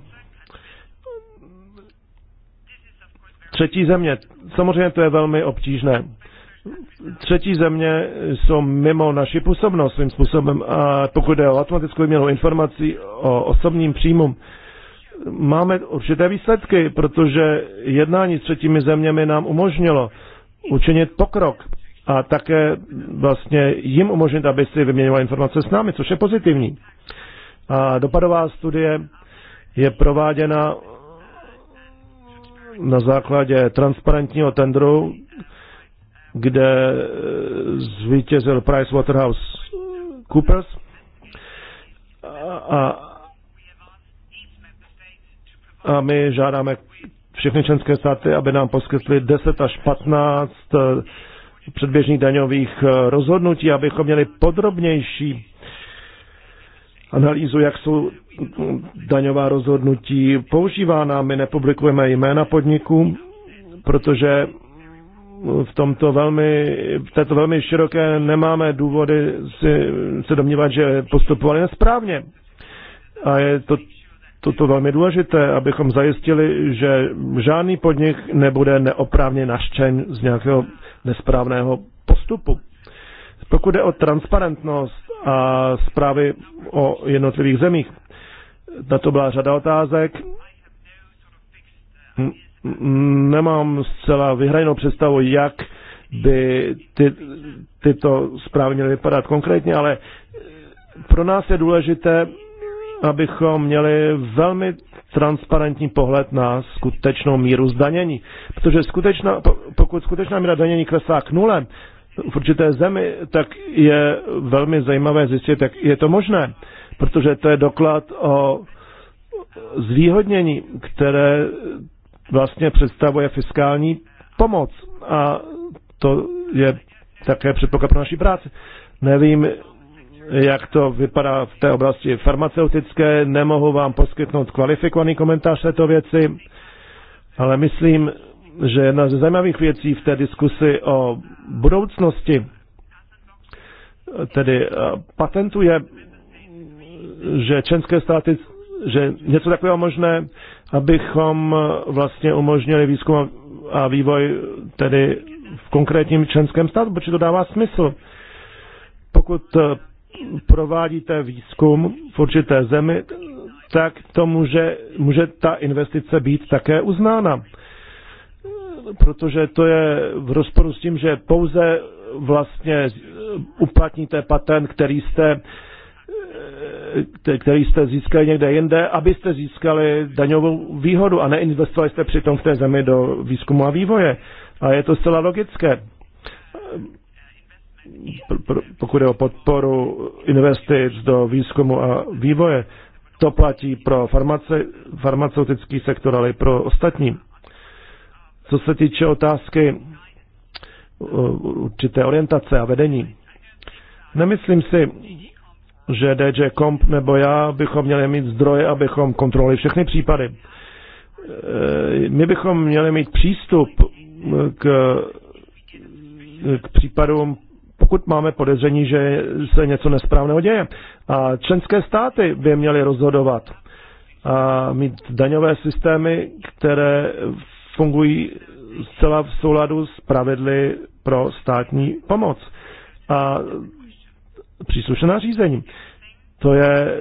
třetí země, samozřejmě to je velmi obtížné. Třetí země jsou mimo naši působnost svým způsobem a pokud jde o automatickou výměnu informací o osobním příjmu, máme určité výsledky, protože jednání s třetími zeměmi nám umožnilo učinit pokrok a také vlastně jim umožnit, aby si vyměňovali informace s námi, což je pozitivní. A dopadová studie je prováděna na základě transparentního tendru, kde eh, zvítězil Pricewaterhouse Coopers a, a my žádáme všechny členské státy, aby nám poskytly 10 až 15 eh, předběžných daňových eh, rozhodnutí, abychom měli podrobnější analýzu, jak jsou mm, daňová rozhodnutí používána. My nepublikujeme jména podniků, protože v tomto velmi, v této velmi široké nemáme důvody si, se domnívat, že postupovali nesprávně. A je to toto velmi důležité, abychom zajistili, že žádný podnik nebude neoprávně naštěn z nějakého nesprávného postupu. Pokud jde o transparentnost a zprávy o jednotlivých zemích, na to byla řada otázek. Nemám zcela vyhrajenou představu, jak by ty, tyto zprávy měly vypadat konkrétně, ale pro nás je důležité, abychom měli velmi transparentní pohled na skutečnou míru zdanění. Protože skutečná, pokud skutečná míra zdanění klesá k nule v určité zemi, tak je velmi zajímavé zjistit, jak je to možné. Protože to je doklad o zvýhodnění, které vlastně představuje fiskální pomoc. A to je také předpoklad pro naší práci. Nevím, jak to vypadá v té oblasti farmaceutické. Nemohu vám poskytnout kvalifikovaný komentář této věci, ale myslím, že jedna ze zajímavých věcí v té diskusi o budoucnosti, tedy eh, patentuje, že české státy, že něco takového možné, abychom eh, vlastně umožnili výzkum a vývoj tedy v konkrétním členském státu, protože to dává smysl. Pokud eh, provádíte výzkum v určité zemi, tak to může, může ta investice být také uznána. Protože to je v rozporu s tím, že pouze vlastně uplatníte patent, který jste, který jste získali někde jinde, abyste získali daňovou výhodu a neinvestovali jste přitom v té zemi do výzkumu a vývoje. A je to zcela logické pokud je o podporu investic do výzkumu a vývoje. To platí pro farmace, farmaceutický sektor, ale i pro ostatní. Co se týče otázky uh, určité orientace a vedení, nemyslím si, že DJ Comp nebo já bychom měli mít zdroje, abychom kontrolovali všechny případy. Eh, my bychom měli mít přístup k, k případům pokud máme podezření, že se něco nesprávného děje. A členské státy by měly rozhodovat a mít daňové systémy, které fungují zcela v souladu s pravidly pro státní pomoc a příslušné nařízení. To je e,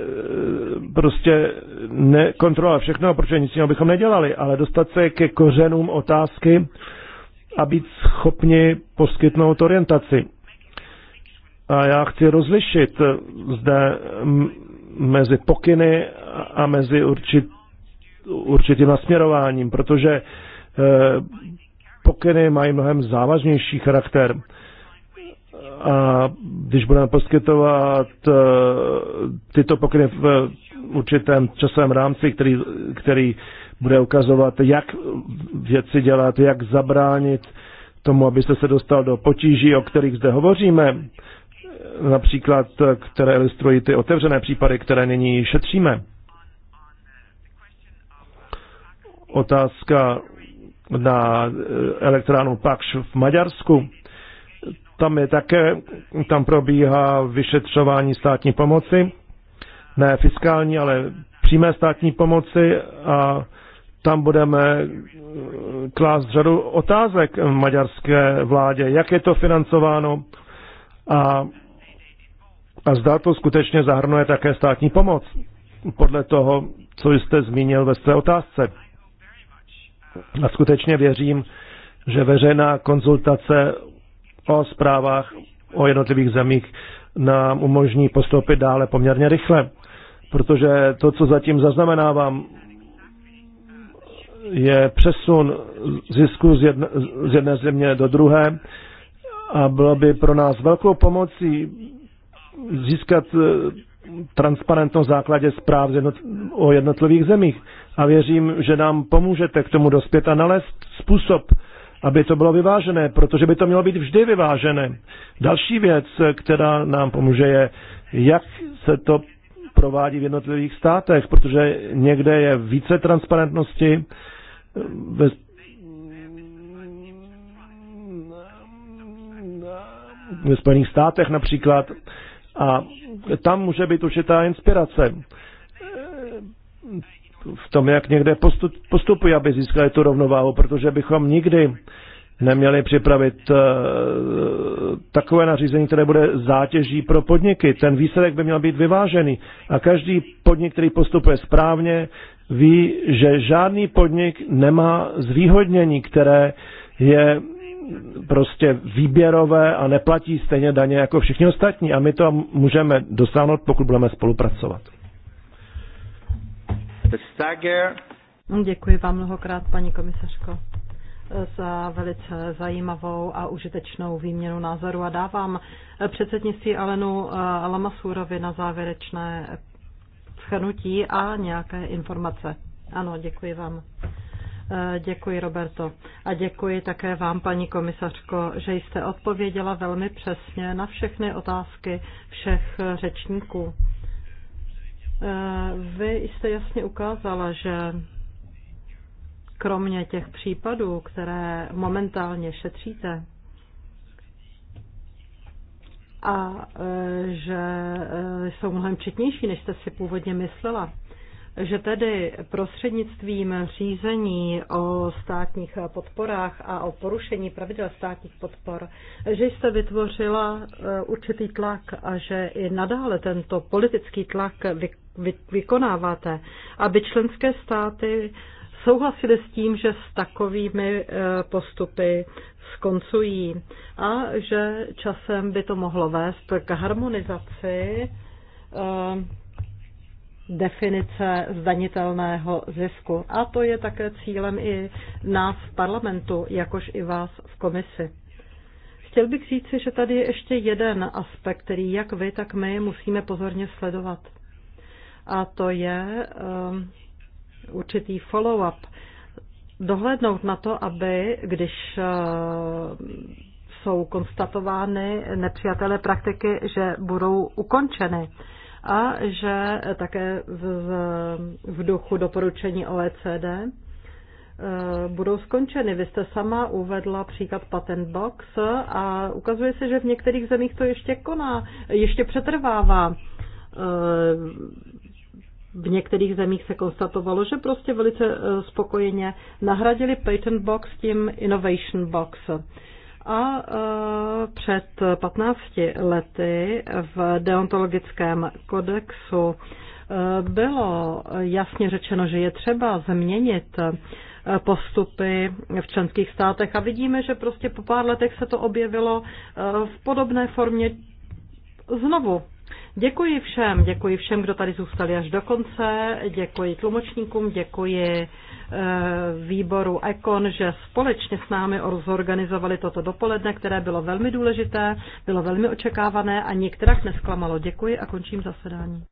prostě nekontrola všechno, protože nic jiného bychom nedělali, ale dostat se ke kořenům otázky a být schopni poskytnout orientaci. A já chci rozlišit eh, zde mezi pokyny a mezi určit, určitým nasměrováním, protože eh, pokyny mají mnohem závažnější charakter. A když budeme poskytovat eh, tyto pokyny v určitém časovém rámci, který, který bude ukazovat, jak věci dělat, jak zabránit tomu, abyste se dostal do potíží, o kterých zde hovoříme, například, které ilustrují ty otevřené případy, které nyní šetříme. Otázka na eh, elektránu Pakš v Maďarsku. Tam je také, tam probíhá vyšetřování státní pomoci, ne fiskální, ale přímé státní pomoci a tam budeme eh, klást řadu otázek maďarské vládě, jak je to financováno a a zda to skutečně zahrnuje také státní pomoc, podle toho, co jste zmínil ve své otázce. A skutečně věřím, že veřejná konzultace o zprávách o jednotlivých zemích nám umožní postoupit dále poměrně rychle, protože to, co zatím zaznamenávám, je přesun zisku z jedné, z jedné země do druhé a bylo by pro nás velkou pomocí získat eh, na základě zpráv o jednotlivých zemích. A věřím, že nám pomůžete k tomu dospět a nalézt způsob, aby to bylo vyvážené, protože by to mělo být vždy vyvážené. Další věc, eh, která nám pomůže, je, jak se to provádí v jednotlivých státech, protože někde je více transparentnosti, eh, ve... ve Spojených státech například, a tam může být určitá inspirace eh, v tom, jak někde postupují, aby získali tu rovnováhu, protože bychom nikdy neměli připravit eh, takové nařízení, které bude zátěží pro podniky. Ten výsledek by měl být vyvážený. A každý podnik, který postupuje správně, ví, že žádný podnik nemá zvýhodnění, které je prostě výběrové a neplatí stejně daně jako všichni ostatní a my to můžeme dosáhnout, pokud budeme spolupracovat. Děkuji vám mnohokrát, paní komisařko, za velice zajímavou a užitečnou výměnu názoru a dávám předsednictví Alenu eh, Lamasurovi na závěrečné schrnutí a nějaké informace. Ano, děkuji vám. Eh, děkuji, Roberto. A děkuji také vám, paní komisařko, že jste odpověděla velmi přesně na všechny otázky všech eh, řečníků. Eh, vy jste jasně ukázala, že kromě těch případů, které momentálně šetříte, a že jsou mnohem četnější, než jste si původně myslela že tedy prostřednictvím řízení o státních podporách a o porušení pravidel státních podpor, že jste vytvořila eh, určitý tlak a že i nadále tento politický tlak vy, vy, vykonáváte, aby členské státy souhlasili s tím, že s takovými eh, postupy skoncují a že časem by to mohlo vést k harmonizaci eh, definice zdanitelného zisku. A to je také cílem i nás v parlamentu, jakož i vás v komisi. Chtěl bych říci, že tady je ještě jeden aspekt, který jak vy, tak my musíme pozorně sledovat. A to je um, určitý follow-up. Dohlednout na to, aby když uh, jsou konstatovány nepřijatelé praktiky, že budou ukončeny. Uh, a že také v, v duchu doporučení OECD eh, budou skončeny. Vy jste sama uvedla příklad Patent Box a ukazuje se, že v některých zemích to ještě koná, ještě přetrvává. Eh, v některých zemích se konstatovalo, že prostě velice eh, spokojeně nahradili Patent Box tím Innovation Box. A e, před 15 lety v deontologickém kodexu e, bylo jasně řečeno, že je třeba změnit e, postupy v členských státech a vidíme, že prostě po pár letech se to objevilo v podobné formě znovu. Děkuji všem, děkuji všem, kdo tady zůstali až do konce, děkuji tlumočníkům, děkuji Eh, výboru EKON, že společně s námi zorganizovali toto dopoledne, které bylo velmi důležité, bylo velmi očekávané a některá nesklamalo. Děkuji a končím zasedání.